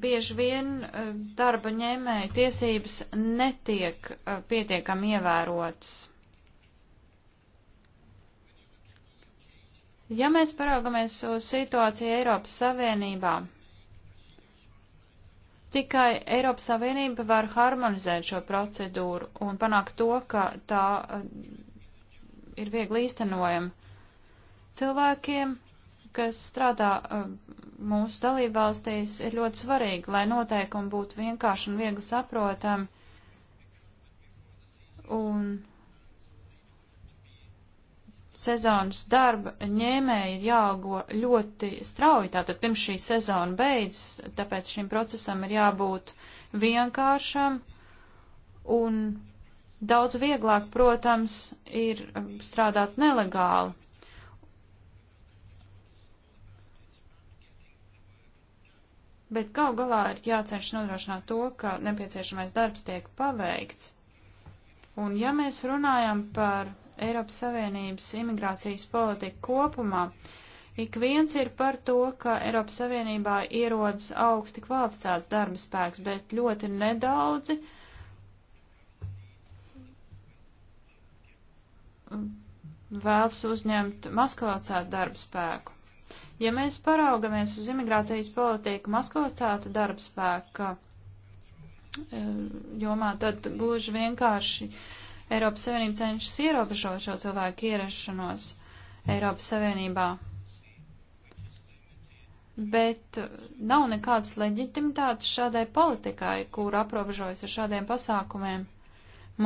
bieži vien eh, darba ņēmēja tiesības netiek eh, pietiekami ievērotas. Ja mēs paraugamies uz situāciju Eiropas Savienībā, tikai Eiropas Savienība var harmonizēt šo procedūru un panākt to, ka tā eh, ir viegli īstenojama. Cilvēkiem, kas strādā eh, mūsu dalībvalstīs, ir ļoti svarīgi, lai noteikumi būtu vienkārši un viegli saprotami. Un sezonas darba ņēmēji ir jāalgo ļoti strauji, tātad pirms šī sezona beidzas, tāpēc šim procesam ir jābūt vienkāršam un daudz vieglāk, protams, ir um, strādāt nelegāli. Bet gal galā ir jācenš nodrošināt to, ka nepieciešamais darbs tiek paveikts. Un ja mēs runājam par Eiropas Savienības imigrācijas politiku kopumā, ik viens ir par to, ka Eiropas Savienībā ierodas augsti kvalificēts darba spēks, bet ļoti nedaudzi mm, vēlas uzņemt maskavācētu darba spēku. Ja mēs paraugamies uz imigrācijas politiku maskavācētu darba spēka eh, jomā, tad gluži vienkārši uh, Eiropas Savienība cenšas ierobežot šo cilvēku ierašanos Eiropas Savienībā. Bet uh, nav nekādas leģitimitātes šādai politikai, kur aprobežojas ar šādiem pasākumiem.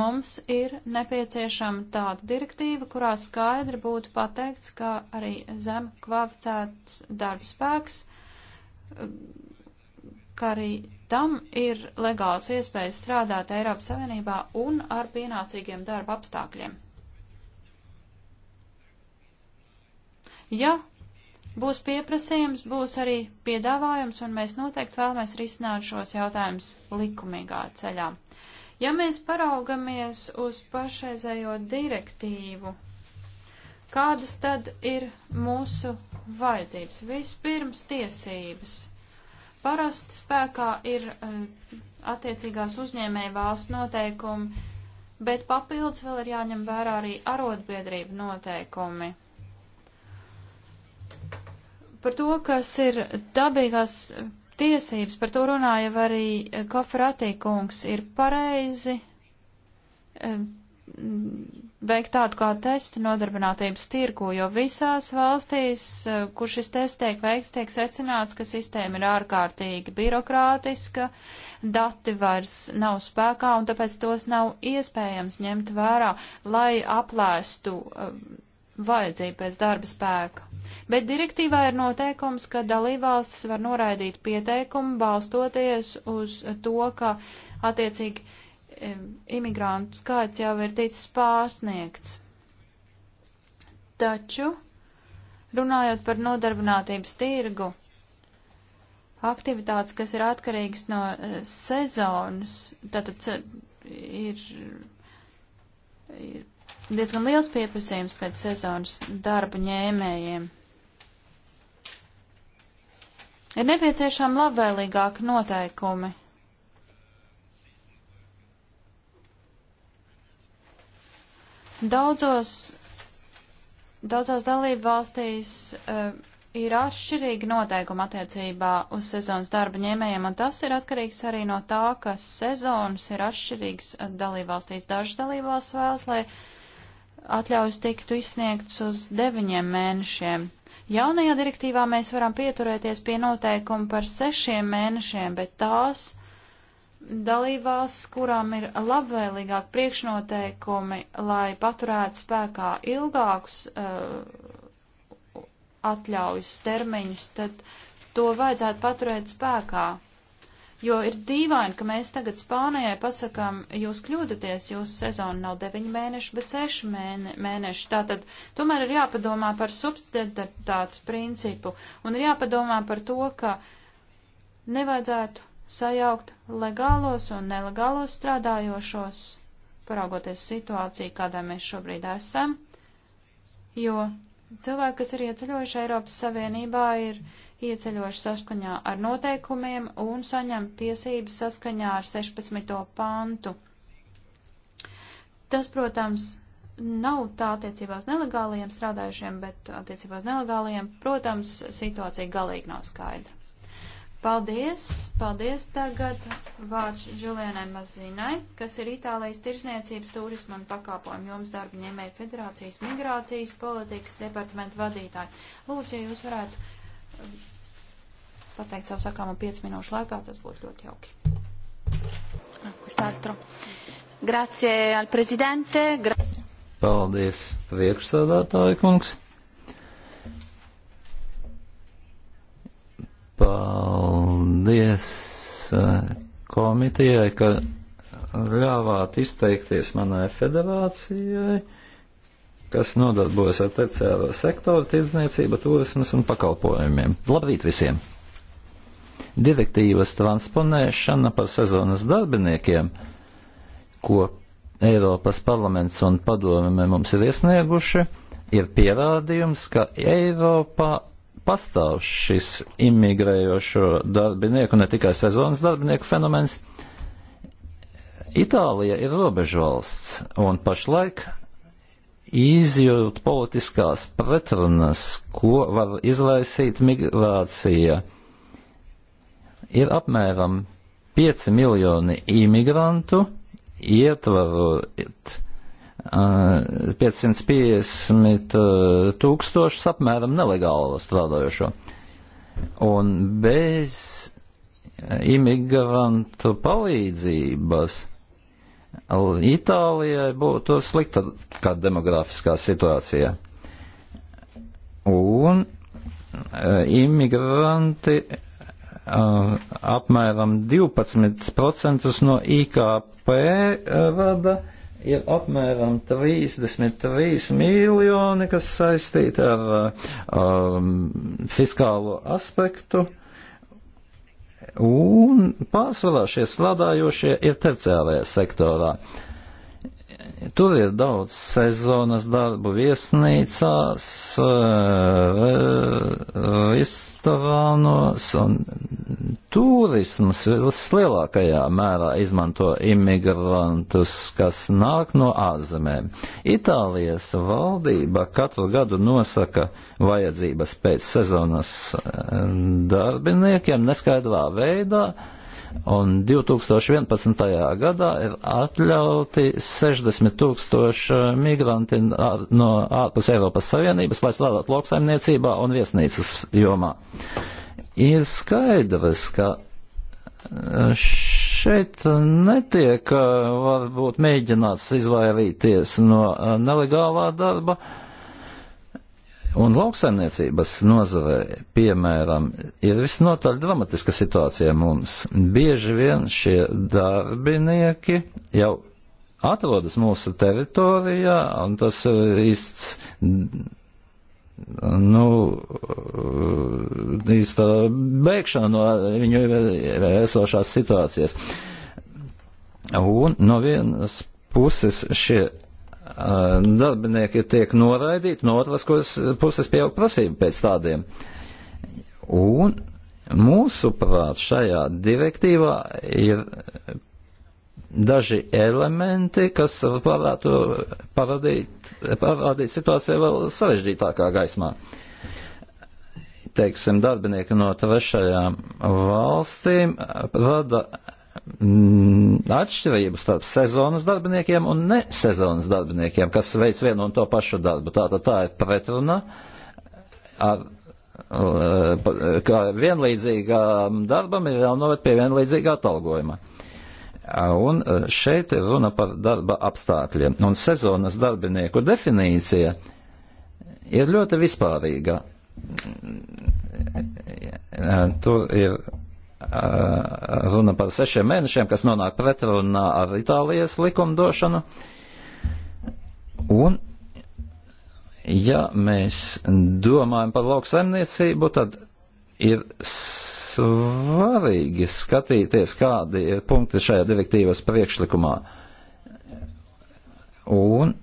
Mums ir nepieciešama tāda direktīva, kurā skaidri būtu pateikts, ka arī zem kvalificēts darba spēks uh, ka arī tam ir legāls iespējas strādāt Eiropas Savienībā un ar pienācīgiem darba apstākļiem. Ja būs pieprasījums, būs arī piedāvājums, un mēs noteikti vēlamies risināt šos jautājumus likumīgā ceļā. Ja mēs paraugamies uz pašreizējo direktīvu, kādas tad ir mūsu vajadzības? Vispirms tiesības Parasti spēkā ir eh, attiecīgās uzņēmēja valsts noteikumi, bet papildus vēl ir jāņem vērā arī arotbiedrību noteikumi. Par to, kas ir dabīgās tiesības, par to runāja arī Koferatī kungs, ir pareizi eh, Mm, veikt tādu kā testu nodarbinātības tirgu, jo visās valstīs, eh, kur šis tests tiek veikts, tiek secināts, ka sistēma ir ārkārtīgi birokrātiska, dati vairs nav spēkā un tāpēc tos nav iespējams ņemt vērā, lai aplēstu eh, vajadzību pēc darba spēka. Bet direktīvā ir noteikums, ka dalībvalstis var noraidīt pieteikumu balstoties uz to, ka attiecīgi imigrantu skaits jau ir ticis pārsniegts. Taču, runājot par nodarbinātības tirgu, aktivitātes, kas ir atkarīgas no eh, sezonas, tātad se, ir, ir diezgan liels pieprasījums pēc sezonas darba ņēmējiem. Ir nepieciešama labvēlīgāka noteikumi Daudzos, daudzās dalību valstīs uh, ir atšķirīgi noteikumi attiecībā uz sezonas darba ņēmējiem, un tas ir atkarīgs arī no tā, ka sezonas ir atšķirīgs dalību valstīs. Dažas dalību valsts vēlas, lai atļaujas tiktu izsniegts uz deviņiem mēnešiem. Jaunajā direktīvā mēs varam pieturēties pie noteikuma par sešiem mēnešiem, bet tās dalībvalsts, kurām ir labvēlīgāk priekšnoteikumi, lai paturētu spēkā ilgākus uh, atļaujas termiņus, tad to vajadzētu paturēt spēkā. Jo ir dīvaini, ka mēs tagad Spānijai pasakām, jūs kļūdaties, jūsu sezona nav 9 mēneši, bet 6 mēne, mēneši. Tātad tomēr ir jāpadomā par subsidiaritātes principu un ir jāpadomā par to, ka nevajadzētu sajaukt legālos un nelegālos strādājošos, paraugoties situāciju, kādā mēs šobrīd esam, jo cilvēki, kas ir ieceļojuši Eiropas Savienībā, ir ieceļojuši saskaņā ar noteikumiem un saņem tiesības saskaņā ar 16. pantu. Tas, protams, nav tā attiecībā uz nelegālajiem strādājušiem, bet attiecībā uz nelegālajiem, protams, situācija galīgi nav skaidra. Paldies! Paldies tagad vārds Džulianai Mazinai, kas ir Itālijas tirsniecības turisma un pakāpojumu jums darba ņēmēja federācijas migrācijas politikas departamentu vadītāji. Lūdzu, ja jūs varētu um, pateikt savu sakāmu 5 minūšu laikā, tas būtu ļoti jauki. Grazie al prezidente. Gra Paldies, priekšsādātāja kungs. Paldies eh, komitejai, ka ļāvāt izteikties manai federācijai, kas nodarbojas ar terciāro sektoru, tirdzniecību, turismas un pakalpojumiem. Labrīt visiem! Direktīvas transponēšana par sezonas darbiniekiem, ko Eiropas parlaments un padomē mums ir iesnieguši, ir pierādījums, ka Eiropā pastāv šis imigrējošo darbinieku, ne tikai sezonas darbinieku fenomens. Itālija ir robežvalsts, un pašlaik izjūt politiskās pretrunas, ko var izraisīt migrācija. Ir apmēram 5 miljoni imigrantu, ietvarot 550 eh, tūkstošus apmēram nelegāli strādājošo. Un bez imigrantu palīdzības Itālijai būtu slikta kā demografiskā situācija. Un eh, imigranti eh, apmēram 12% no IKP rada. Uh, ir apmēram 33 miljoni, kas saistīti ar um, fiskālo aspektu. Un pārsvarā šie strādājošie ir terciārajā sektorā. Tur ir daudz sezonas darbu viesnīcās, eh, restorānos un Turisms vislielākajā mērā izmanto imigrantus, kas nāk no ārzemēm. Itālijas valdība katru gadu nosaka vajadzības pēc sezonas eh, darbiniekiem neskaidrā veidā, un 2011. gadā ir atļauti 60 tūkstoši migranti no ārpus Eiropas Savienības, lai strādātu lauksaimniecībā un viesnīcas jomā ir skaidrs, ka eh, šeit netiek eh, varbūt mēģināts izvairīties no eh, nelegālā darba. Un lauksaimniecības nozarē, piemēram, ir visnotaļ dramatiska situācija mums. Bieži vien šie darbinieki jau atrodas mūsu teritorijā, un tas ir īsts nu, eh, īsta bēgšana no viņu esošās situācijas. Un no vienas puses šie uh, darbinieki tiek noraidīti, no otras puses pieaug prasība pēc tādiem. Un mūsuprāt šajā direktīvā ir daži elementi, kas varētu parādīt, parādīt situāciju vēl sarežģītākā gaismā. Teiksim, darbinieki no trešajām valstīm rada mm, atšķirību starp sezonas darbiniekiem un nesezonas darbiniekiem, kas veic vienu un to pašu darbu. Tātad tā ir pretruna ar eh, ka vienlīdzīgam darbam ir jānovet pie vienlīdzīga atalgojuma. Un e, šeit ir runa par darba apstākļiem. Un sezonas darbinieku definīcija ir ļoti vispārīga. E, tur ir e, runa par sešiem mēnešiem, kas nonāk pretrunā ar Itālijas likumdošanu. Un, ja mēs domājam par lauksaimniecību, tad ir svarīgi skatīties, kādi ir punkti šajā direktīvas priekšlikumā. Un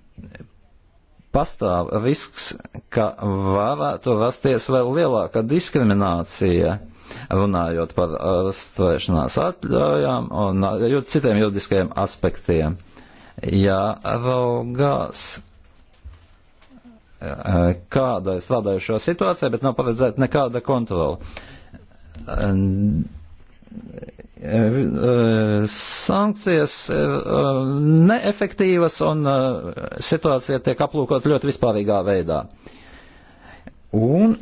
pastāv risks, ka varētu rasties vēl lielāka diskriminācija, runājot par strēšanās atļaujām un citiem juridiskajiem aspektiem. Ja raugās Uh, kāda ir strādājušā situācija, bet nav paredzēta nekāda kontrola. Uh, sankcijas ir uh, neefektīvas un situācija tiek aplūkot ļoti vispārīgā veidā. Un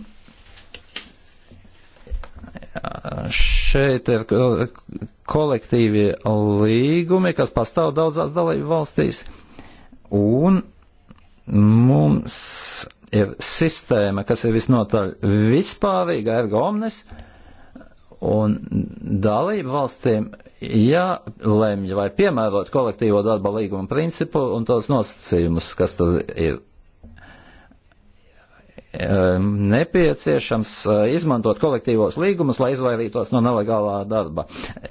šeit ir kolektīvie līgumi, kas pastāv daudzās dalību valstīs. Un uh, Mums ir sistēma, kas ir visnotaļ vispārīga, ergo omnes, un dalību valstīm jālemj vai piemērot kolektīvo darba līguma principu un tos nosacījumus, kas tad ir nepieciešams e, izmantot kolektīvos līgumus, lai izvairītos no nelegālā darba.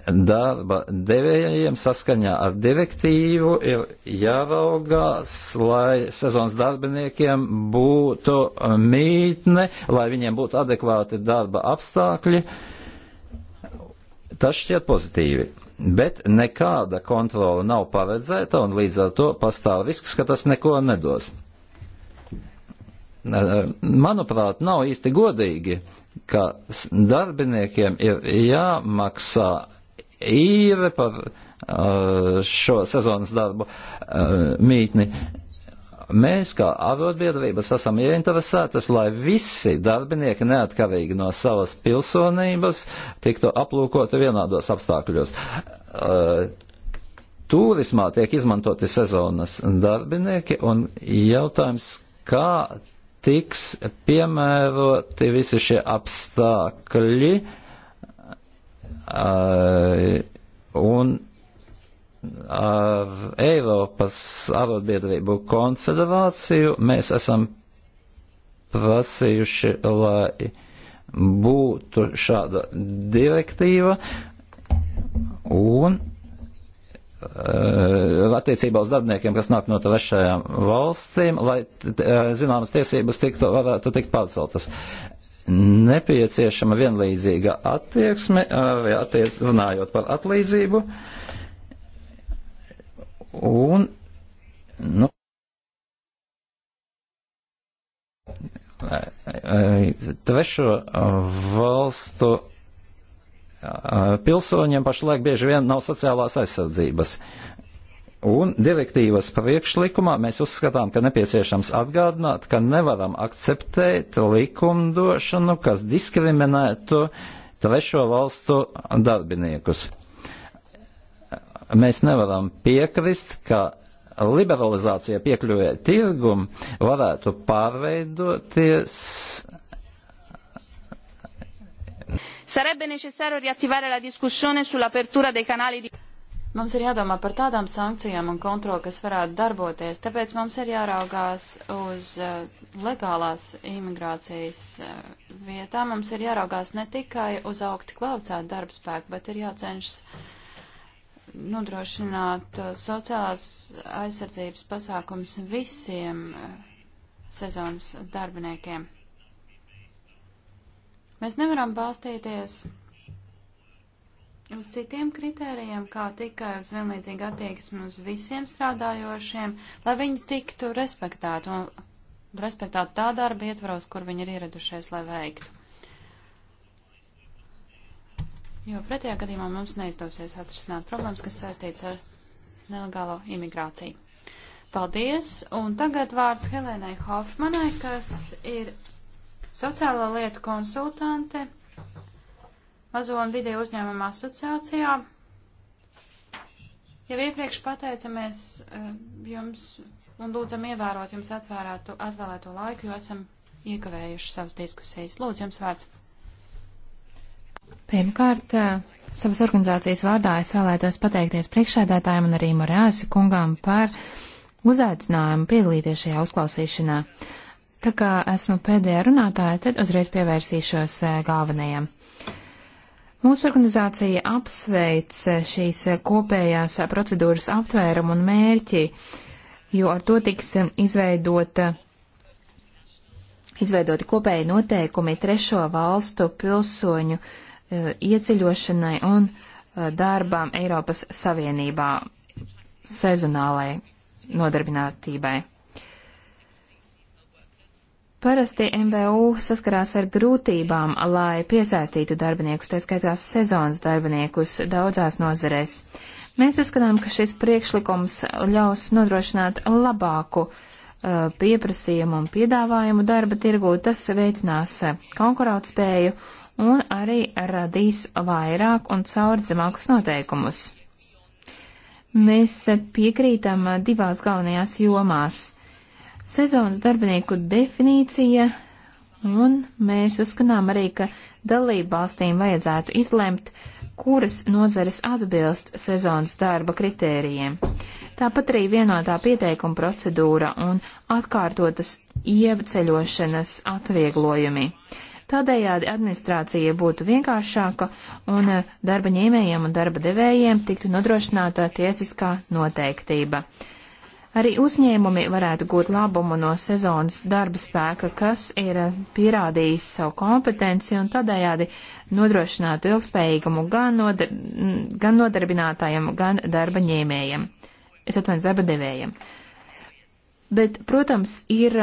Darba devējiem saskaņā ar direktīvu ir jāraugās, lai sezonas darbiniekiem būtu e, mītne, lai viņiem būtu adekvāti darba apstākļi. Tas šķiet pozitīvi bet nekāda kontrola nav paredzēta, un līdz ar to pastāv risks, ka tas neko nedos manuprāt, nav īsti godīgi, ka darbiniekiem ir jāmaksā īre par šo sezonas darbu mītni. Mēs, kā arotbiedrības, esam ieinteresētas, lai visi darbinieki, neatkarīgi no savas pilsonības, tiktu aplūkoti vienādos apstākļos. Turismā tiek izmantoti sezonas darbinieki, un jautājums, kā tiks piemēroti visi šie apstākļi un ar Eiropas arotbiedrību konfederāciju mēs esam prasījuši, lai būtu šāda direktīva un Eh, attiecībā uz darbiniekiem, kas nāk no trešajām valstīm, lai eh, zināmas tiesības tiktu, varētu tikt pārceltas. Nepieciešama vienlīdzīga attieksme, eh, arī attiec, runājot par atlīdzību. Un, nu, trešo valstu Uh, pilsoņiem pašlaik bieži vien nav sociālās aizsardzības. Un direktīvas priekšlikumā mēs uzskatām, ka nepieciešams atgādināt, ka nevaram akceptēt likumdošanu, kas diskriminētu trešo valstu darbiniekus. Mēs nevaram piekrist, ka liberalizācija piekļuvē tirgum varētu pārveidoties Sarebbe necessario riattivare la discussione sull'apertura dei canali di. Mums ir jādomā par tādām sankcijām un kontroli, kas varētu darboties, tāpēc mums ir jāraugās uz eh, legālās imigrācijas eh, vietām. Mums ir jāraugās ne tikai uz augsti kvalificētu darba spēku, bet ir jācenšas nodrošināt eh, sociālās aizsardzības pasākums visiem sezonas darbiniekiem. Mēs nevaram balstīties uz citiem kritērijiem, kā tikai uz vienlīdzīgu attieksmi uz visiem strādājošiem, lai viņi tiktu respektēti un respektētu tā darba ietvaros, kur viņi ir ieradušies, lai veiktu. Jo pretējā gadījumā mums neizdosies atrisināt problēmas, kas saistīts ar nelegālo imigrāciju. Paldies! Un tagad vārds Helēnai Hofmanai, kas ir sociālo lietu konsultante Mazo un vidēju uzņēmumu asociācijā. Jau iepriekš pateicamies eh, jums un lūdzam ievērot jums atvērātu, atvēlēto laiku, jo esam iekavējuši savas diskusijas. Lūdzu, jums vārds. Pirmkārt, eh, savas organizācijas vārdā es vēlētos pateikties priekšēdētājiem un arī Morēsu kungām par uzaicinājumu piedalīties šajā uzklausīšanā. Uh, Tā kā esmu pēdējā runātāja, tad uzreiz pievērsīšos eh, galvenajam. Mūsu organizācija apsveic eh, šīs eh, kopējās procedūras aptvērumu un mērķi, jo ar to tiks izveidota, izveidoti kopēji noteikumi trešo valstu pilsoņu ieceļošanai un darbām Eiropas Savienībā sezonālai nodarbinātībai. Parasti MVU saskarās ar grūtībām, lai piesaistītu darbiniekus, tā skaitās sezonas darbiniekus daudzās nozarēs. Mēs uzskatām, ka šis priekšlikums ļaus nodrošināt labāku uh, pieprasījumu un piedāvājumu darba tirgū, tas veicinās uh, konkurētspēju un arī radīs vairāk un caurdzimākus noteikumus. Mēs uh, piekrītam uh, divās galvenajās jomās sezonas darbinieku definīcija, un mēs uzskanām arī, ka dalību valstīm vajadzētu izlemt, kuras nozares atbilst sezonas darba kritērijiem. Tāpat arī vienotā pieteikuma procedūra un atkārtotas ieceļošanas atvieglojumi. Tādējādi administrācija būtu vienkāršāka un eh, darba ņēmējiem un darba devējiem tiktu nodrošināta tiesiskā noteiktība. Arī uzņēmumi varētu gūt labumu no sezonas darba spēka, kas ir eh, pierādījis savu kompetenci un tādējādi nodrošinātu ilgspējīgumu gan, nodar gan nodarbinātājiem, gan darba ņēmējiem. Es atvainojos darba devējiem. Bet, protams, ir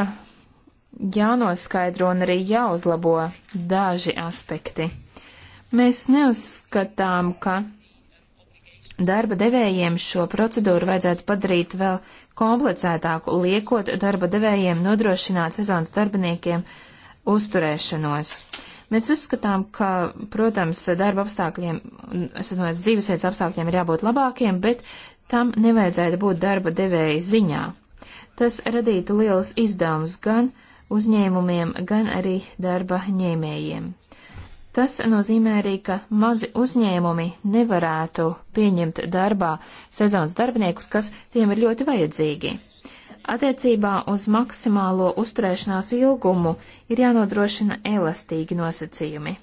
jānoskaidro un arī jāuzlabo daži aspekti. Mēs neuzskatām, ka Darba devējiem šo procedūru vajadzētu padarīt vēl komplicētāku, liekot darba devējiem nodrošināt sezonas darbiniekiem uzturēšanos. Mēs uzskatām, ka, protams, darba apstākļiem, esamās dzīvesveids apstākļiem ir jābūt labākiem, bet tam nevajadzētu būt darba devēja ziņā. Tas radītu lielus izdevumus gan uzņēmumiem, gan arī darba ņēmējiem. Tas nozīmē arī, ka mazi uzņēmumi nevarētu pieņemt darbā sezonas darbiniekus, kas tiem ir ļoti vajadzīgi. Attiecībā uz maksimālo uzturēšanās ilgumu ir jānodrošina elastīgi nosacījumi.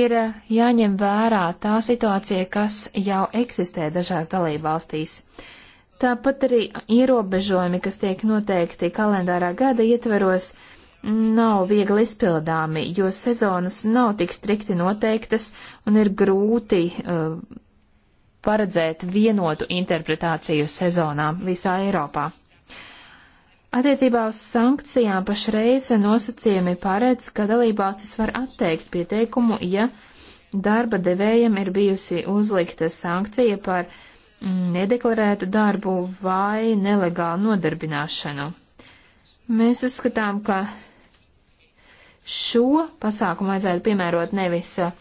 Ir jāņem vērā tā situācija, kas jau eksistē dažās dalībvalstīs. Tāpat arī ierobežojumi, kas tiek noteikti kalendārā gada ietveros, uh, nav viegli izpildāmi, jo sezonas nav tik strikti noteiktas un ir grūti uh, paredzēt vienotu interpretāciju sezonām visā Eiropā. Attiecībā uz sankcijām pašreiz nosacījumi paredz, ka dalībvalstis var atteikt pieteikumu, ja darba devējam ir bijusi uzlikta sankcija par mm, nedeklarētu darbu vai nelegālu nodarbināšanu. Mēs uzskatām, ka šo pasākumu vajadzētu piemērot nevis eh,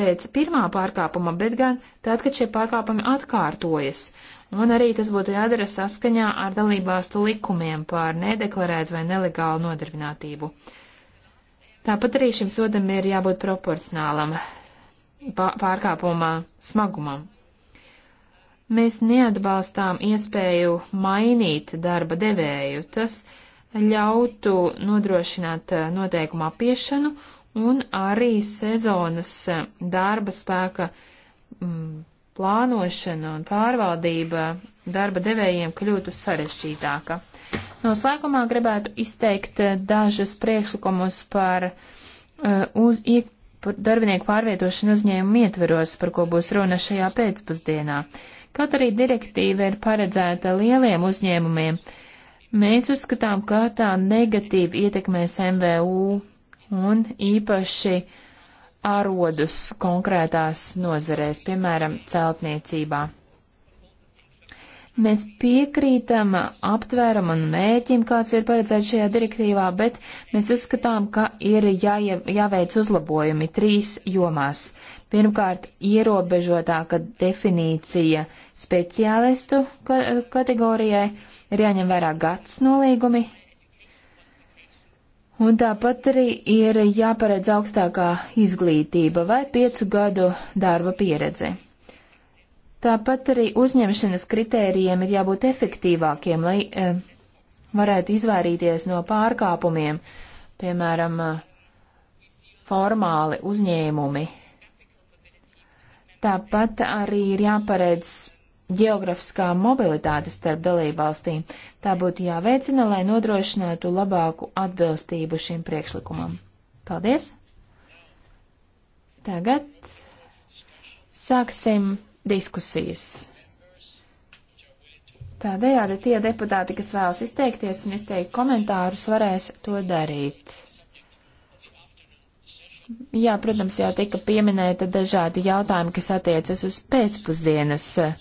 pēc pirmā pārkāpuma, bet gan tad, kad šie pārkāpumi atkārtojas. Un arī tas būtu jādara saskaņā ar dalībvalstu likumiem par nedeklarētu vai nelegālu nodarbinātību. Tāpat arī šim sodam ir jābūt proporcionālam pārkāpumā smagumam. Mēs neatbalstām iespēju mainīt darba devēju. Tas uh, ļautu nodrošināt eh, noteikumu apiešanu un arī sezonas eh, darba spēka mm, plānošana un pārvaldība darba devējiem kļūtu sarežģītāka. Noslēgumā gribētu izteikt eh, dažus priekšlikumus par, uh, uz, iek, par darbinieku pārvietošanu uzņēmumu ietveros, par ko būs runa šajā pēcpusdienā. Kaut arī direktīva ir paredzēta lieliem uzņēmumiem, uh, Mēs uzskatām, ka tā negatīvi ietekmēs MVU un īpaši arodus konkrētās nozerēs, piemēram, celtniecībā. Mēs piekrītam aptvēram un mērķim, kāds ir paredzēts šajā direktīvā, bet mēs uzskatām, ka ir jā, jāveic uzlabojumi trīs jomās. Pirmkārt, ierobežotāka definīcija speciālistu kategorijai ir jāņem vērā gads nolīgumi. Un tāpat arī ir jāparedz augstākā izglītība vai piecu gadu darba pieredze. Tāpat arī uzņemšanas kritērijiem ir jābūt efektīvākiem, lai e, varētu izvairīties no pārkāpumiem, piemēram, eh, formāli uzņēmumi Tāpat arī ir jāparedz geografiskā mobilitāte starp dalībvalstīm. Tā būtu jāveicina, lai nodrošinātu labāku atbilstību šim priekšlikumam. Paldies! Tagad sāksim diskusijas. Tādējādi tie deputāti, kas vēlas izteikties un izteikt komentārus, varēs to darīt. Jā, protams, jau tika pieminēta dažādi jautājumi, kas attiecas uz pēcpusdienas eh,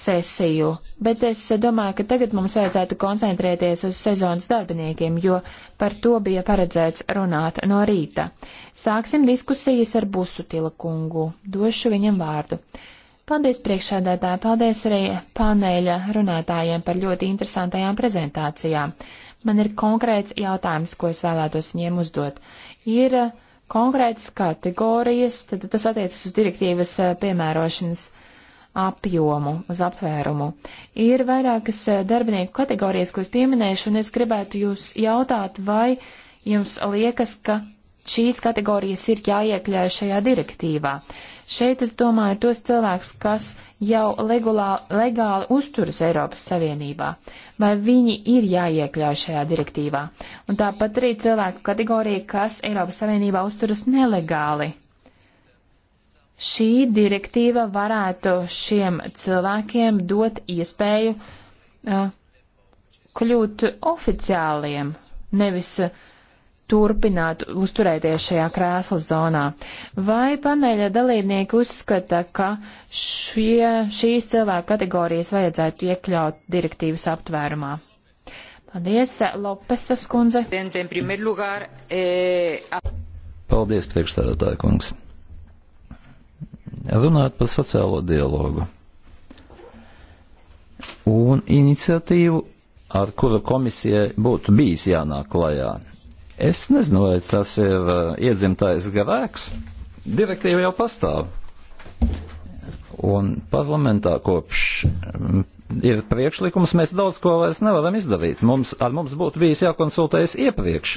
sesiju, bet es domāju, ka tagad mums vajadzētu koncentrēties uz sezonas darbiniekiem, jo par to bija paredzēts runāt no rīta. Sāksim diskusijas ar Busutila kungu. Došu viņam vārdu. Paldies priekšādētāji, paldies arī paneļa runātājiem par ļoti interesantajām prezentācijām. Man ir konkrēts jautājums, ko es vēlētos viņiem uzdot. Ir uh, konkrētas kategorijas, tad tas attiecas uz direktīvas eh, piemērošanas apjomu, uz aptvērumu. Ir vairākas eh, darbinieku kategorijas, ko es pieminēšu, un es gribētu jūs jautāt, vai jums liekas, ka šīs kategorijas ir jāiekļauj šajā direktīvā. Šeit es domāju tos cilvēkus, kas jau legulā, legāli uzturas Eiropas Savienībā vai viņi ir jāiekļauj šajā direktīvā. Un tāpat arī cilvēku kategorija, kas Eiropas Savienībā uzturas nelegāli. Šī direktīva varētu šiem cilvēkiem dot iespēju uh, kļūt oficiāliem, nevis uh, turpināt uzturēties šajā krēsla zonā. Vai paneļa dalībnieki uzskata, ka šie, šīs cilvēku kategorijas vajadzētu iekļaut direktīvas aptvērumā? Paldies, Lopesa skundze. Eh, Paldies, priekšstādātāja kungs. Runājot par sociālo dialogu un iniciatīvu, ar kuru komisijai būtu bijis jānāk klajā Es nezinu, vai tas ir uh, iedzimtais grēks. Direktīva jau pastāv. Un parlamentā kopš um, ir priekšlikums, mēs daudz ko vairs nevaram izdarīt. Mums, ar mums būtu bijis jākonsultējas iepriekš.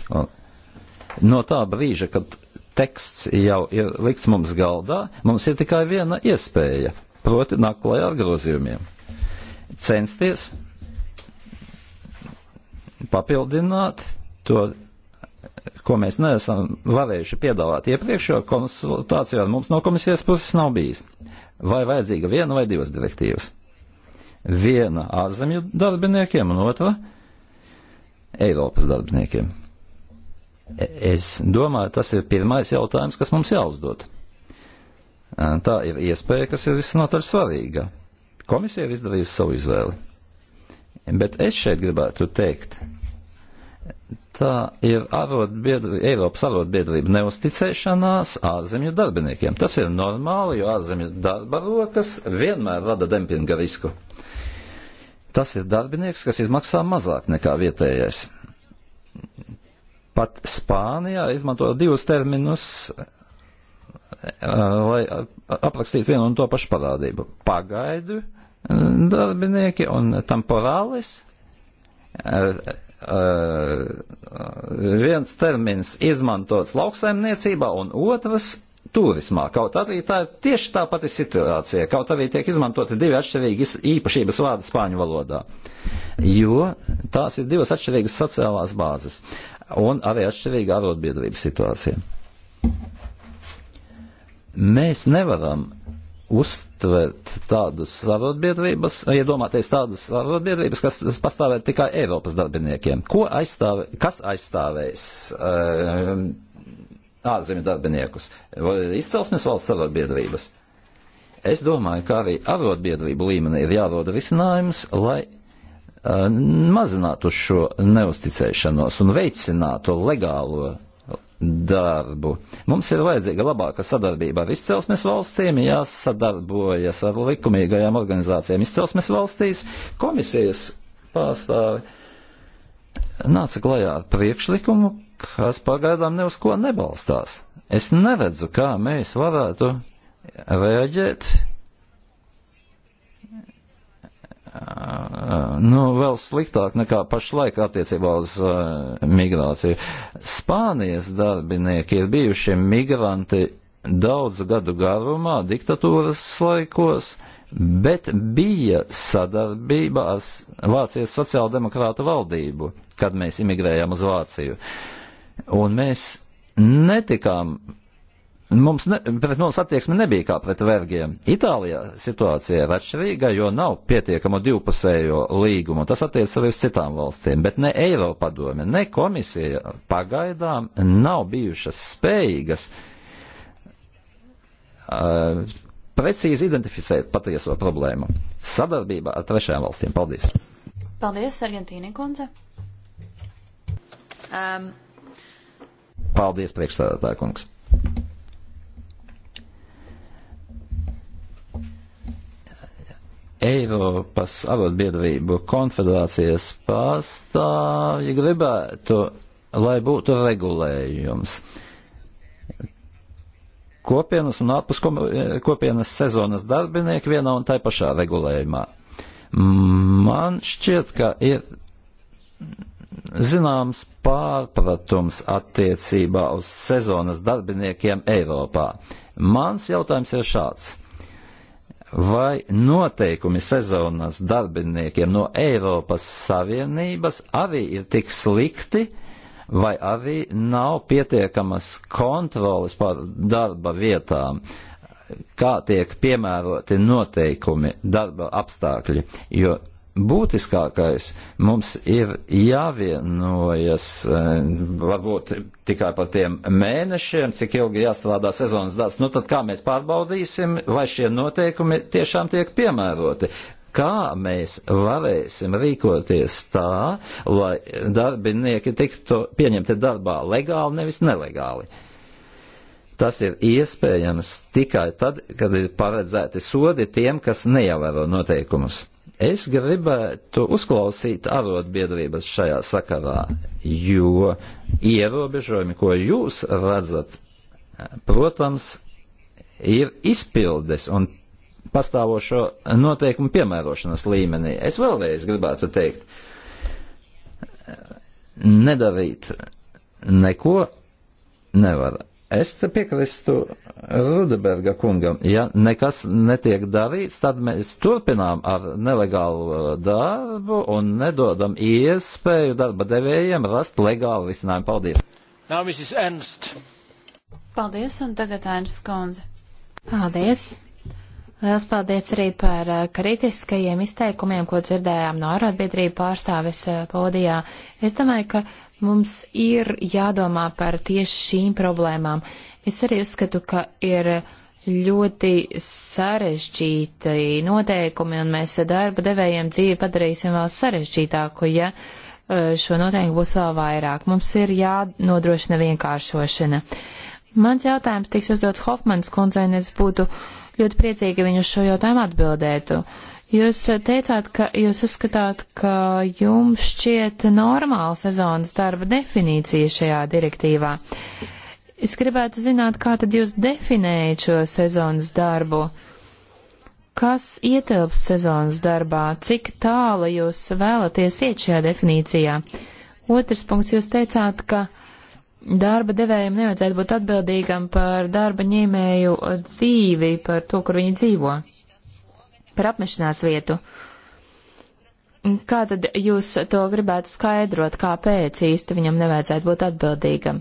No tā brīža, kad teksts jau ir likts mums galdā, mums ir tikai viena iespēja, proti nāk klajā ar grozījumiem. Censties papildināt to ko mēs neesam varējuši piedāvāt iepriekšējo konsultāciju, ar mums no komisijas puses nav bijis. Vai vajadzīga viena vai divas direktīvas? Viena ārzemju darbiniekiem un otra Eiropas darbiniekiem. Es domāju, tas ir pirmais jautājums, kas mums jāuzdod. Tā ir iespēja, kas ir visnotaļ svarīga. Komisija ir izdarījusi savu izvēli. Bet es šeit gribētu teikt, tā ir arotbiedri, Eiropas arotbiedrība neusticēšanās ārzemju darbiniekiem. Tas ir normāli, jo ārzemju darba rokas vienmēr rada dempinga risku. Tas ir darbinieks, kas izmaksā mazāk nekā vietējais. Pat Spānijā izmanto divus terminus, eh, lai aprakstītu vienu un to pašu parādību. Pagaidu eh, darbinieki un temporālis eh, viens termins izmantots lauksaimniecībā un otrs turismā. Kaut arī tā ir tieši tā pati situācija, kaut arī tiek izmantoti divi atšķirīgi īpašības vārdi spāņu valodā, jo tās ir divas atšķirīgas sociālās bāzes un arī atšķirīga arotbiedrības situācija. Mēs nevaram uztvert tādas arotbiedrības, iedomāties ja tādas arotbiedrības, kas pastāvē tikai Eiropas darbiniekiem. Ko aizstāvē, kas aizstāvēs um, ārzemju darbiniekus? Vai izcelsmes valsts arotbiedrības? Es domāju, ka arī arotbiedrību līmenī ir jāroda risinājums, lai uh, mazinātu šo neusticēšanos un veicinātu legālo darbu. Mums ir vajadzīga labāka sadarbība ar izcelsmes valstīm, jāsadarbojas ar likumīgajām organizācijām izcelsmes valstīs. Komisijas pārstāvi nāca klajā ar priekšlikumu, kas pagaidām ne uz ko nebalstās. Es neredzu, kā mēs varētu reaģēt Eh, nu, vēl sliktāk nekā pašlaik attiecībā uz uh, migrāciju. Spānijas darbinieki ir bijuši migranti daudzu gadu garumā, diktatūras laikos, bet bija sadarbība ar Vācijas sociāldemokrātu valdību, kad mēs imigrējām uz Vāciju. Un mēs netikām Mums ne, pret mums attieksme nebija kā pret vergiem. Itālijā situācija ir atšķirīga, jo nav pietiekamo divpusējo līgumu. Tas attiecas arī uz citām valstīm, bet ne Eiropa padome, ne komisija pagaidām nav bijušas spējīgas uh, precīzi identificēt patieso problēmu. Sadarbība ar trešajām valstīm. Paldies! Paldies, Argentīni kundze! Um. Paldies, priekšstādātā kungs! Eiropas arotbiedrību konfederācijas pārstāvji gribētu, lai būtu regulējums. Kopienas un ārpus kopienas sezonas darbinieki vienā un tai pašā regulējumā. Man šķiet, ka ir zināms pārpratums attiecībā uz sezonas darbiniekiem Eiropā. Mans jautājums ir šāds vai noteikumi sezonas darbiniekiem no Eiropas Savienības arī ir tik slikti, vai arī nav pietiekamas kontrolas par darba vietām, kā tiek piemēroti noteikumi, darba apstākļi, jo būtiskākais mums ir jāvienojas eh, varbūt tikai par tiem mēnešiem, cik ilgi jāstrādā sezonas darbs. Nu tad kā mēs pārbaudīsim, vai šie noteikumi tiešām tiek piemēroti? Kā mēs varēsim rīkoties tā, lai darbinieki tiktu pieņemti darbā legāli, nevis nelegāli? Tas ir iespējams tikai tad, kad ir paredzēti sodi tiem, kas neievēro noteikumus. Es gribētu uzklausīt arotbiedrības šajā sakarā, jo ierobežojumi, ko jūs redzat, protams, ir izpildes un pastāvošo noteikumu piemērošanas līmenī. Es vēlreiz gribētu teikt, nedarīt neko nevar. Es te piekrīstu Rudeberga kungam. Ja nekas netiek darīts, tad mēs turpinām ar nelegālu uh, darbu un nedodam iespēju darba devējiem rast legālu risinājumu. Paldies! Now, Mrs. Ernst. Paldies, un tagad Ernsts Konze. Paldies! Liels paldies arī par uh, kritiskajiem izteikumiem, ko dzirdējām no arotbiedrību pārstāvis uh, podijā. Es domāju, ka Mums ir jādomā par tieši šīm problēmām. Es arī uzskatu, ka ir ļoti sarežģīti noteikumi, un mēs darba devējiem dzīvi padarīsim vēl sarežģītāku, ja e, šo noteikumu būs vēl vairāk. Mums ir jānodrošina vienkāršošana. Mans jautājums tiks uzdots Hofmanas kundzei, un es būtu ļoti priecīgi viņu šo jautājumu atbildētu. Uh, Jūs eh, teicāt, ka jūs uzskatāt, ka jums šķiet normāla sezonas darba definīcija šajā direktīvā. Es gribētu zināt, kā tad jūs definējat šo sezonas darbu? Kas ietilps sezonas darbā? Cik tālu jūs vēlaties iet šajā definīcijā? Otrs punkts, jūs teicāt, ka darba devējiem nevajadzētu būt atbildīgam par darba ņēmēju dzīvi, par to, kur viņi dzīvo par apmešanās vietu. Kā tad jūs to gribētu skaidrot, kāpēc īsti viņam nevajadzētu būt atbildīgam?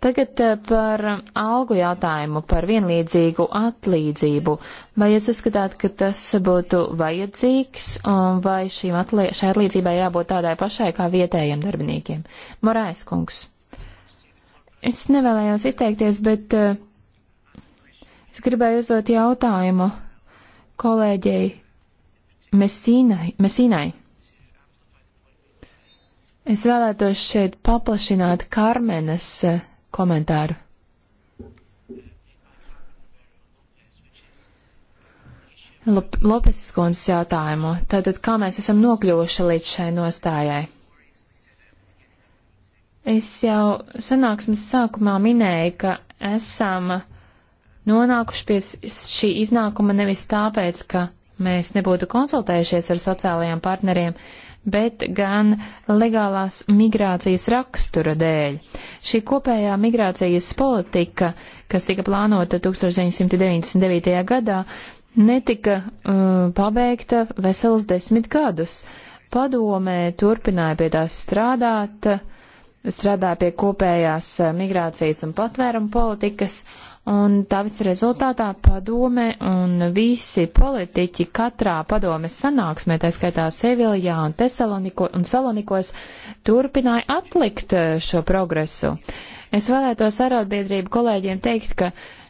Tagad eh, par algu jautājumu, par vienlīdzīgu atlīdzību. Vai jūs uzskatāt, ka tas būtu vajadzīgs, un vai šīm atlī, šai atlīdzībai jābūt tādai pašai kā vietējiem darbiniekiem? Morais kungs. Es nevēlējos izteikties, bet eh, es gribēju uzdot jautājumu kolēģei Mesīnai. Mesīnai. Es vēlētos šeit paplašināt Karmenes eh, komentāru. Lopesis kundzes jautājumu. Tātad, kā mēs esam nokļuvuši līdz šai nostājai? Es jau sanāksmes sākumā minēju, ka esam nonākuši pie šī iznākuma nevis tāpēc, ka mēs nebūtu konsultējušies ar sociālajiem partneriem, bet gan legālās migrācijas rakstura dēļ. Šī kopējā migrācijas politika, kas tika plānota 1999. gadā, netika uh, pabeigta veselus desmit gadus. Padomē turpināja pie tās strādāt, strādāja pie kopējās uh, migrācijas un patvērumu politikas, uh, un tā visa rezultātā padome un visi politiķi katrā padomes sanāksmē, tā skaitā Seviljā un, Tesaloniko, un Salonikos, turpināja atlikt eh, šo progresu. Es vēlētos arotbiedrību kolēģiem teikt, ka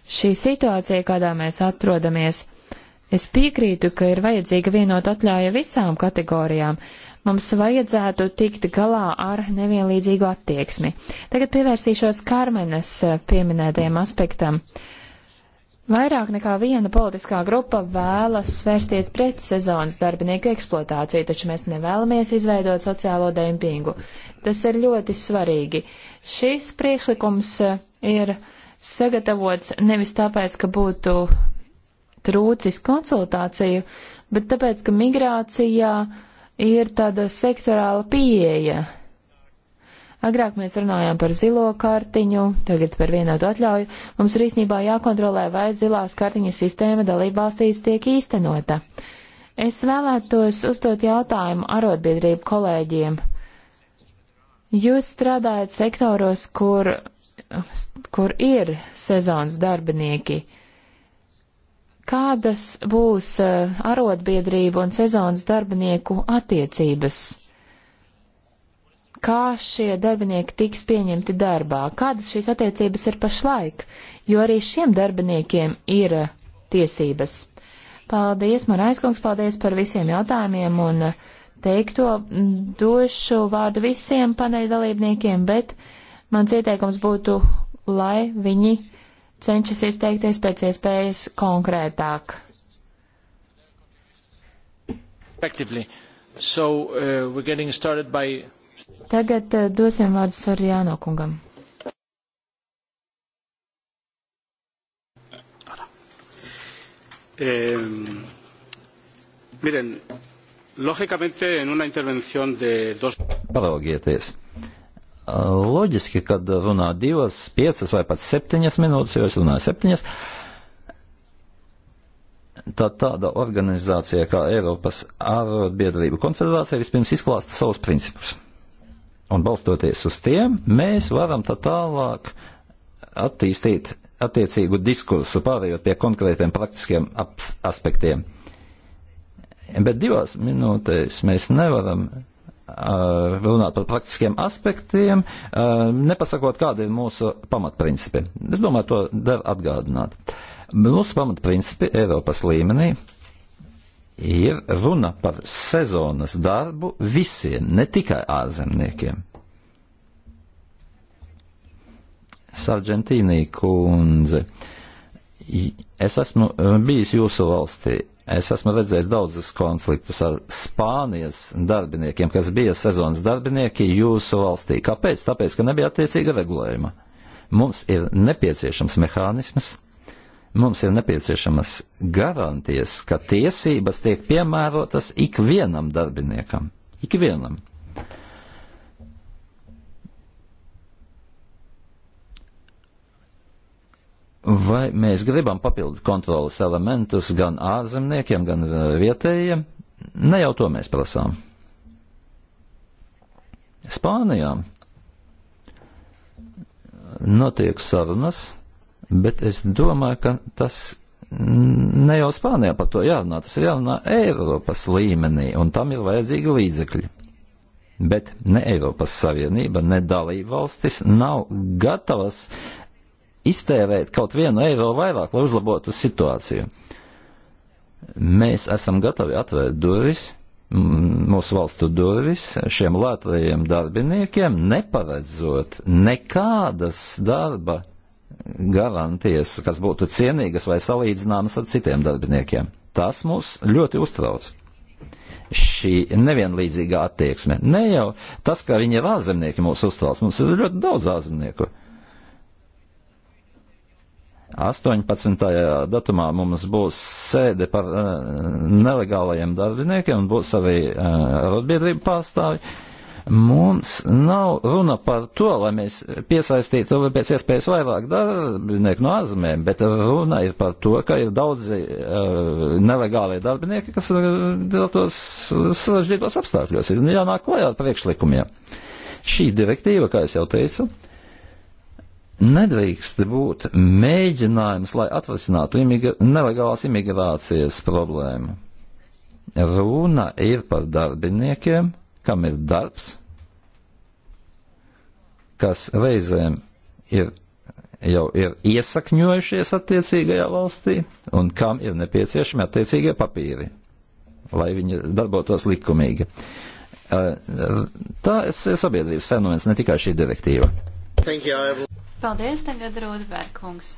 šī situācija, kādā mēs atrodamies, es piekrītu, ka ir vajadzīga vienot atļauja visām kategorijām, Mums vajadzētu tikt galā ar nevienlīdzīgu attieksmi. Tagad pievērsīšos Karmenes eh, pieminētajam aspektam. Vairāk nekā viena politiskā grupa vēlas vērsties pret sezonas darbinieku eksploatāciju, taču mēs nevēlamies izveidot sociālo dempingu. Tas ir ļoti svarīgi. Šis priekšlikums eh, ir sagatavots nevis tāpēc, ka būtu trūcis konsultāciju, bet tāpēc, ka migrācijā uh, ir tāda sektorāla pieeja. Agrāk mēs runājām par zilo kartiņu, tagad par vienotu atļauju. Mums ir īstenībā jākontrolē, vai zilās kartiņas sistēma dalībvalstīs tiek īstenota. Es vēlētos uzdot jautājumu arotbiedrību kolēģiem. Jūs strādājat sektoros, kur, kur ir sezonas darbinieki. Uh, kādas būs eh, arotbiedrību un sezonas darbinieku attiecības? Kā šie darbinieki tiks pieņemti darbā? Kādas šīs attiecības ir pašlaik? Jo arī šiem darbiniekiem ir eh, tiesības. Paldies, Maraiskungs, paldies par visiem jautājumiem un eh, teikto. Mm, došu vārdu visiem paneļdalībniekiem, bet mans ieteikums būtu, lai viņi cenšas izteikties pēc iespējas konkrētāk. So, uh, by... Tagad uh, dosim vārdu Sarjāno kungam. Eh, miren, lógicamente en una intervención de dos. Paldies loģiski, kad runā divas, piecas vai pat septiņas minūtes, jo es runāju septiņas, tad tāda organizācija kā Eiropas ārotbiedrību konfederācija vispirms izklāsta savus principus. Un balstoties uz tiem, mēs varam tad tālāk attīstīt attiecīgu diskursu, pārējot pie konkrētiem praktiskiem aspektiem. Bet divās minūtēs mēs nevaram runāt par praktiskiem aspektiem, nepasakot, kāda ir mūsu pamatprincipi. Es domāju, to der atgādināt. Mūsu pamatprincipi Eiropas līmenī ir runa par sezonas darbu visiem, ne tikai ārzemniekiem. Sargentīnī kundze, es esmu bijis jūsu valstī Es esmu redzējis daudzus konfliktus ar Spānijas darbiniekiem, kas bija sezonas darbinieki jūsu valstī. Kāpēc? Tāpēc, ka nebija attiecīga regulējuma. Mums ir nepieciešams mehānisms, mums ir nepieciešamas garantijas, ka tiesības tiek piemērotas ikvienam darbiniekam. Ikvienam. Vai mēs gribam papildu kontrolas elementus gan ārzemniekiem, gan e, vietējiem? Ne jau to mēs prasām. Spānijā notiek sarunas, bet es domāju, ka tas ne jau Spānijā par to jārunā, tas ir jārunā Eiropas līmenī, un tam ir vajadzīgi līdzekļi. Bet ne Eiropas Savienība, ne dalība valstis nav gatavas uh, iztērēt kaut vienu eiro vairāk, lai uzlabotu situāciju. Mēs esam gatavi atvērt durvis, mūsu valstu durvis šiem lētajiem darbiniekiem, neparedzot nekādas darba garantijas, kas būtu cienīgas vai salīdzināmas ar citiem darbiniekiem. Tas mūs ļoti uztrauc šī nevienlīdzīgā attieksme. Ne jau tas, ka viņi ir ārzemnieki mūsu uztrauc, mums ir ļoti daudz ārzemnieku. 18. datumā mums būs sēde par uh, nelegālajiem darbiniekiem un būs arī uh, eh, rotbiedrību pārstāvi. Mums nav runa par to, lai mēs piesaistītu pēc iespējas vairāk darbinieku no ārzemēm, bet runa ir par to, ka ir daudzi uh, nelegālie darbinieki, kas ir tos sarežģītos apstākļos, ir jānāk klajā ar priekšlikumiem. Šī direktīva, kā es jau teicu, uh, nedrīkst būt mēģinājums, lai atrisinātu imigra nelegālās imigrācijas problēmu. Runa ir par darbiniekiem, kam ir darbs, kas reizēm ir, jau ir iesakņojušies attiecīgajā valstī un kam ir nepieciešami attiecīgie papīri, lai viņi darbotos likumīgi. Eh, tā ir sabiedrības fenomens, ne tikai šī direktīva. Thank you. Paldies, tagad Rūdberkungs.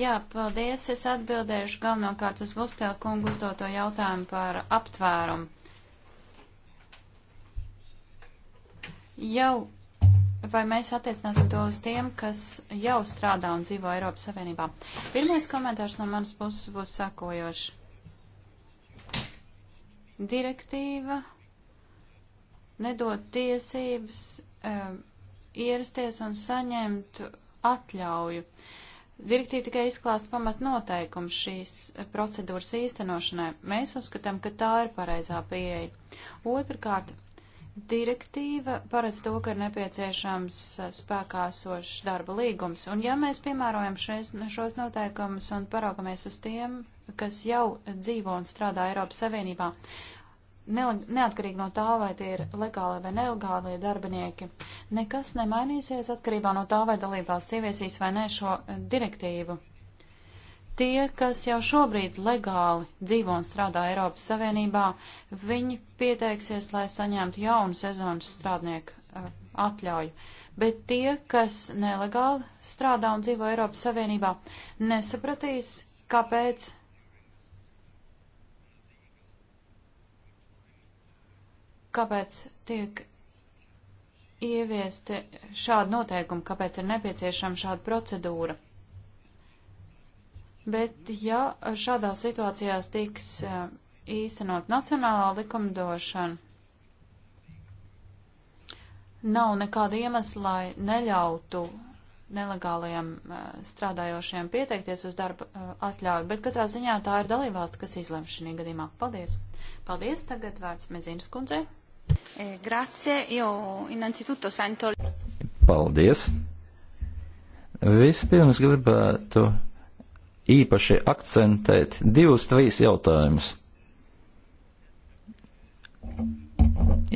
Jā, paldies. Es atbildēšu galvenokārt uz Vustēlu kungu uzdoto jautājumu par aptvērumu. Jau vai mēs attiecināsim to uz tiem, kas jau strādā un dzīvo Eiropas Savienībā? Pirmais komentārs no manas puses būs sakojošs. Direktīva nedod tiesības. Um, ierasties un saņemt atļauju. Direktīva tikai izklāst pamat noteikums šīs procedūras īstenošanai. Mēs uzskatām, ka tā ir pareizā pieeja. Otrkārt, direktīva paredz to, ka ir nepieciešams spēkā sošs darba līgums. Un ja mēs piemērojam šeis, šos noteikumus un paraugamies uz tiem, kas jau dzīvo un strādā Eiropas Savienībā, neatkarīgi no tā, vai tie ir legāli vai nelegālie darbinieki. Nekas nemainīsies atkarībā no tā, vai dalībās ieviesīs vai nē šo eh, direktīvu. Tie, kas jau šobrīd legāli dzīvo un strādā Eiropas Savienībā, viņi pieteiksies, lai saņemtu jaunu sezonas strādnieku eh, atļauju. Bet tie, kas nelegāli strādā un dzīvo Eiropas Savienībā, nesapratīs, kāpēc kāpēc tiek ieviesti šādi noteikumi, kāpēc ir nepieciešama šāda procedūra. Bet ja šādās situācijās tiks e, īstenot nacionālā likumdošana, nav nekāda iemesla, lai neļautu nelegālajiem e, strādājošiem pieteikties uz darba e, atļauju, bet katrā ziņā tā ir dalībvalsts, kas izlemš šī gadījumā. Paldies! Paldies! Tagad vārds Mezīnas kundzei. Eh, grazie, jo innanzitutto sento. Paldies! Vispirms gribētu īpaši akcentēt divus, trīs jautājumus.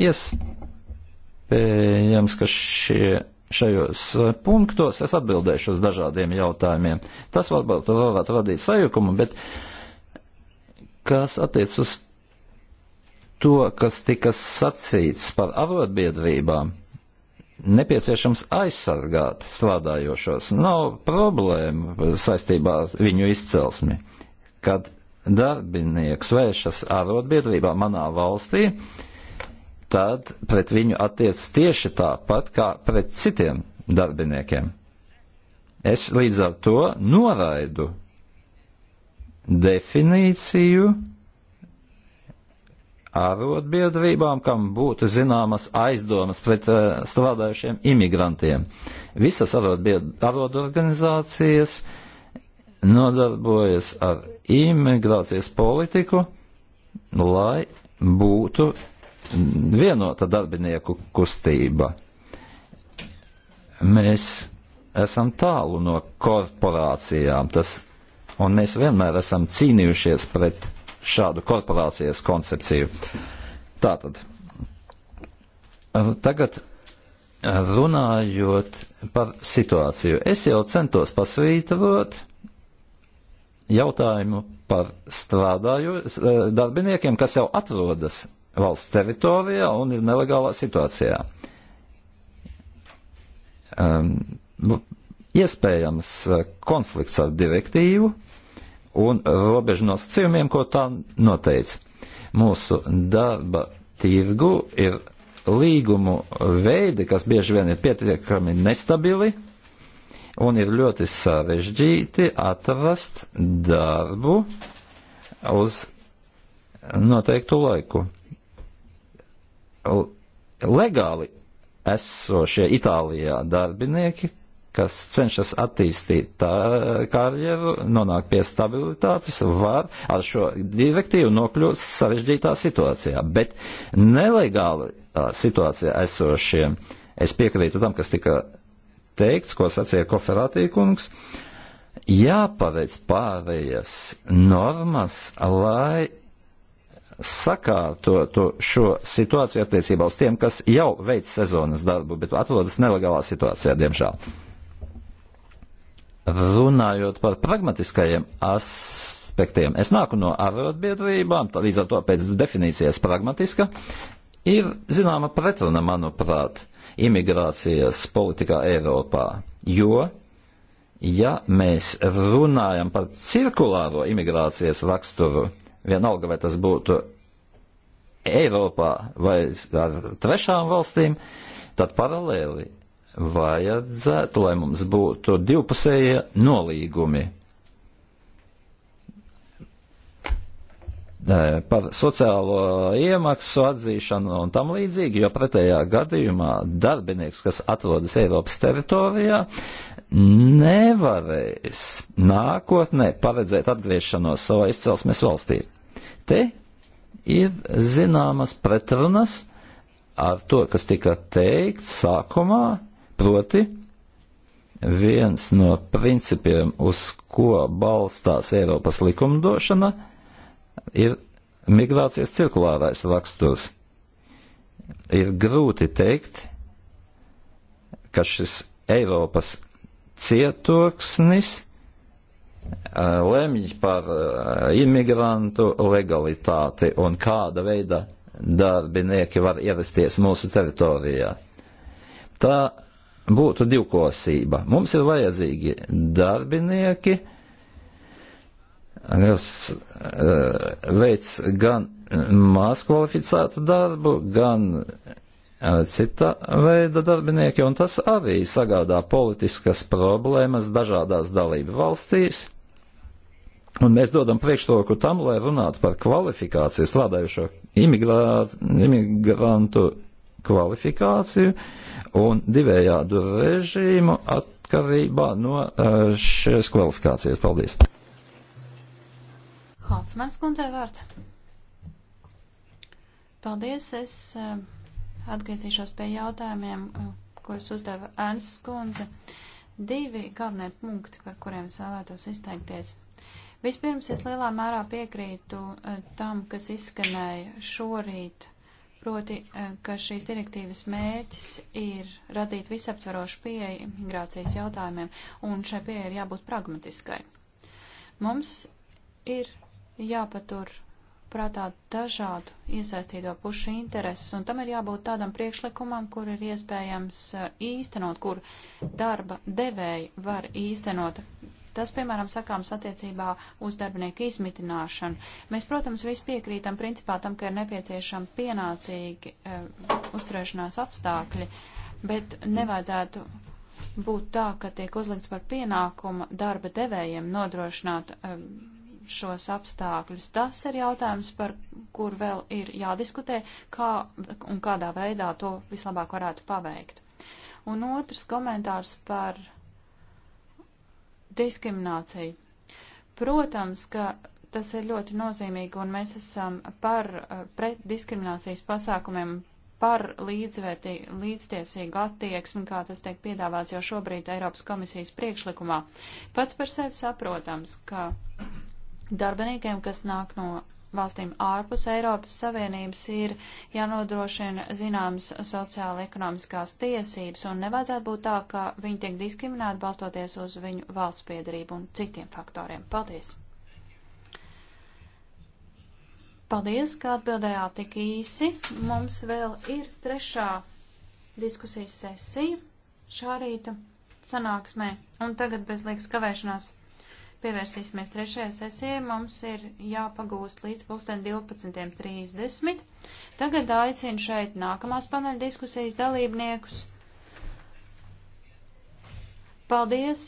Iespējams, ka šie, šajos punktos es atbildēšu uz dažādiem jautājumiem. Tas varbūt varētu radīt sajukumu, bet kas attiec uz to, kas tika sacīts par arotbiedrībām, nepieciešams aizsargāt strādājošos. Nav problēma saistībā ar viņu izcelsmi. Kad darbinieks vēršas arotbiedrībā manā valstī, tad pret viņu attiec tieši tāpat kā pret citiem darbiniekiem. Es līdz ar to noraidu definīciju arotbiedrībām, kam būtu zināmas aizdomas pret uh, strādājušiem imigrantiem. Visas arotorganizācijas nodarbojas ar imigrācijas politiku, lai būtu vienota darbinieku kustība. Mēs esam tālu no korporācijām, tas, un mēs vienmēr esam cīnījušies pret šādu korporācijas koncepciju. Tātad, tagad runājot par situāciju, es jau centos pasvītrot jautājumu par strādāju eh, darbiniekiem, kas jau atrodas valsts teritorijā un ir nelegālā situācijā. Um, iespējams eh, konflikts ar direktīvu, un robežu nosacījumiem, ko tā noteica. Mūsu darba tirgu ir līgumu veidi, kas bieži vien ir pietiekami nestabili un ir ļoti sarežģīti atrast darbu uz noteiktu laiku. Legāli esošie Itālijā darbinieki, kas cenšas attīstīt tā karjeru, nonāk pie stabilitātes, var ar šo direktīvu nokļūt sarežģītā situācijā. Bet nelegāli situācijā esošie, es piekrītu tam, kas tika teikts, ko sacīja Koferātīkungs, jāpaveic pārējas normas, lai sakārtotu šo situāciju attiecībā uz tiem, kas jau veic sezonas darbu, bet atrodas nelegālā situācijā, diemžēl. Runājot par pragmatiskajiem aspektiem, es nāku no arotbiedrībām, tā līdz ar to pēc definīcijas pragmatiska, ir zināma pretruna, manuprāt, imigrācijas politikā Eiropā, jo ja mēs runājam par cirkulāro imigrācijas raksturu, vienalga vai tas būtu Eiropā vai ar trešām valstīm, tad paralēli vajadzētu, lai mums būtu divpusējie nolīgumi par sociālo iemaksu atzīšanu un tam līdzīgi, jo pretējā gadījumā darbinieks, kas atrodas Eiropas teritorijā, nevarēs nākotnē paredzēt atgriešanos savā izcelsmes valstī. Te ir zināmas pretrunas ar to, kas tika teikts sākumā, Proti, viens no principiem, uz ko balstās Eiropas likumdošana, ir migrācijas cirkulārais raksturs. Ir grūti teikt, ka šis Eiropas cietoksnis lemj par imigrantu legalitāti un kāda veida darbinieki var ierasties mūsu teritorijā. Tā būtu divkosība. Mums ir vajadzīgi darbinieki, kas eh, veic gan maz kvalificētu darbu, gan eh, cita veida darbinieki, un tas arī sagādā politiskas problēmas dažādās dalību valstīs. Un mēs dodam priekšroku tam, lai runātu par kvalifikāciju, strādājušo imigrā, imigrantu kvalifikāciju, uh, un divējādu režīmu atkarībā no e, šīs kvalifikācijas. Paldies! Hofmans kundzei vārds. Paldies, es e, atgriezīšos pie jautājumiem, e, kurus uzdeva Ernsts kundze. Divi galvenie punkti, par kuriem es vēlētos izteikties. Vispirms es lielā mērā piekrītu tam, kas izskanēja šorīt Proti, eh, ka šīs direktīvas mērķis ir radīt visaptvarošu pieeju migrācijas jautājumiem, un šai pieeja ir jābūt pragmatiskai. Mums ir jāpatur prātā dažādu iesaistīto pušu intereses, un tam ir jābūt tādam priekšlikumam, kur ir iespējams eh, īstenot, kur darba devēji var īstenot Tas, piemēram, sakāms attiecībā uz darbinieku izmitināšanu. Mēs, protams, visi piekrītam principā tam, ka ir nepieciešama pienācīgi e, uzturēšanās apstākļi, bet nevajadzētu būt tā, ka tiek uzlikts par pienākumu darba devējiem nodrošināt e, šos apstākļus. Tas ir jautājums, par kur vēl ir jādiskutē, kā un kādā veidā to vislabāk varētu paveikt. Un otrs komentārs par diskrimināciju. Protams, ka tas ir ļoti nozīmīgi, un mēs esam par eh, pret diskriminācijas pasākumiem, par līdztiesīgu attieksmi, kā tas tiek piedāvāts jau šobrīd Eiropas komisijas priekšlikumā. Pats par sevi saprotams, ka darbiniekiem, kas nāk no valstīm ārpus Eiropas Savienības ir jānodrošina zināmas sociāla ekonomiskās tiesības, un nevajadzētu būt tā, ka viņi tiek diskriminēti balstoties uz viņu valsts piedarību un citiem faktoriem. Paldies! Paldies, ka atbildējāt tik īsi. Mums vēl ir trešā diskusijas sesija šā rīta sanāksmē, un tagad bez liekas kavēšanās pievērsīsimies trešajai sesijai. Mums ir jāpagūst līdz pulksten 12.30. Tagad aicinu šeit nākamās paneļa diskusijas dalībniekus. Paldies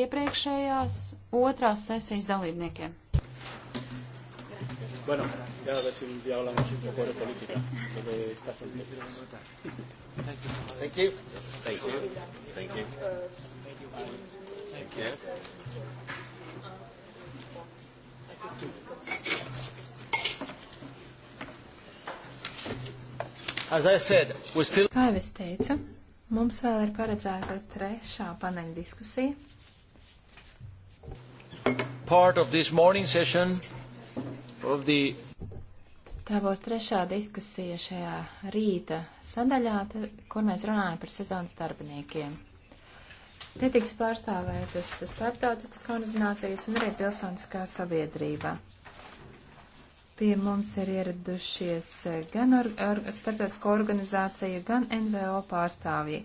iepriekšējās otrās sesijas dalībniekiem. Bueno, ya a ver si un día hablamos un poco de política, de estas tendencias. Thank you. Thank you. Thank you. Thank you. Thank you. Said, still... Kā jau es teicu, mums vēl ir paredzēta trešā paneļa diskusija. The... Tā būs trešā diskusija šajā rīta sadaļā, kur mēs runājam par sezonas darbiniekiem. Te tiks pārstāvētas starptautiskas organizācijas un arī pilsoniskā sabiedrība. Pie mums ir ieradušies gan or, or, starptautisko organizāciju, gan NVO pārstāvji.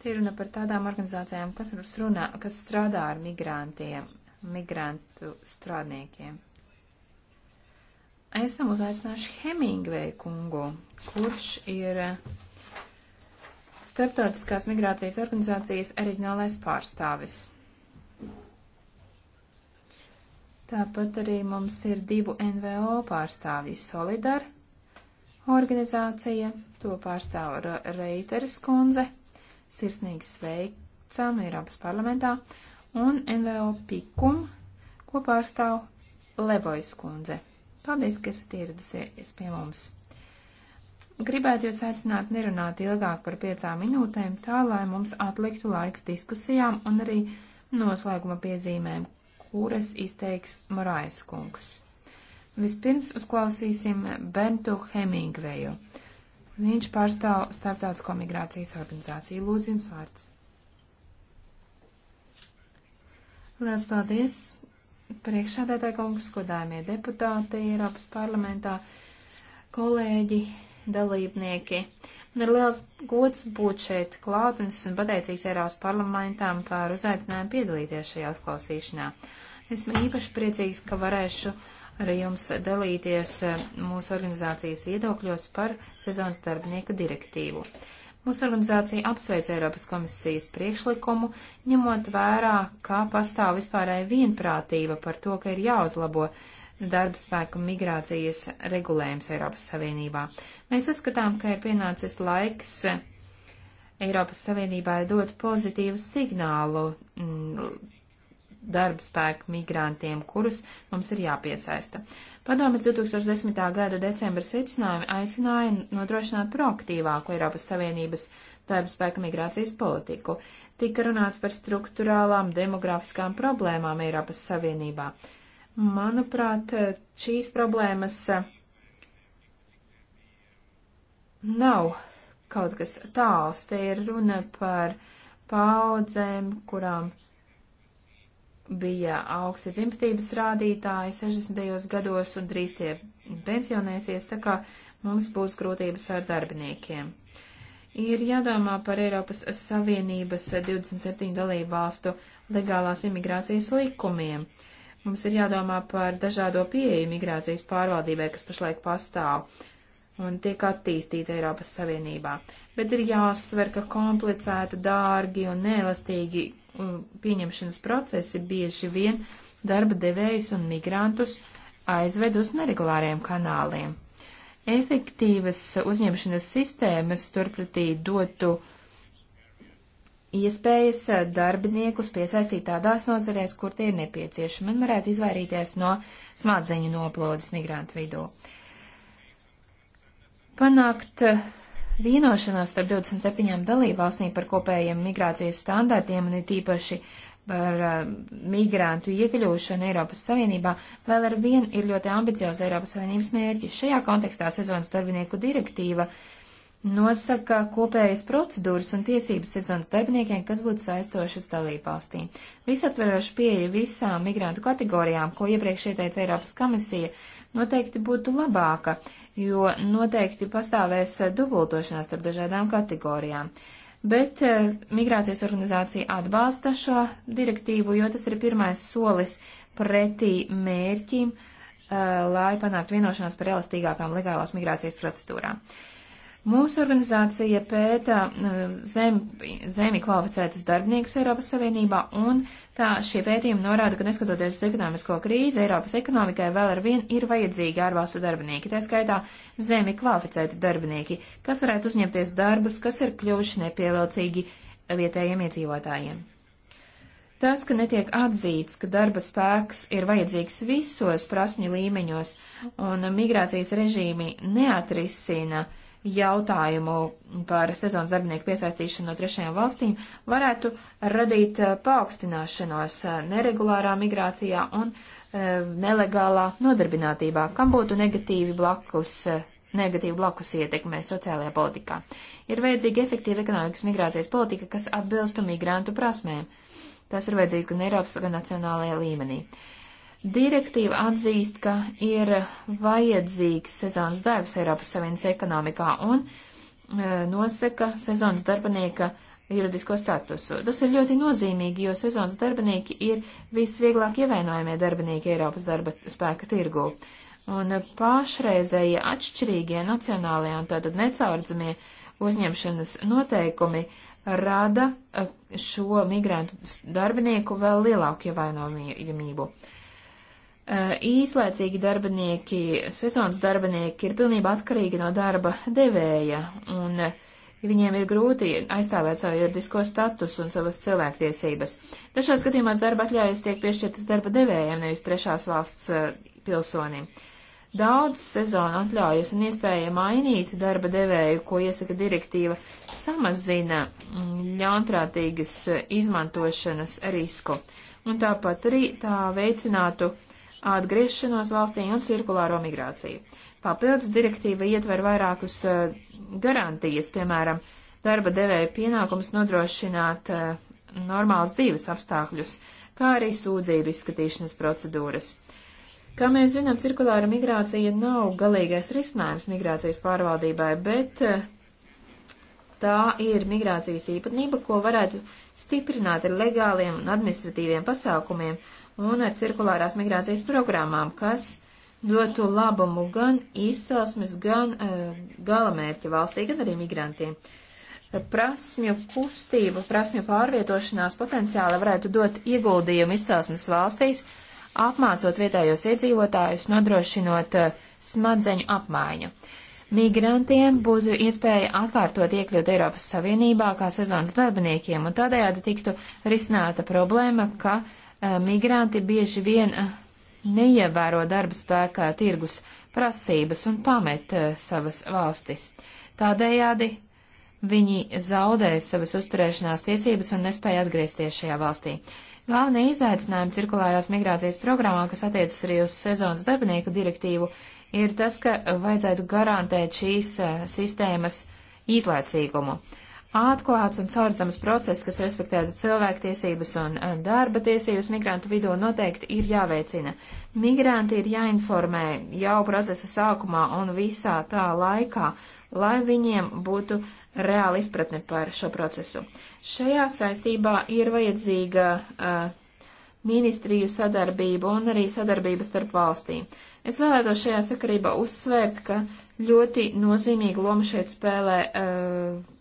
Te ir runa par tādām organizācijām, kas, runā, kas strādā ar migrantiem, migrantu strādniekiem. Esam uzaicinājuši Hemingveju kungu, kurš ir uh, Starptautiskās migrācijas organizācijas reģionālais pārstāvis. Tāpat arī mums ir divu NVO pārstāvji Solidar organizācija, to pārstāv Reiteris kundze, sirsnīgi sveicam Eiropas parlamentā, un NVO Pikum, ko pārstāv Levojas kundze. Paldies, ka esat ieradusies pie mums! Gribētu jūs aicināt nerunāt ilgāk par piecām minūtēm, tā lai mums atliktu laiks diskusijām un arī noslēguma piezīmēm, kuras izteiks Morais kungs. Vispirms uzklausīsim Bentu Hemingveju. Viņš pārstāv Startautisko migrācijas organizāciju. Lūdzu, jums vārds. Lielas paldies, priekšādētāji kungs, godājumie deputāti Eiropas parlamentā, kolēģi, dalībnieki. Man ir liels gods būt šeit klāt, un es esmu pateicīgs Eiropas parlamentām par uzaicinājumu piedalīties šajā uzklausīšanā. Esmu īpaši priecīgs, ka varēšu arī jums dalīties eh, mūsu organizācijas viedokļos par sezonas darbinieku direktīvu. Mūsu organizācija apsveic Eiropas komisijas priekšlikumu, ņemot vērā, ka pastāv vispārēja vienprātība par to, ka ir jāuzlabo uh, darba spēku migrācijas regulējums Eiropas Savienībā. Mēs uzskatām, ka ir pienācis laiks Eiropas Savienībai dot pozitīvu signālu mm, darba spēku migrantiem, kurus mums ir jāpiesaista. Padomas 2010. gada decembra secinājumi aicināja nodrošināt proaktīvāku Eiropas Savienības darba spēka migrācijas politiku. Tika runāts par struktūrālām demografiskām problēmām Eiropas Savienībā. Manuprāt, šīs problēmas eh, nav kaut kas tāls. Te ir runa par paudzēm, kurām bija augsti dzimstības rādītāji 60. gados un drīz tie pensionēsies, tā kā mums būs grūtības ar darbiniekiem. Ir jādomā par Eiropas Savienības 27 dalību valstu legālās imigrācijas likumiem. Uh, Mums ir jādomā par dažādo pieeju migrācijas pārvaldībai, kas pašlaik pastāv un tiek attīstīta Eiropas Savienībā. Bet ir jāsver, ka komplicēta, dārgi un neelastīgi mm, pieņemšanas procesi bieži vien darba devējus un migrantus aizved uz neregulāriem kanāliem. Efektīvas uzņemšanas sistēmas turpretī dotu iespējas eh, darbiniekus piesaistīt tādās nozarēs, kur tie ir nepieciešami, un varētu izvairīties no smadzeņu noplodes migrantu vidū. Panākt eh, vienošanos starp 27 dalībvalstīm par kopējiem migrācijas standartiem un ir tīpaši par uh, migrantu iekļūšanu Eiropas Savienībā vēl ar vienu ir ļoti ambicioza Eiropas Savienības mērķi. Šajā kontekstā sezonas darbinieku direktīva uh, nosaka kopējas procedūras un tiesības sezonas darbiniekiem, kas būtu saistošas dalībvalstīm. Visaptveroša pieeja visām migrantu kategorijām, ko iepriekš ieteica Eiropas komisija, noteikti būtu labāka, jo noteikti pastāvēs dubultošanās starp dažādām kategorijām. Bet eh, migrācijas organizācija atbalsta šo direktīvu, jo tas ir pirmais solis pretī mērķim, eh, lai panāktu vienošanās par elastīgākām legālās migrācijas procedūrām. Uh, Mūsu organizācija pēta uh, zem, zemi kvalificētus darbiniekus Eiropas Savienībā, un tā šie pētījumi norāda, ka neskatoties uz ekonomisko krīzi, Eiropas ekonomikai vēl ar vienu ir vajadzīgi ārvalstu darbinieki, tā skaitā zemi kvalificēti darbinieki, kas varētu uzņemties darbus, kas ir kļuvuši nepievilcīgi vietējiem iedzīvotājiem. Tas, ka netiek atzīts, ka darba spēks ir vajadzīgs visos prasmju līmeņos un migrācijas režīmi neatrisina uh, jautājumu par sezonas darbinieku piesaistīšanu no trešajām valstīm varētu radīt eh, paaugstināšanos eh, neregulārā migrācijā un eh, nelegālā nodarbinātībā, kam būtu negatīvi blakus negatīvu blakus ietekmē sociālajā politikā. Ir vajadzīga efektīva ekonomikas migrācijas politika, kas atbilstu migrantu prasmēm. Tas ir vajadzīgs gan Eiropas, gan nacionālajā līmenī. Direktīva atzīst, ka ir vajadzīgs sezonas darbs Eiropas Savienības ekonomikā un e, nosaka sezonas darbinieka juridisko statusu. Tas ir ļoti nozīmīgi, jo sezonas darbinieki ir visvieglāk ievainojamie darbinieki Eiropas darba spēka tirgū. Un pašreizējie atšķirīgie nacionālajie un tātad necaurdzamie uzņemšanas noteikumi rada e, šo migrantu darbinieku vēl lielāku ievainojamību. Ja Eh, īslaicīgi darbinieki, sezonas darbinieki ir pilnībā atkarīgi no darba devēja, un eh, viņiem ir grūti aizstāvēt savu juridisko statusu un savas cilvēktiesības. Dažās gadījumās darba atļaujas tiek piešķirtas darba devējiem, nevis trešās valsts eh, pilsonim. Daudz sezonu atļaujas un iespēja mainīt darba devēju, ko iesaka direktīva, samazina mm, ļaunprātīgas izmantošanas risku. Un tāpat arī tā veicinātu uh, atgriešanos valstī un cirkulāro migrāciju. Papildus direktīva ietver vairākus eh, garantijas, piemēram, darba devēja pienākums nodrošināt eh, normāls dzīves apstākļus, kā arī sūdzību izskatīšanas procedūras. Kā mēs zinām, cirkulāra migrācija nav galīgais risinājums migrācijas pārvaldībai, bet eh, tā ir migrācijas īpatnība, ko varētu stiprināt ar legāliem un administratīviem pasākumiem un ar cirkulārās migrācijas programmām, kas dotu labumu gan izcelsmes, gan uh, eh, galamērķa valstī, gan arī migrantiem. Prasmju kustību, prasmju pārvietošanās potenciāli varētu dot ieguldījumu izcelsmes valstīs, apmācot vietējos iedzīvotājus, nodrošinot uh, smadzeņu apmaiņu. Migrantiem būtu iespēja atkārtot iekļūt Eiropas Savienībā kā sezonas darbiniekiem, un tādējādi tiktu risināta problēma, ka uh, Eh, migranti bieži vien eh, neievēro darba spēkā tirgus prasības un pamet eh, savas valstis. Tādējādi viņi zaudē savas uzturēšanās tiesības un nespēja atgriezties šajā valstī. Galvenie izaicinājumi cirkulārās migrācijas programmā, kas attiecas arī uz sezonas darbinieku direktīvu, ir tas, ka vajadzētu garantēt šīs sistēmas īslaicīgumu. Uh, atklāts un caurdzams process, kas respektētu cilvēktiesības un eh, darba tiesības migrantu vidū noteikti ir jāveicina. Migranti ir jāinformē jau procesa sākumā un visā tā laikā, lai viņiem būtu reāla izpratne par šo procesu. Šajā saistībā ir vajadzīga uh, ministriju sadarbība un arī sadarbība starp valstīm. Es vēlētos šajā sakarībā uzsvērt, ka ļoti nozīmīgu lomu šeit spēlē uh,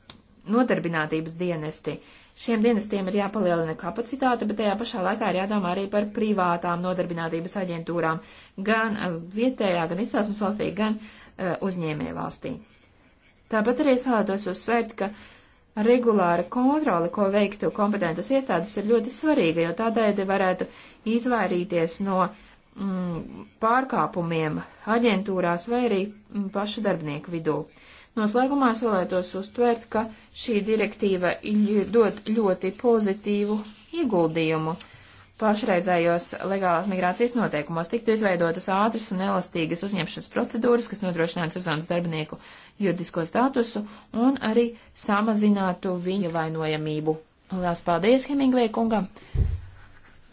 nodarbinātības dienesti. Šiem dienestiem ir jāpalielina kapacitāte, bet tajā pašā laikā ir jādomā arī par privātām nodarbinātības aģentūrām, gan eh, vietējā, gan izcelsmes valstī, gan uh, uzņēmē valstī. Tāpat arī es vēlētos uzsvērt, ka regulāra kontrole, ko veiktu kompetentas iestādes, ir ļoti svarīga, jo tādēļ varētu izvairīties no mm, pārkāpumiem aģentūrās vai arī mm, pašu darbinieku vidū. Uh, Noslēgumā es vēlētos uztvērt, ka šī direktīva dod ļoti pozitīvu ieguldījumu pašreizējos legālās migrācijas noteikumos tiktu izveidotas ātras un elastīgas uzņemšanas procedūras, kas nodrošinātu sezonas darbinieku juridisko statusu un arī samazinātu viņu vainojamību. Lielas paldies Hemingveja kungam!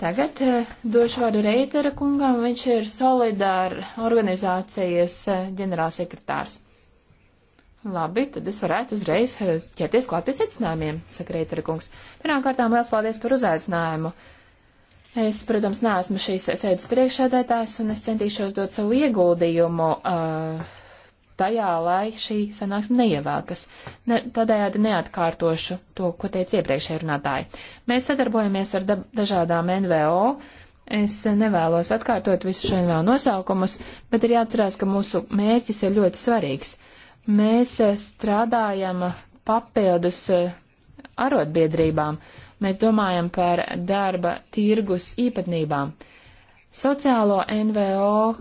Tagad eh, došu vārdu Reitera kungam, viņš ir Solidāra organizācijas eh, ģenerālsekretārs. Labi, tad es varētu uzreiz eh, ķerties klāt pie secinājumiem, saka Reitera kungs. Pirmkārt, liels paldies par uzaicinājumu. Es, protams, neesmu šīs sēdes priekšsēdētājs, un es centīšos dot savu ieguldījumu uh, tajā, lai šī sanāksme neievēlkas. Ne, tādējādi neatkārtošu to, ko teica iepriekšējā runātāja. Mēs sadarbojamies ar da dažādām NVO, Es nevēlos atkārtot visu šo vēl nosaukumus, bet ir jāatcerās, ka mūsu mērķis ir ļoti svarīgs. Mēs eh, strādājam papildus eh, arotbiedrībām. Mēs domājam par darba tirgus īpatnībām. Sociālo NVO eh,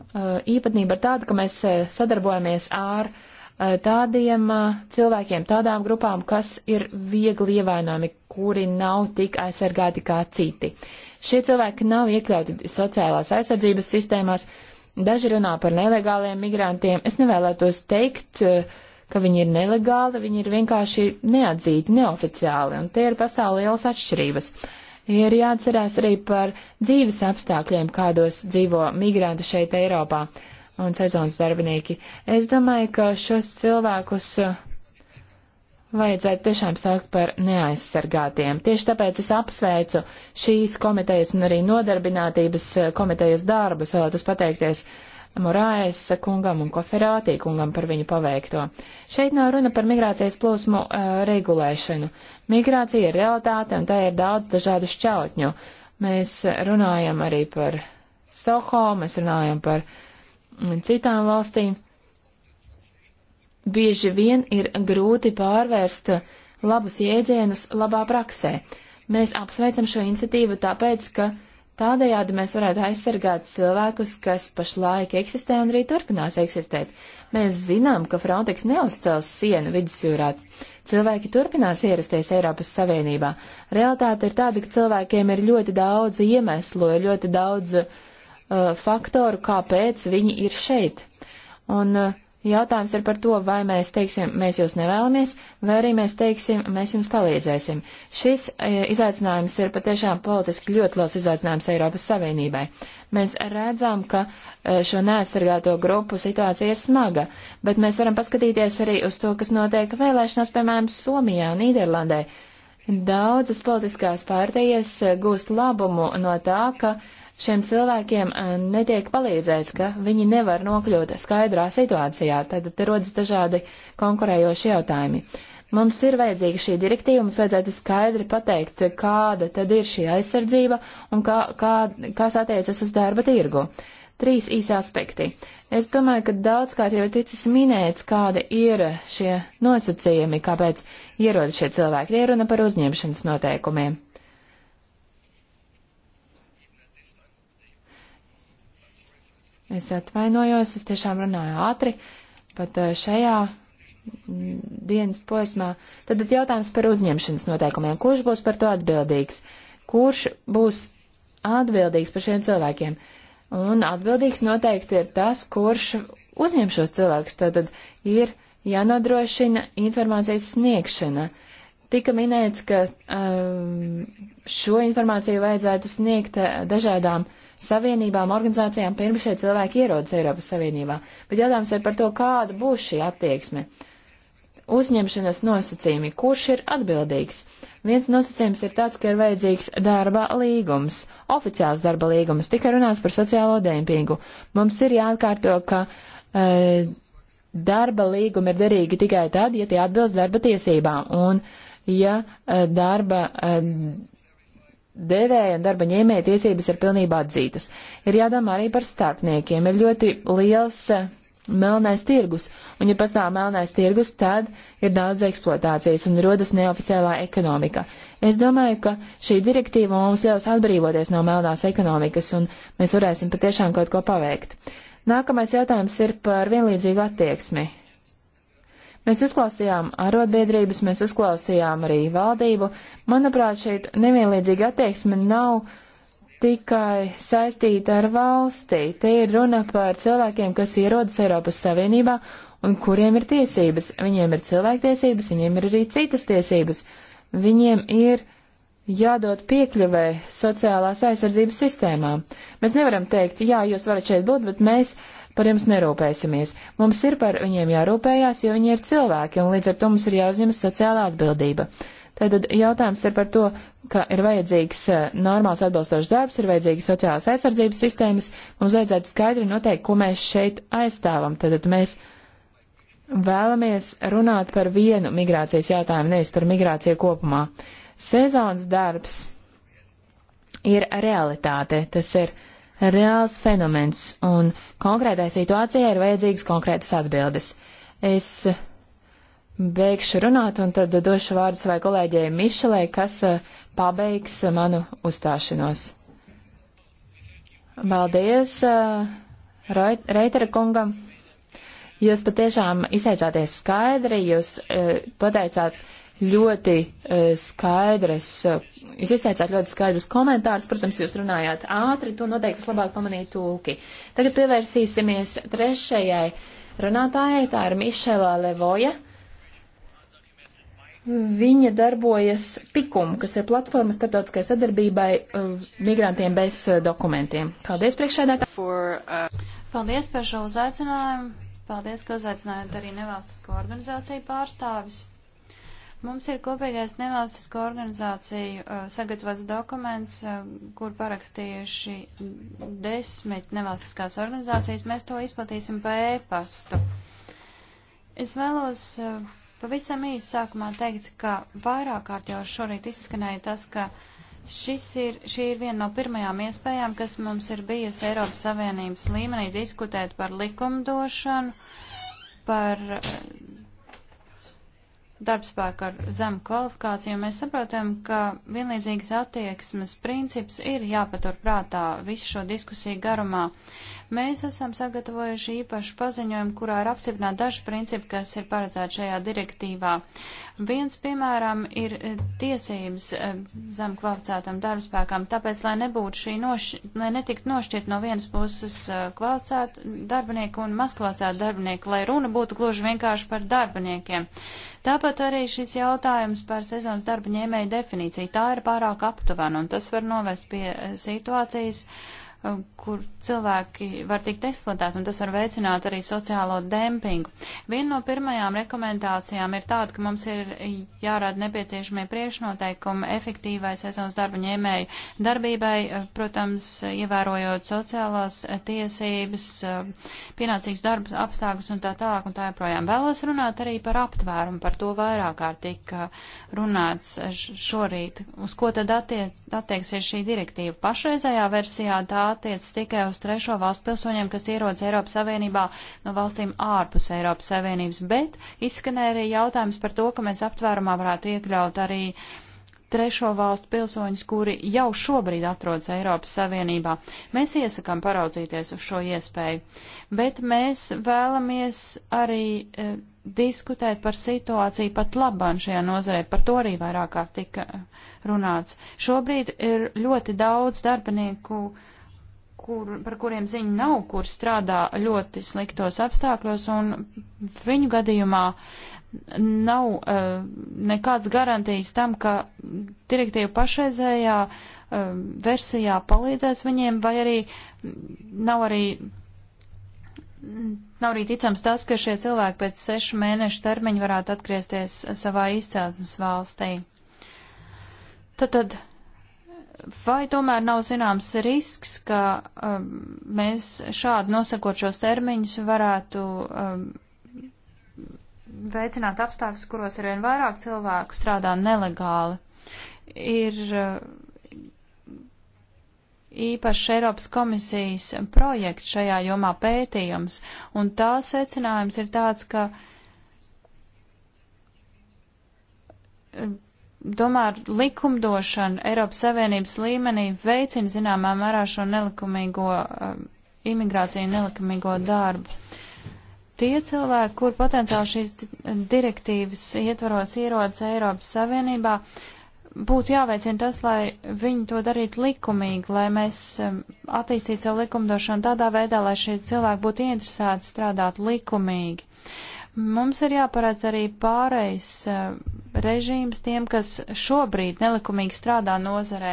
īpatnība ir tāda, ka mēs sadarbojamies ar tādiem cilvēkiem, tādām grupām, kas ir viegli ievainojami, kuri nav tik aizsargāti kā citi. Šie cilvēki nav iekļauti sociālās aizsardzības sistēmās, uh, Daži runā par nelegāliem migrantiem. Es nevēlētos teikt, eh, ka viņi ir nelegāli, viņi ir vienkārši neatzīti, neoficiāli, un te ir pasauli lielas atšķirības. Ir jāatcerās arī par dzīves apstākļiem, kādos dzīvo migranti šeit Eiropā un sezonas darbinieki. Es domāju, ka šos cilvēkus uh, vajadzētu tiešām sākt par neaizsargātiem. Tieši tāpēc es apsveicu šīs komitejas un arī nodarbinātības eh, komitejas darbus. Vēlētos pateikties Morāes kungam un Koferātī kungam par viņu paveikto. Šeit nav runa par migrācijas plūsmu uh, regulēšanu. Migrācija ir realitāte un tā ir daudz dažādu šķautņu. Mēs runājam arī par Stokholmu, mēs runājam par citām valstīm bieži vien ir grūti pārvērst labus jēdzienus labā praksē. Mēs apsveicam šo iniciatīvu tāpēc, ka tādējādi mēs varētu aizsargāt cilvēkus, kas pašlaik eksistē un arī turpinās eksistēt. Mēs zinām, ka Frontex neuzcels sienu vidusjūrāts. Cilvēki turpinās ierasties Eiropas Savienībā. Realtāte ir tāda, ka cilvēkiem ir ļoti daudz iemeslu, ļoti daudz uh, faktoru, kāpēc viņi ir šeit. Un uh, Jautājums ir par to, vai mēs teiksim, mēs jūs nevēlamies, vai arī mēs teiksim, mēs jums palīdzēsim. Šis e, izaicinājums ir patiešām politiski ļoti liels izaicinājums Eiropas Savienībai. Mēs redzam, ka e, šo neaizsargāto grupu situācija ir smaga, bet mēs varam paskatīties arī uz to, kas notiek vēlēšanās, piemēram, Somijā un Nīderlandē. Daudzas politiskās pārtījas e, gūst labumu no tā, ka šiem cilvēkiem eh, netiek palīdzēts, ka viņi nevar nokļūt skaidrā situācijā, tad te rodas dažādi konkurējoši jautājumi. Mums ir vajadzīga šī direktīva, mums vajadzētu skaidri pateikt, kāda tad ir šī aizsardzība un kā, kā, kas attiecas uz darba tirgu. Trīs īsi aspekti. Es domāju, ka daudzkārt jau ir ticis minēts, kādi ir šie nosacījumi, kāpēc ierodas šie cilvēki. Tie runa par uzņemšanas noteikumiem. Es atvainojos, es tiešām runāju ātri, pat eh, šajā dienas posmā. Tad ir jautājums par uzņemšanas noteikumiem. Kurš būs par to atbildīgs? Kurš būs atbildīgs par šiem cilvēkiem? Un atbildīgs noteikti ir tas, kurš uzņem šos cilvēkus. Tātad ir jānodrošina informācijas sniegšana. Tika minēts, ka um, šo informāciju vajadzētu sniegt eh, dažādām uh, savienībām, organizācijām, pirms šie cilvēki ierodas Eiropas Savienībā. Bet jautājums ir par to, kāda būs šī attieksme. Uzņemšanas nosacījumi, kurš ir atbildīgs? Viens nosacījums ir tāds, ka ir vajadzīgs darba līgums, oficiāls darba līgums, tikai runāts par sociālo dēmpingu. Mums ir jāatkārto, ka e, darba līgumi ir derīgi tikai tad, ja tie atbilst darba tiesībām un ja e, darba e, devēja un darba ņēmēja tiesības ir pilnībā atzītas. Ir jādomā arī par starpniekiem. Ir ļoti liels eh, melnais tirgus, un ja pastāv melnais tirgus, tad ir daudz eksploatācijas un rodas neoficiālā ekonomika. Es domāju, ka šī direktīva mums ļaus atbrīvoties no melnās ekonomikas, un mēs varēsim patiešām kaut ko paveikt. Nākamais jautājums ir par vienlīdzīgu attieksmi Mēs uzklausījām arotbiedrības, mēs uzklausījām arī valdību. Manuprāt, šeit nevienlīdzīga attieksme nav tikai saistīta ar valstī. Te ir runa par cilvēkiem, kas ierodas Eiropas Savienībā un kuriem ir tiesības. Viņiem ir cilvēktiesības, viņiem ir arī citas tiesības. Viņiem ir jādod piekļuvē sociālās aizsardzības sistēmām. Mēs nevaram teikt, jā, jūs varat šeit būt, bet mēs par jums nerūpēsimies. Mums ir par viņiem jārūpējās, jo viņi ir cilvēki, un līdz ar to mums ir jāuzņemas sociālā atbildība. Tātad jautājums ir par to, ka ir vajadzīgs eh, normāls atbilstošs darbs, ir vajadzīgas sociālās aizsardzības sistēmas, mums vajadzētu skaidri noteikt, ko mēs šeit aizstāvam. Tātad mēs vēlamies runāt par vienu migrācijas jautājumu, nevis par migrāciju kopumā. Sezonas darbs ir realitāte, tas ir reāls fenomens, un konkrētai situācijai ir vajadzīgas konkrētas atbildes. Es beigšu runāt, un tad došu vārdu savai kolēģei Mišelē, kas eh, pabeigs eh, manu uzstāšanos. Paldies eh, Reitera kungam! Jūs patiešām izteicāties skaidri, jūs pateicāt ļoti e, skaidras, e, jūs izteicāt ļoti skaidrus komentārus, protams, jūs runājāt ātri, to noteikti labāk pamanīja tulki. Tagad pievērsīsimies trešajai runātājai, tā ir Mišela Levoja. Viņa darbojas PIKUM, kas ir platforma starptautiskai sadarbībai e, migrantiem bez dokumentiem. Paldies, priekšēdētāji! Uh, Paldies par šo uzaicinājumu! Paldies, ka uzaicinājāt arī nevalstisko organizāciju pārstāvis. Mums ir kopīgais nevalstisko organizāciju uh, sagatavots dokuments, uh, kur parakstījuši desmit nevalstiskās organizācijas. Mēs to izplatīsim pa e-pastu. Es vēlos uh, pavisam īsi sākumā teikt, ka vairāk kārt jau šorīt izskanēja tas, ka šis ir, šī ir viena no pirmajām iespējām, kas mums ir bijusi Eiropas Savienības līmenī diskutēt par likumdošanu, par. Uh, darbspēku ar zemu kvalifikāciju. Mēs saprotam, ka vienlīdzīgas attieksmes princips ir jāpatur prātā visu šo diskusiju garumā. Uh, Mēs esam sagatavojuši īpašu paziņojumu, kurā ir apstiprināti daži principi, kas ir paredzēti šajā direktīvā. Viens, piemēram, ir e, tiesības e, zem kvalificētam darbspēkam, tāpēc, lai nebūtu šī nošķi, lai netikt nošķirt no vienas puses e, kvalificētu darbinieku un mazkvalificētu darbinieku, lai runa būtu gluži vienkārši par darbiniekiem. Tāpat arī šis jautājums par sezonas darba ņēmēju definīciju. Tā ir pārāk aptuvena, un tas var novest pie situācijas, uh, Um, kur cilvēki var tikt eksploatēti, un tas var veicināt arī sociālo dempingu. Viena no pirmajām rekomendācijām ir tāda, ka mums ir jārāda nepieciešamie priekšnoteikumi efektīvai sezonas darba ņēmēju darbībai, uh, protams, ievērojot sociālās uh, tiesības, um, pienācīgs darbas apstākļus un tā tālāk un tā joprojām. Vēlos runāt arī par aptvērumu, par to vairāk kārtīgi runāts uh, šorīt. Uz ko tad attiec, attieksies šī direktīva? Pašreizējā versijā tā attiec tikai uz trešo valstu pilsoņiem, kas ierodas Eiropas Savienībā no valstīm ārpus Eiropas Savienības, bet izskanēja arī jautājums par to, ka mēs aptvērumā varētu iekļaut arī trešo valstu pilsoņus, kuri jau šobrīd atrodas Eiropas Savienībā. Mēs iesakām paraudzīties uz šo iespēju, bet mēs vēlamies arī. E, diskutēt par situāciju pat labāk šajā nozarē. Par to arī vairāk kārt tika eh, runāts. Šobrīd ir ļoti daudz darbinieku, kur, par kuriem ziņa nav, kur strādā ļoti sliktos apstākļos, un viņu gadījumā nav uh, nekāds garantijas tam, ka direktīva pašreizējā uh, versijā palīdzēs viņiem, vai arī nav arī. Nav arī ticams tas, ka šie cilvēki pēc sešu mēnešu termiņa varētu atgriezties savā izcēlesmes valstī. Tad, tad Vai tomēr nav zināms risks, ka um, mēs šādi nosakot šos termiņus varētu um, veicināt apstākļus, kuros arvien vairāk cilvēku strādā nelegāli? Ir uh, īpaši Eiropas komisijas projekts šajā jomā pētījums, un tā secinājums ir tāds, ka uh, Tomēr likumdošana Eiropas Savienības līmenī veicina zināmā mērā šo nelikumīgo uh, imigrāciju, nelikumīgo darbu. Tie cilvēki, kur potenciāli šīs direktīvas ietvaros ierodas Eiropas Savienībā, būtu jāveicina tas, lai viņi to darītu likumīgi, lai mēs um, attīstītu savu likumdošanu tādā veidā, lai šie cilvēki būtu interesēti strādāt likumīgi. Mums ir jāparedz arī pārējais eh, režīms tiem, kas šobrīd nelikumīgi strādā nozarē.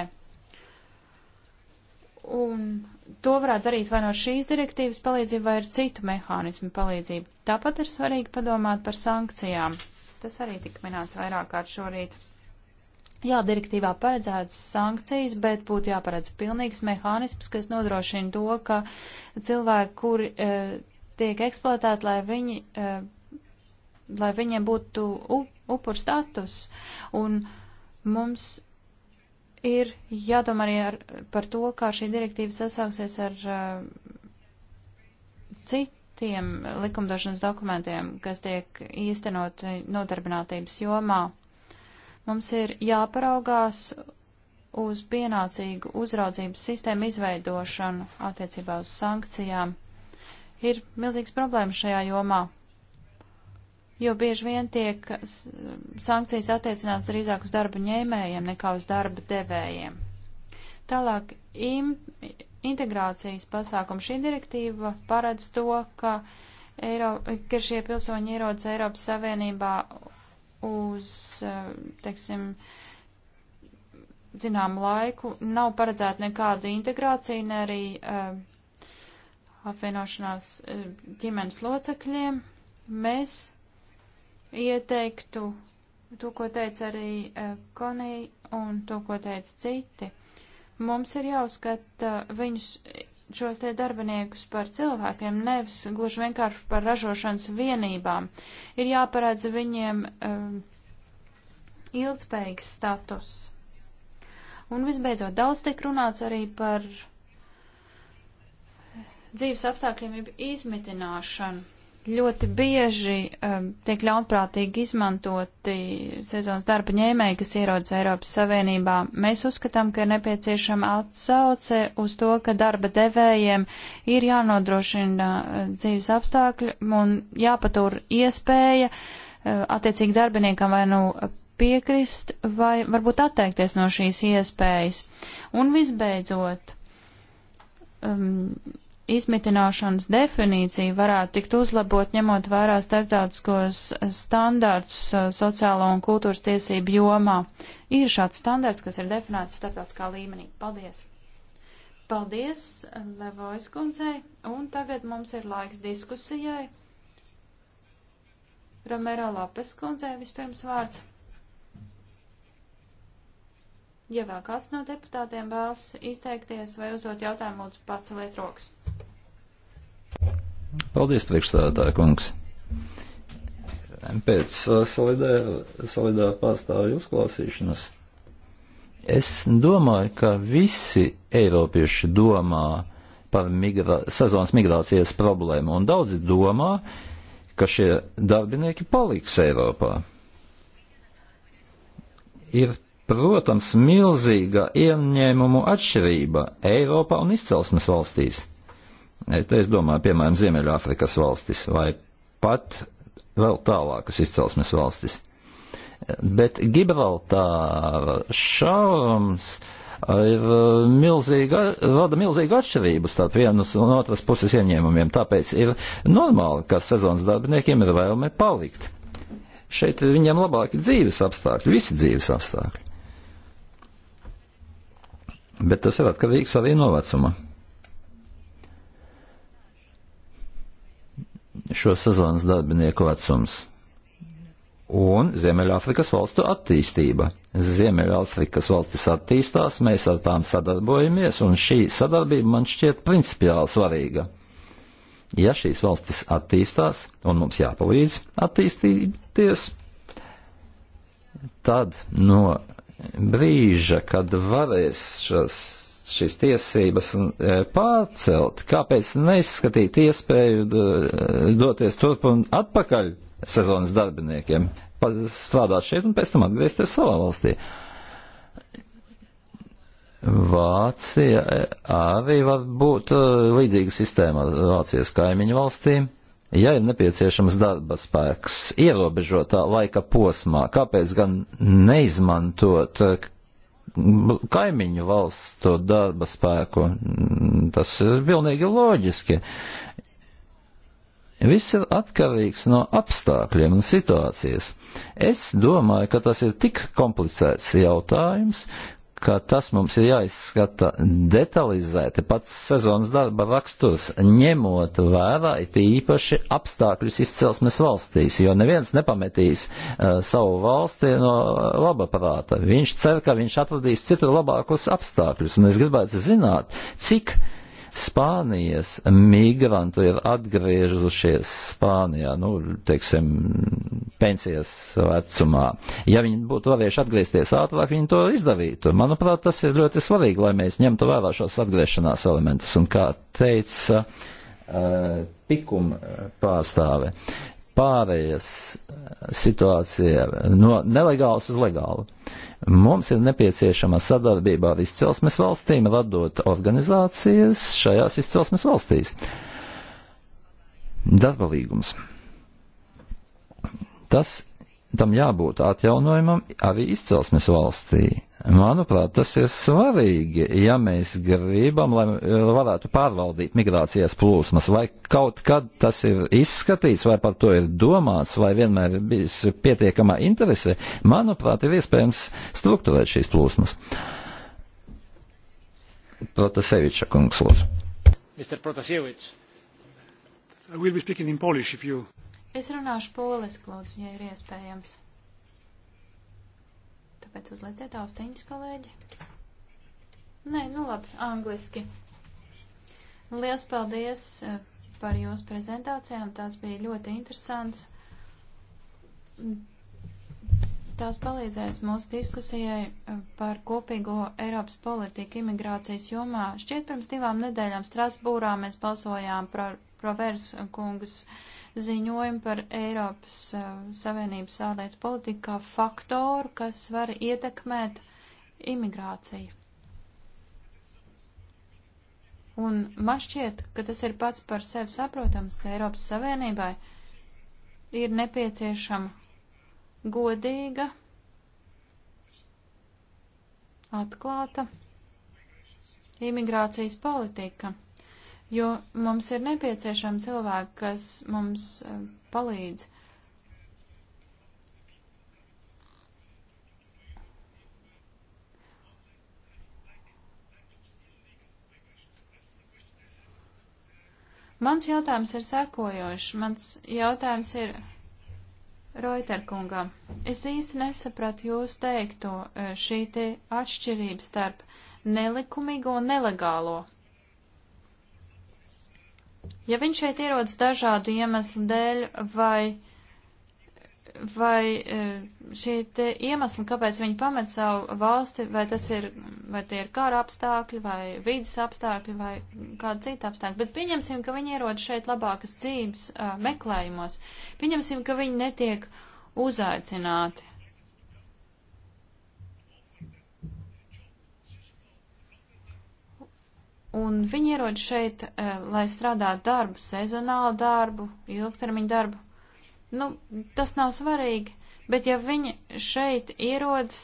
Un to varētu darīt vai no šīs direktīvas palīdzību, vai ar citu mehānismu palīdzību. Tāpat ir svarīgi padomāt par sankcijām. Tas arī tika minēts vairāk kārt šorīt. Jā, direktīvā paredzētas sankcijas, bet būtu jāparedz pilnīgs mehānisms, kas nodrošina to, ka cilvēki, kuri e, tiek eksploatēti, lai viņi e, lai viņiem būtu upur status. Un mums ir jādomā arī ar, par to, kā šī direktīva sasauksies ar uh, citiem likumdošanas dokumentiem, kas tiek īstenoti nodarbinātības jomā. Mums ir jāparaugās uz pienācīgu uzraudzības sistēmu izveidošanu attiecībā uz sankcijām. Ir milzīgs problēmas šajā jomā, jo bieži vien tiek sankcijas attiecināts drīzāk uz darba ņēmējiem nekā uz darba devējiem. Tālāk im, integrācijas pasākumu šī direktīva paredz to, ka, Eiro, ka šie pilsoņi ierodas Eiropas Savienībā uz, teiksim, zinām laiku, nav paredzēta nekāda integrācija, ne arī uh, apvienošanās eh, ģimenes locekļiem. Mēs ieteiktu to, ko teica arī Konī eh, un to, ko teica citi. Mums ir jāuzskata viņus šos te darbiniekus par cilvēkiem, nevis gluži vienkārši par ražošanas vienībām. Ir jāparādz viņiem um, ilgspējīgs status. Un visbeidzot, daudz tiek runāts arī par eh, dzīves apstākļiem izmitināšanu ļoti bieži um, tiek ļaunprātīgi izmantoti sezonas darba ņēmēji, kas ierodas Eiropas Savienībā. Mēs uzskatām, ka ir nepieciešama atsauce uz to, ka darba devējiem ir jānodrošina uh, dzīves apstākļi un jāpatur iespēja uh, attiecīgi darbiniekam vai nu piekrist vai varbūt atteikties no šīs iespējas. Un visbeidzot, um, izmitināšanas definīcija varētu tikt uzlabot, ņemot vērā starptautiskos standārts uh, sociālo un kultūras tiesību jomā. Ir šāds standārts, kas ir definēts starptautiskā līmenī. Paldies! Paldies Levojas kundzei, un tagad mums ir laiks diskusijai. Romero Lopes kundzei vispirms vārds. Ja vēl kāds no deputātiem vēlas izteikties vai uzdot jautājumu, lūdzu paceliet rokas. Paldies, priekšstādātāja kungs. Pēc uh, solidā, solidā pārstāvju uzklausīšanas es domāju, ka visi eiropieši domā par migra sezonas migrācijas problēmu, un daudzi domā, ka šie darbinieki paliks Eiropā. Ir, protams, milzīga ieņēmumu atšķirība Eiropā un izcelsmes valstīs. Es domāju, piemēram, Ziemeļāfrikas valstis vai pat vēl tālākas izcelsmes valstis. Bet Gibraltāra šaurums uh, ir uh, milzīga, rada milzīgu atšķirību starp vienas un otras puses ieņēmumiem. Tāpēc ir normāli, ka sezonas darbiniekiem ir vēlme palikt. Šeit ir viņiem labāki dzīves apstākļi, visi dzīves apstākļi. Bet tas ir atkarīgs arī no vecuma. šo sezonas darbinieku vecums. Un Ziemeļāfrikas valstu attīstība. Ziemeļāfrikas valstis attīstās, mēs ar tām sadarbojamies, un šī sadarbība man šķiet principiāli svarīga. Ja šīs valstis attīstās, un mums jāpalīdz attīstīties, tad no brīža, kad varēs šas ieviest šīs tiesības un e, pārcelt, kāpēc neizskatīt iespēju e, doties turp un atpakaļ sezonas darbiniekiem, strādāt šeit un pēc tam atgriezties savā valstī. Vācija e, arī var būt līdzīga sistēma ar Vācijas kaimiņu valstīm. Ja ir nepieciešams darba spēks ierobežotā laika posmā, kāpēc gan neizmantot kaimiņu valstu darba spēku. Tas ir pilnīgi loģiski. Viss ir atkarīgs no apstākļiem un situācijas. Es domāju, ka tas ir tik komplicēts jautājums, ka tas mums ir jāizskata detalizēti pats sezonas darba raksturs, ņemot vērā it īpaši apstākļus izcelsmes valstīs, jo neviens nepametīs uh, savu valsti no eh, laba prāta. Viņš cer, ka viņš atradīs citur labākus apstākļus, un es gribētu zināt, cik uh, Spānijas migrantu ir atgriežušies Spānijā, nu, teiksim, pensijas vecumā. Ja viņi būtu varējuši atgriezties ātrāk, viņi to izdarītu. Manuprāt, tas ir ļoti svarīgi, lai mēs ņemtu vērā šos atgriešanās elementus. Un kā teica uh, eh, pikuma eh, pārstāve, pārējas eh, situācija no nelegāls uz legālu. Uh, Mums ir nepieciešama sadarbība ar izcelsmes valstīm, radot organizācijas šajās izcelsmes valstīs. Darba līgums. Tas tam jābūt atjaunojumam arī izcelsmes valstī. Manuprāt, tas ir svarīgi, ja mēs gribam, lai eh, varētu pārvaldīt migrācijas plūsmas, vai kaut kad tas ir izskatīts, vai par to ir domāts, vai vienmēr ir bijis pietiekamā interese. Manuprāt, ir iespējams struktūrēt šīs plūsmas. Protaseviča kungs, lūdzu. Mr. Protasevičs. I will be speaking in Polish if you. Es runāšu poliski, lūdzu, ja ir iespējams tāpēc uzlieciet austiņas, kolēģi. Nē, nu labi, angliski. Liels paldies eh, par jūsu prezentācijām, tās bija ļoti interesants. Tās palīdzēs mūsu diskusijai eh, par kopīgo Eiropas politiku imigrācijas jomā. Šķiet pirms divām nedēļām Strasbūrā mēs balsojām par proversu kungas uh, ziņojumu par Eiropas uh, Savienības ārlietu politiku kā faktoru, kas var ietekmēt imigrāciju. Un man šķiet, ka tas ir pats par sevi saprotams, ka Eiropas Savienībai ir nepieciešama godīga, atklāta imigrācijas politika jo mums ir nepieciešami cilvēki, kas mums eh, palīdz. Mans jautājums ir sekojošs. Mans jautājums ir Roiterkungam. Es īsti nesapratu jūs teikto eh, šī te atšķirība starp nelikumīgo un nelegālo Ja viņš šeit ierodas dažādu iemeslu dēļ vai, vai e, šī iemesla, kāpēc viņi pamet savu valsti, vai tas ir, vai tie ir kara apstākļi, vai vīdas apstākļi, vai kāda cita apstākļa, bet pieņemsim, ka viņi ierodas šeit labākas dzīves uh, meklējumos. Pieņemsim, ka viņi netiek uzaicināti. Un viņi ierod šeit, eh, lai strādātu darbu, sezonālu darbu, ilgtermiņu darbu. Nu, tas nav svarīgi, bet ja viņi šeit ierodas,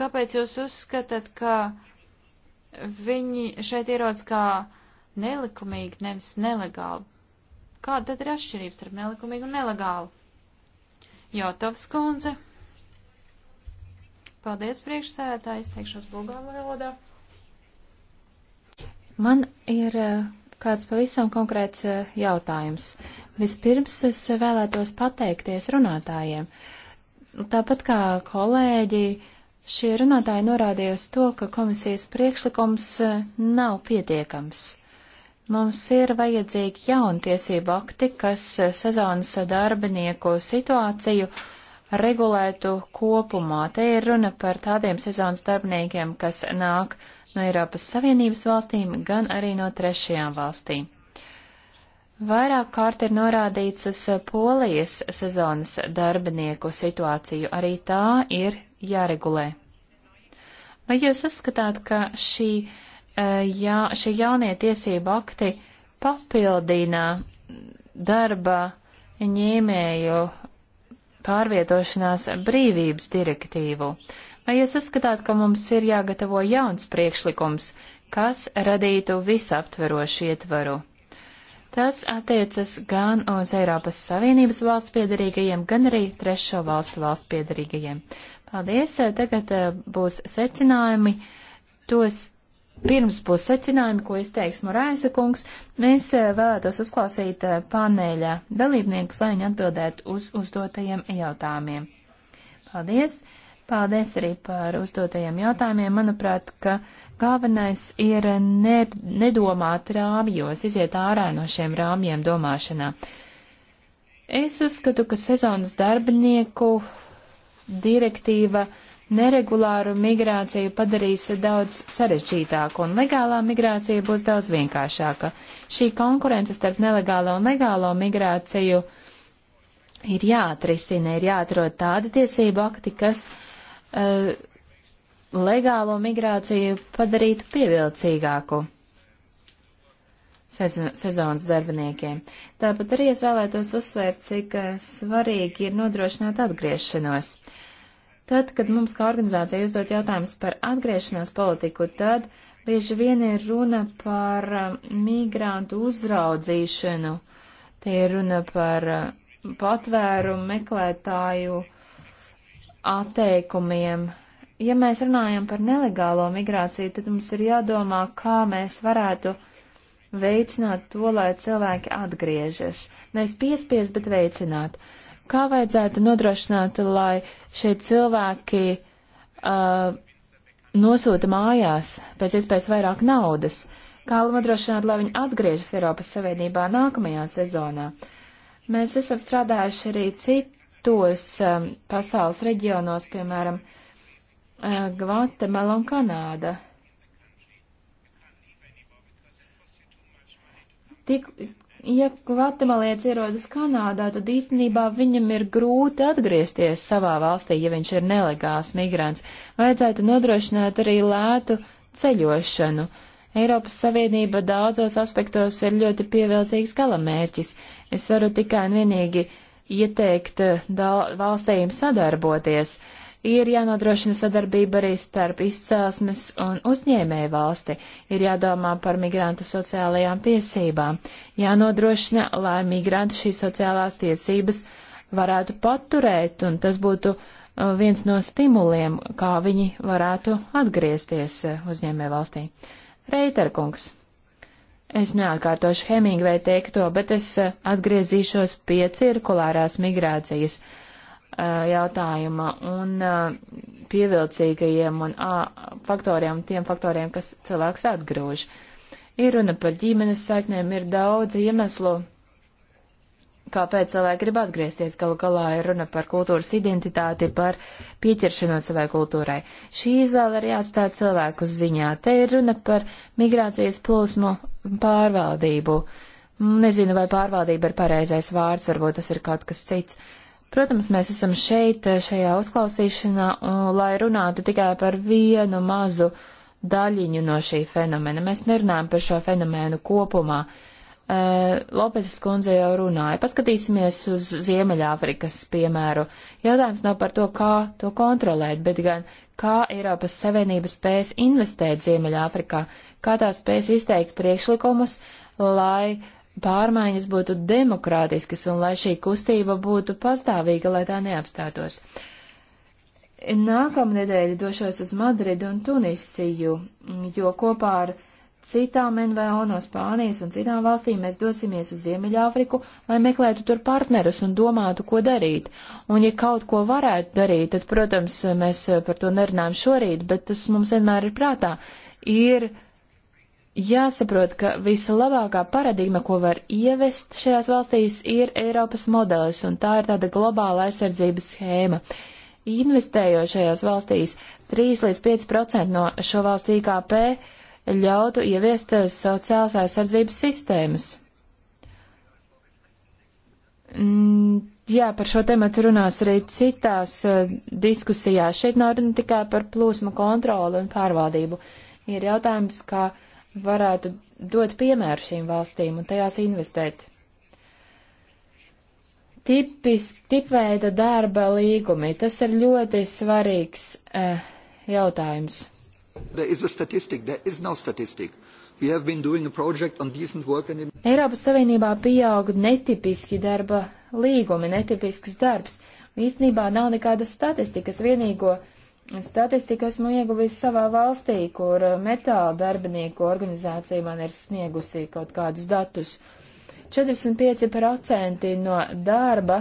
kāpēc jūs uzskatāt, ka viņi šeit ierodas kā nelikumīgi, nevis nelegāli? Kāda tad ir atšķirība starp nelikumīgu un nelegālu? Jotovs kundze. Paldies priekšsēdētāji, izteikšos bulgāru valodā. Man ir eh, kāds pavisam konkrēts eh, jautājums. Vispirms es vēlētos pateikties runātājiem. Tāpat kā kolēģi, šie runātāji norādīja uz to, ka komisijas priekšlikums eh, nav pietiekams. Mums ir vajadzīgi jauni tiesību akti, kas sezonas darbinieku situāciju uh, regulētu kopumā. Te ir runa par tādiem sezonas darbiniekiem, kas nāk no Eiropas Savienības valstīm, gan arī no trešajām valstīm. Vairāk kārt ir norādīts uz polijas sezonas darbinieku situāciju, arī tā ir jāregulē. Vai jūs uzskatāt, ka šī, eh, jā, šī jaunie tiesība akti papildina darba ņēmēju pārvietošanās brīvības direktīvu. Vai jūs uzskatāt, ka mums ir jāgatavo jauns priekšlikums, kas radītu visaptverošu ietvaru? Tas attiecas gan uz Eiropas Savienības valsts piedarīgajiem, gan arī trešo valstu valsts piedarīgajiem. Paldies, tagad eh, būs secinājumi. Tos Pirms pussecinājuma, ko izteiks Morāisa kungs, mēs eh, vēlētos uzklausīt eh, paneļa dalībniekus, lai viņi atbildētu uz uzdotajiem jautājumiem. Paldies! Paldies arī par uzdotajiem jautājumiem. Manuprāt, ka galvenais ir ne, nedomāt rāmjos, iziet ārā no šiem rāmjiem domāšanā. Es uzskatu, ka sezonas darbinieku direktīva uh, neregulāru migrāciju padarīs daudz sarežģītāku, un legālā migrācija būs daudz vienkāršāka. Šī konkurence starp nelegālo un legālo migrāciju ir jāatrisina, ir jāatrod tādi tiesību akti, kas uh, legālo migrāciju padarītu pievilcīgāku sezonas darbiniekiem. Tāpat arī es vēlētos uzsvērt, cik eh, svarīgi ir nodrošināt atgriešanos. Uh, Tad, kad mums kā organizācija uzdot jautājumus par atgriešanās politiku, tad bieži vien ir runa par um, migrantu uzraudzīšanu, te ir runa par um, patvērumu meklētāju atteikumiem. Ja mēs runājam par nelegālo migrāciju, tad mums ir jādomā, kā mēs varētu veicināt to, lai cilvēki atgriežas. Nevis piespies, bet veicināt. Uh, Kā vajadzētu nodrošināt, lai šie cilvēki uh, nosūta mājās pēc iespējas vairāk naudas? Kā nodrošināt, lai viņi atgriežas Eiropas Savienībā nākamajā sezonā? Mēs esam strādājuši arī citos um, pasaules reģionos, piemēram, uh, Gvatemala un Kanāda. tik, ja Gvatemalietis ierodas Kanādā, tad īstenībā viņam ir grūti atgriezties savā valstī, ja viņš ir nelegāls migrants. Vajadzētu nodrošināt arī lētu ceļošanu. Eiropas Savienība daudzos aspektos ir ļoti pievilcīgs galamērķis. Es varu tikai un vienīgi ieteikt eh, valstīm sadarboties. Uh, ir jānodrošina sadarbība arī starp izcelsmes un uzņēmēju valsti, ir jādomā par migrantu sociālajām tiesībām, jānodrošina, lai migranti šīs sociālās tiesības varētu paturēt, un tas būtu uh, viens no stimuliem, kā viņi varētu atgriezties uh, uzņēmēju valstī. Reiterkungs. Es neatkārtošu Hemingvei teikto, bet es uh, atgriezīšos pie cirkulārās migrācijas. Uh, Eh, jautājuma un eh, pievilcīgajiem un faktoriem, tiem faktoriem, kas cilvēkus atgrūž. Ir runa par ģimenes saiknēm, ir daudz iemeslu, kāpēc cilvēki grib atgriezties. Galu galā ir runa par kultūras identitāti, par pieķeršanos savai kultūrai. Šī izvēle arī jāatstāja cilvēku ziņā. Te ir runa par migrācijas plūsmu pārvaldību. Nezinu, vai pārvaldība ir pareizais vārds, varbūt tas ir kaut kas cits. Uh, Protams, mēs esam šeit, eh, šajā uzklausīšanā, lai runātu tikai par vienu mazu daļiņu no šī fenomena. Mēs nerunājam par šo fenomenu kopumā. Eh, Lopeses kundze jau runāja. Paskatīsimies uz Ziemeļāfrikas piemēru. Jautājums nav par to, kā to kontrolēt, bet gan kā Eiropas Savienība spēs investēt Ziemeļāfrikā, kā tā spēs izteikt priekšlikumus, lai uh, pārmaiņas būtu demokrātiskas un lai šī kustība būtu pastāvīga, lai tā neapstātos. Nākamnedēļ došos uz Madridu un Tunisiju, jo kopā ar citām NVO no Spānijas un citām valstīm mēs dosimies uz Ziemeļāfriku, lai meklētu tur partnerus un domātu, ko darīt. Un ja kaut ko varētu darīt, tad, protams, mēs par to nerunājam šorīt, bet tas mums vienmēr ir prātā. Ir uh, jāsaprot, ka vislabākā paradigma, ko var ievest šajās valstīs, ir Eiropas modelis, un tā ir tāda globāla aizsardzības schēma. Investējošajās valstīs 3 līdz 5% no šo valstu IKP ļautu ieviest eh, sociālās aizsardzības sistēmas. Mm, jā, par šo tematu runās arī citās uh, diskusijās. Šeit nav runa tikai par plūsmu kontroli un pārvaldību. Ir jautājums, kā uh, varētu dot piemēru šīm valstīm un tajās investēt. Tipis, tipveida darba līgumi, tas ir ļoti svarīgs eh, jautājums. There is a statistic, there is no statistic. We have been doing a project on decent work and... Eiropas Savienībā pieaug netipiski darba līgumi, netipisks darbs. Īstenībā nav nekādas statistikas, vienīgo uh, statistiku esmu ieguvis savā valstī, kur metāla darbinieku organizācija man ir sniegusi kaut kādus datus. 45% no darba,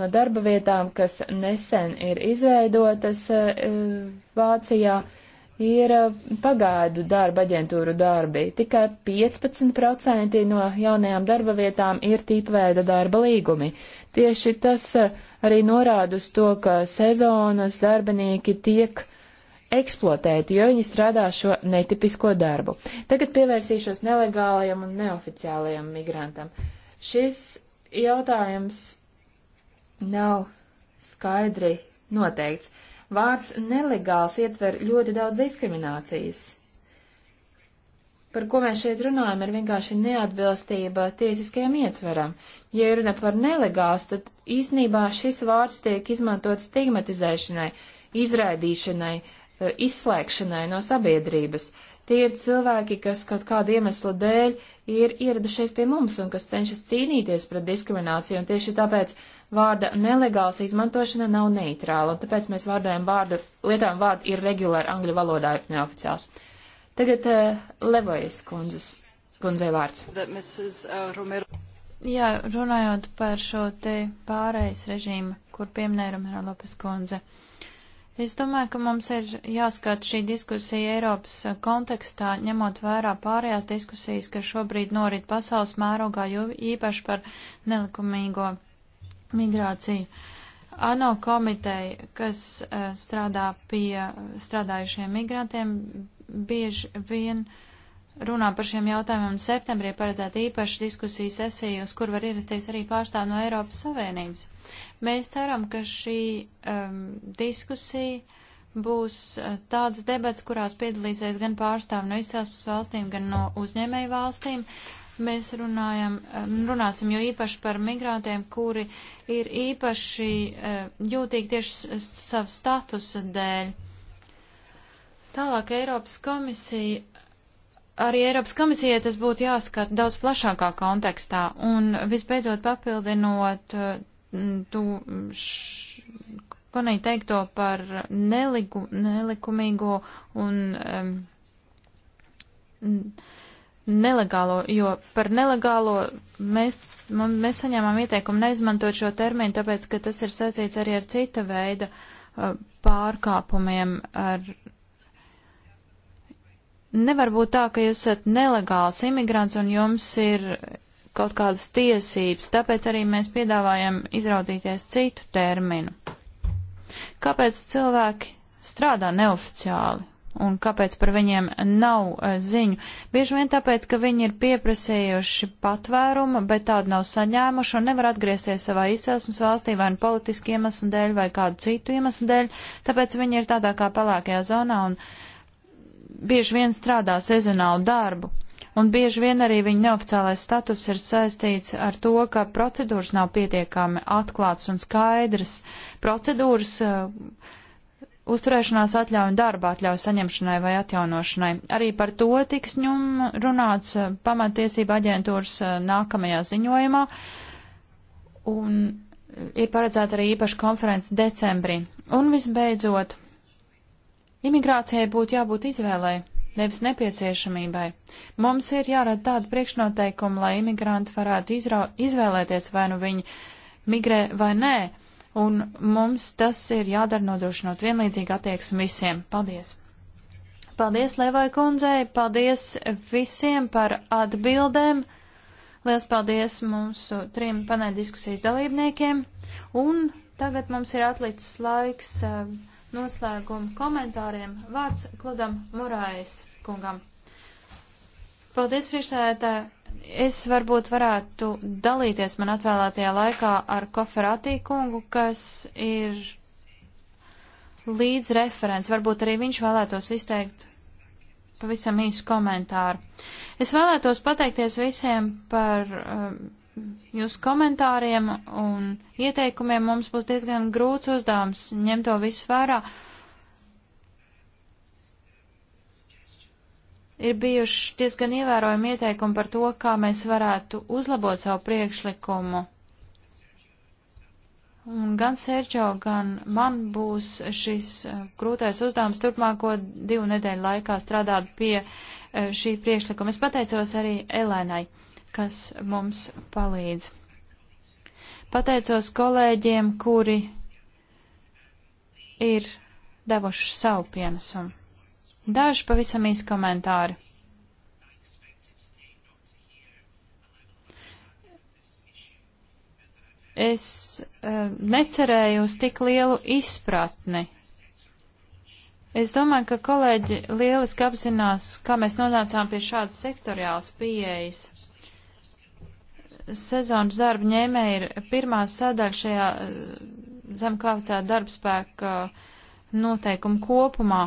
no darba vietām, kas nesen ir izveidotas eh, Vācijā, e, ir eh, pagaidu darba aģentūru darbi. Tikai 15% no jaunajām darba vietām ir tīpveida darba līgumi. Tieši tas eh, arī norāda uz to, ka sezonas darbinieki tiek eksploatēti, jo viņi strādā šo netipisko darbu. Tagad pievērsīšos nelegālajam un neoficiālajam migrantam. Šis jautājums nav skaidri noteikts. Vārds nelegāls ietver ļoti daudz diskriminācijas. Par ko mēs šeit runājam, ir vienkārši neatbilstība tiesiskajam ietveram. Ja runa par nelegāls, tad īsnībā šis vārds tiek izmantot stigmatizēšanai, izraidīšanai, eh, izslēgšanai no sabiedrības. Uh, Tie ir cilvēki, kas kaut kādu iemeslu dēļ ir ieradušies pie mums un kas cenšas cīnīties pret diskrimināciju, un tieši tāpēc vārda nelegāls izmantošana nav neitrāla, un tāpēc mēs vārdojam vārdu, lietojam vārdu ir regulāri angļu valodā neoficiāls. Tagad uh, Levojas kundzes, kundzei vārds. Uh, Jā, runājot par šo te pārējais režīmu, kur pieminēja Romero Lopes kundze. Uh, Es domāju, ka mums ir jāskat šī diskusija Eiropas kontekstā, ņemot vērā pārējās diskusijas, kas šobrīd norit pasaules mērogā, jo īpaši par nelikumīgo migrāciju. ANO komiteja, kas e, strādā pie strādājušiem migrantiem, bieži vien runā par šiem jautājumiem. Septembrī paredzēta īpaša diskusija sesija, uz kur var ierasties arī pārstāv no Eiropas Savienības. Mēs ceram, ka šī um, diskusija būs uh, tāds debats, kurās piedalīsies gan pārstāvi no izcelsmes valstīm, gan no uzņēmēju valstīm. Mēs runājam, um, runāsim jo īpaši par migrantiem, kuri ir īpaši uh, jūtīgi tieši savu statusa dēļ. Tālāk Eiropas komisija arī Eiropas komisijai tas būtu jāskata daudz plašākā kontekstā. Un visbeidzot papildinot uh, Mm, tu mm, Konei teikto par neliku, nelikumīgo un um, nelegālo, jo par nelegālo mēs, mēs saņēmām ieteikumu neizmantot šo terminu, tāpēc, ka tas ir saistīts arī ar cita veida uh, pārkāpumiem, ar Nevar būt tā, ka jūs esat nelegāls imigrants un jums ir kaut kādas tiesības, tāpēc arī mēs piedāvājam izraudīties citu terminu. Kāpēc cilvēki strādā neoficiāli? Un kāpēc par viņiem nav eh, ziņu? Bieži vien tāpēc, ka viņi ir pieprasījuši patvērumu, bet tādu nav saņēmuši un nevar atgriezties savā izcelsmes valstī vai nu politiski iemeslu dēļ vai kādu citu iemeslu dēļ, tāpēc viņi ir tādā kā pelēkajā zonā un bieži vien strādā sezonālu darbu. Un bieži vien arī viņa neoficiālais status ir saistīts ar to, ka procedūras nav pietiekami atklātas un skaidras. Procedūras uh, uzturēšanās atļauju un darba atļauju saņemšanai vai atjaunošanai. Arī par to tiks ņum runāts uh, pamatiesība aģentūras uh, nākamajā ziņojumā. Un ir paredzēta arī īpaša konferences decembrī. Un visbeidzot, imigrācijai būtu jābūt izvēlei nevis nepieciešamībai. Mums ir jārada tāda priekšnoteikuma, lai imigranti varētu izrau, izvēlēties, vai nu viņi migrē vai nē, un mums tas ir jādara nodrošinot vienlīdzīgu attieksmi visiem. Paldies! Paldies, Levai kundzei, paldies visiem par atbildēm. Liels paldies mūsu trim paneļdiskusijas dalībniekiem. Un tagad mums ir atlicis laiks. Uh, noslēguma komentāriem vārds Kludam Morājas kungam. Paldies, priekšsēdētāji. Es varbūt varētu dalīties man atvēlētajā laikā ar Koferātī kungu, kas ir līdz referents. Varbūt arī viņš vēlētos izteikt pavisam īsu komentāru. Es vēlētos pateikties visiem par um, jūsu komentāriem un ieteikumiem. Mums būs diezgan grūts uzdevums ņemt to visu vērā. Ir bijuši diezgan ievērojami ieteikumi par to, kā mēs varētu uzlabot savu priekšlikumu. Un gan Sergio, gan man būs šis eh, grūtais uzdevums turpmāko divu nedēļu laikā strādāt pie eh, šī priekšlikuma. Es pateicos arī Elēnai kas mums palīdz. Pateicos kolēģiem, kuri ir devuši savu pienesumu. Daži pavisam īsi komentāri. Es uh, necerēju uz tik lielu izpratni. Es domāju, ka kolēģi lieliski apzinās, kā mēs nonācām pie šādas sektoriālas pieejas sezonas darba ņēmēji ir pirmā sadaļa šajā eh, zem kvalificēta darbspēka eh, noteikuma kopumā.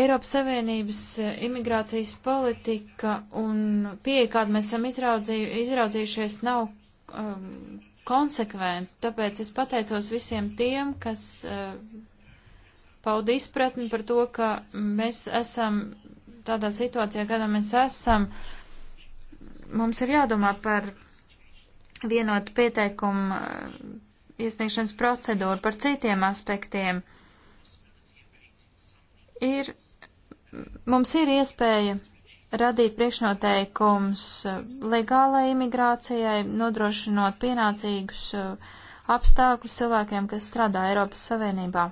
Eiropas Savienības eh, imigrācijas politika un pieeja, kādu mēs esam izraudzījušies, nav um, ehm, konsekventi, tāpēc es pateicos visiem tiem, kas uh, pauda izpratni par to, ka mēs esam tādā situācijā, kādā mēs esam, uh, mums ir jādomā par vienotu pieteikumu eh, iesniegšanas procedūru, par citiem aspektiem. Ir, mums ir iespēja radīt priekšnoteikums eh, legālai imigrācijai, nodrošinot pienācīgus eh, apstākļus cilvēkiem, kas strādā Eiropas Savienībā.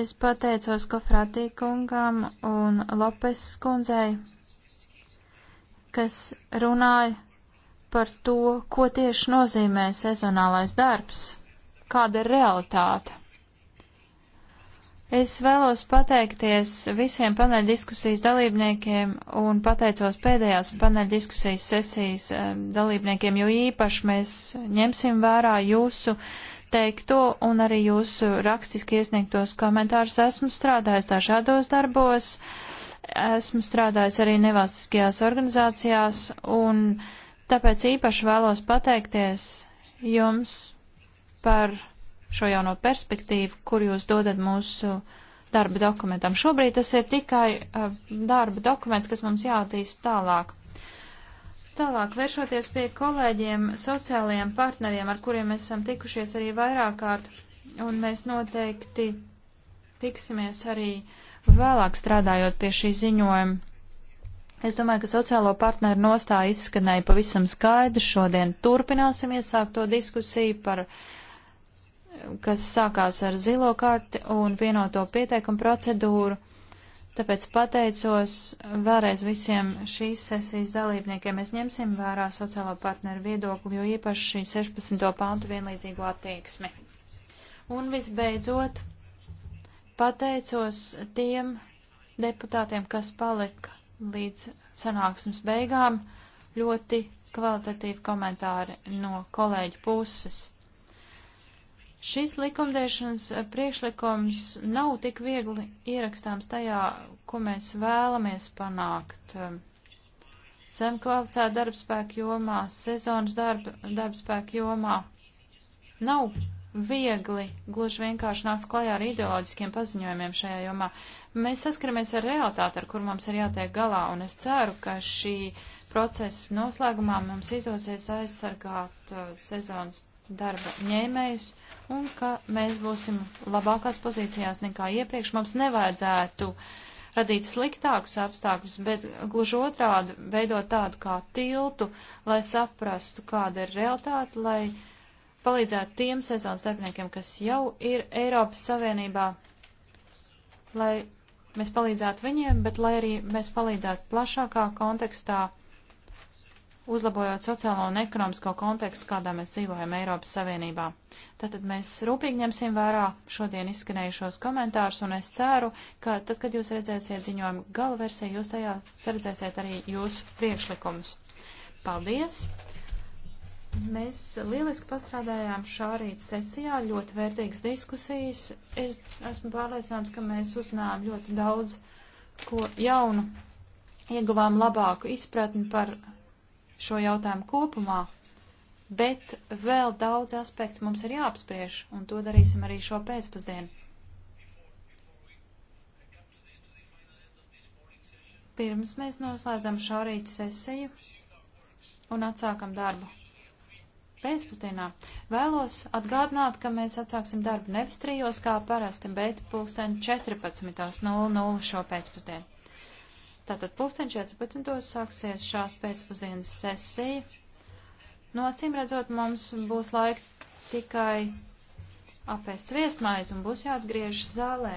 Es pateicos Kofrātī kungam un Lopes kundzei kas runāja par to, ko tieši nozīmē sezonālais darbs, kāda ir realitāte. Es vēlos pateikties visiem paneļdiskusijas dalībniekiem un pateicos pēdējās paneļdiskusijas sesijas eh, dalībniekiem, jo īpaši mēs ņemsim vērā jūsu uh, teikto un arī jūsu rakstiski iesniegtos komentārus. Esmu strādājis dažādos darbos, esmu strādājis arī nevalstiskajās organizācijās un tāpēc īpaši vēlos pateikties jums par šo jauno perspektīvu, kur jūs dodat mūsu darba dokumentam. Šobrīd tas ir tikai uh, darba dokuments, kas mums jātīst tālāk. Tālāk, vēršoties pie kolēģiem, sociālajiem partneriem, ar kuriem mēs esam tikušies arī vairāk kārt, un mēs noteikti tiksimies arī vēlāk strādājot pie šī ziņojuma. Es domāju, ka sociālo partneru nostāja izskanēja pavisam skaidri. Šodien turpināsim iesākt to diskusiju par kas sākās ar zilo karti un vienoto pieteikumu procedūru. Tāpēc pateicos vēlreiz visiem šīs sesijas dalībniekiem. Mēs ņemsim vērā sociālo partneru viedokli, jo īpaši šī 16. pantu vienlīdzīgo attieksmi. Un visbeidzot, pateicos tiem deputātiem, kas palika līdz sanāksmes beigām. Ļoti kvalitatīvi komentāri no kolēģu puses. Šis likumdēšanas eh, priekšlikums nav tik viegli ierakstāms tajā, ko mēs vēlamies panākt. Eh, zem kvalificēta darbspēka jomā, sezonas darba, darbspēka jomā nav viegli gluži vienkārši nākt klajā ar ideoloģiskiem paziņojumiem šajā jomā. Mēs saskaramies ar realitāti, ar kur mums ir jātiek galā, un es ceru, ka šī procesa noslēgumā mums izdosies aizsargāt uh, sezonas darba ņēmējus un ka mēs būsim labākās pozīcijās nekā iepriekš. Mums nevajadzētu radīt sliktākus apstākļus, bet gluži otrādi veidot tādu kā tiltu, lai saprastu, kāda ir realitāte, lai palīdzētu tiem sezonas darbiniekiem, kas jau ir Eiropas Savienībā, lai mēs palīdzētu viņiem, bet lai arī mēs palīdzētu plašākā kontekstā uzlabojot sociālo un ekonomisko kontekstu, kādā mēs dzīvojam Eiropas Savienībā. Tātad mēs rūpīgi ņemsim vērā šodien izskanējušos komentārus, un es ceru, ka tad, kad jūs redzēsiet ziņojumu gala versiju, jūs tajā redzēsiet arī jūsu priekšlikumus. Paldies! Mēs lieliski pastrādājām šā rīta sesijā, ļoti vērtīgas diskusijas. Es esmu pārliecināts, ka mēs uzzinājām ļoti daudz ko jaunu, ieguvām labāku izpratni par šo jautājumu kopumā, bet vēl daudz aspektu mums ir jāapspriež, un to darīsim arī šo pēcpusdienu. Pirms mēs noslēdzam šo rīta sesiju un atsākam darbu. Pēcpusdienā vēlos atgādināt, ka mēs atsāksim darbu nevis trijos kā parasti, bet pulksten 14.00 šo pēcpusdienu. Tātad pulksten 14. sāksies šās pēcpusdienas sesija. No acīm redzot, mums būs laika tikai apēst viesmaiz un būs jāatgriežas zālē.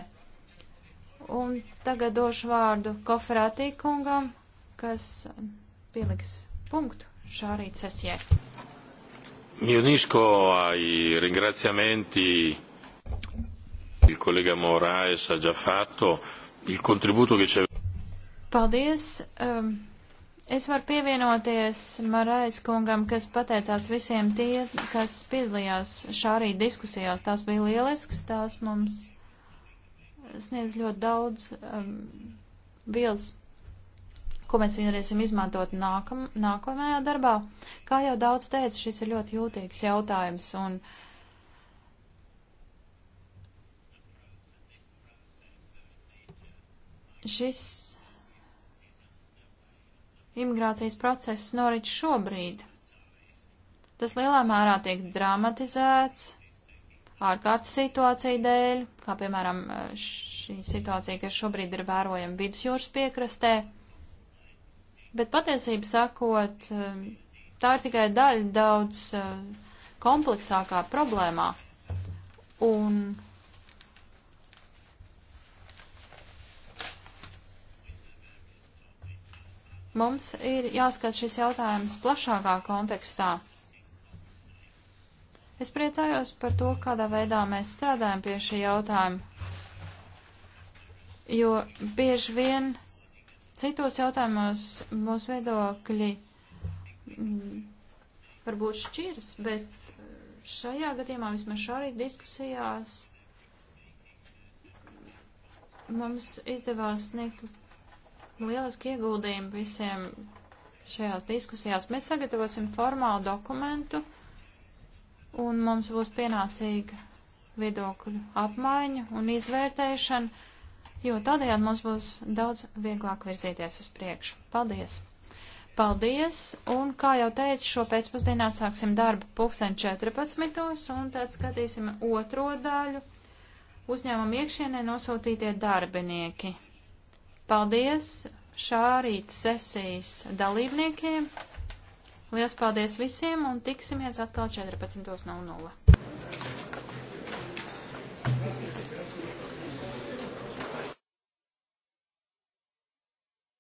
Un tagad došu vārdu koferātī kungam, kas pieliks punktu šā rīta sesijai. Mi unisco ai ringraziamenti il collega Moraes ha già fatto il contributo che ci ha Paldies! Um, es varu pievienoties Marais kungam, kas pateicās visiem tie, kas piedalījās šā arī diskusijās. Tās bija lielisks, tās mums sniedz ļoti daudz um, vielas, ko mēs varēsim izmantot nākam, nākamajā darbā. Kā jau daudz teica, šis ir ļoti jūtīgs jautājums. Un, Šis imigrācijas process norit šobrīd. Tas lielā mērā tiek dramatizēts ārkārtas situācija dēļ, kā piemēram e, šī situācija, kas šobrīd ir vērojama vidusjūras piekrastē. Bet patiesību sakot, e, tā ir tikai daļa daudz e, kompleksākā problēmā. Un Mums ir jāskat šis jautājums plašākā kontekstā. Es priecājos par to, kādā veidā mēs strādājam pie šī jautājuma, jo bieži vien citos jautājumos mūsu viedokļi mm, varbūt šķiras, bet šajā gadījumā vismaz šorīt diskusijās mums izdevās sniegt lielisku ieguldījumu visiem šajās diskusijās. Mēs sagatavosim formālu dokumentu un mums būs pienācīga viedokļu apmaiņa un izvērtēšana, jo tādējādi mums būs daudz vieglāk virzīties uz priekšu. Paldies! Paldies! Un, kā jau teicu, šo pēcpusdienā atsāksim darbu pulksten 14. un tad skatīsim otro daļu uzņēmumu iekšienē nosūtītie darbinieki. Paldies šā rīta sesijas dalībniekiem. Lielas paldies visiem un tiksimies atkal 14.00.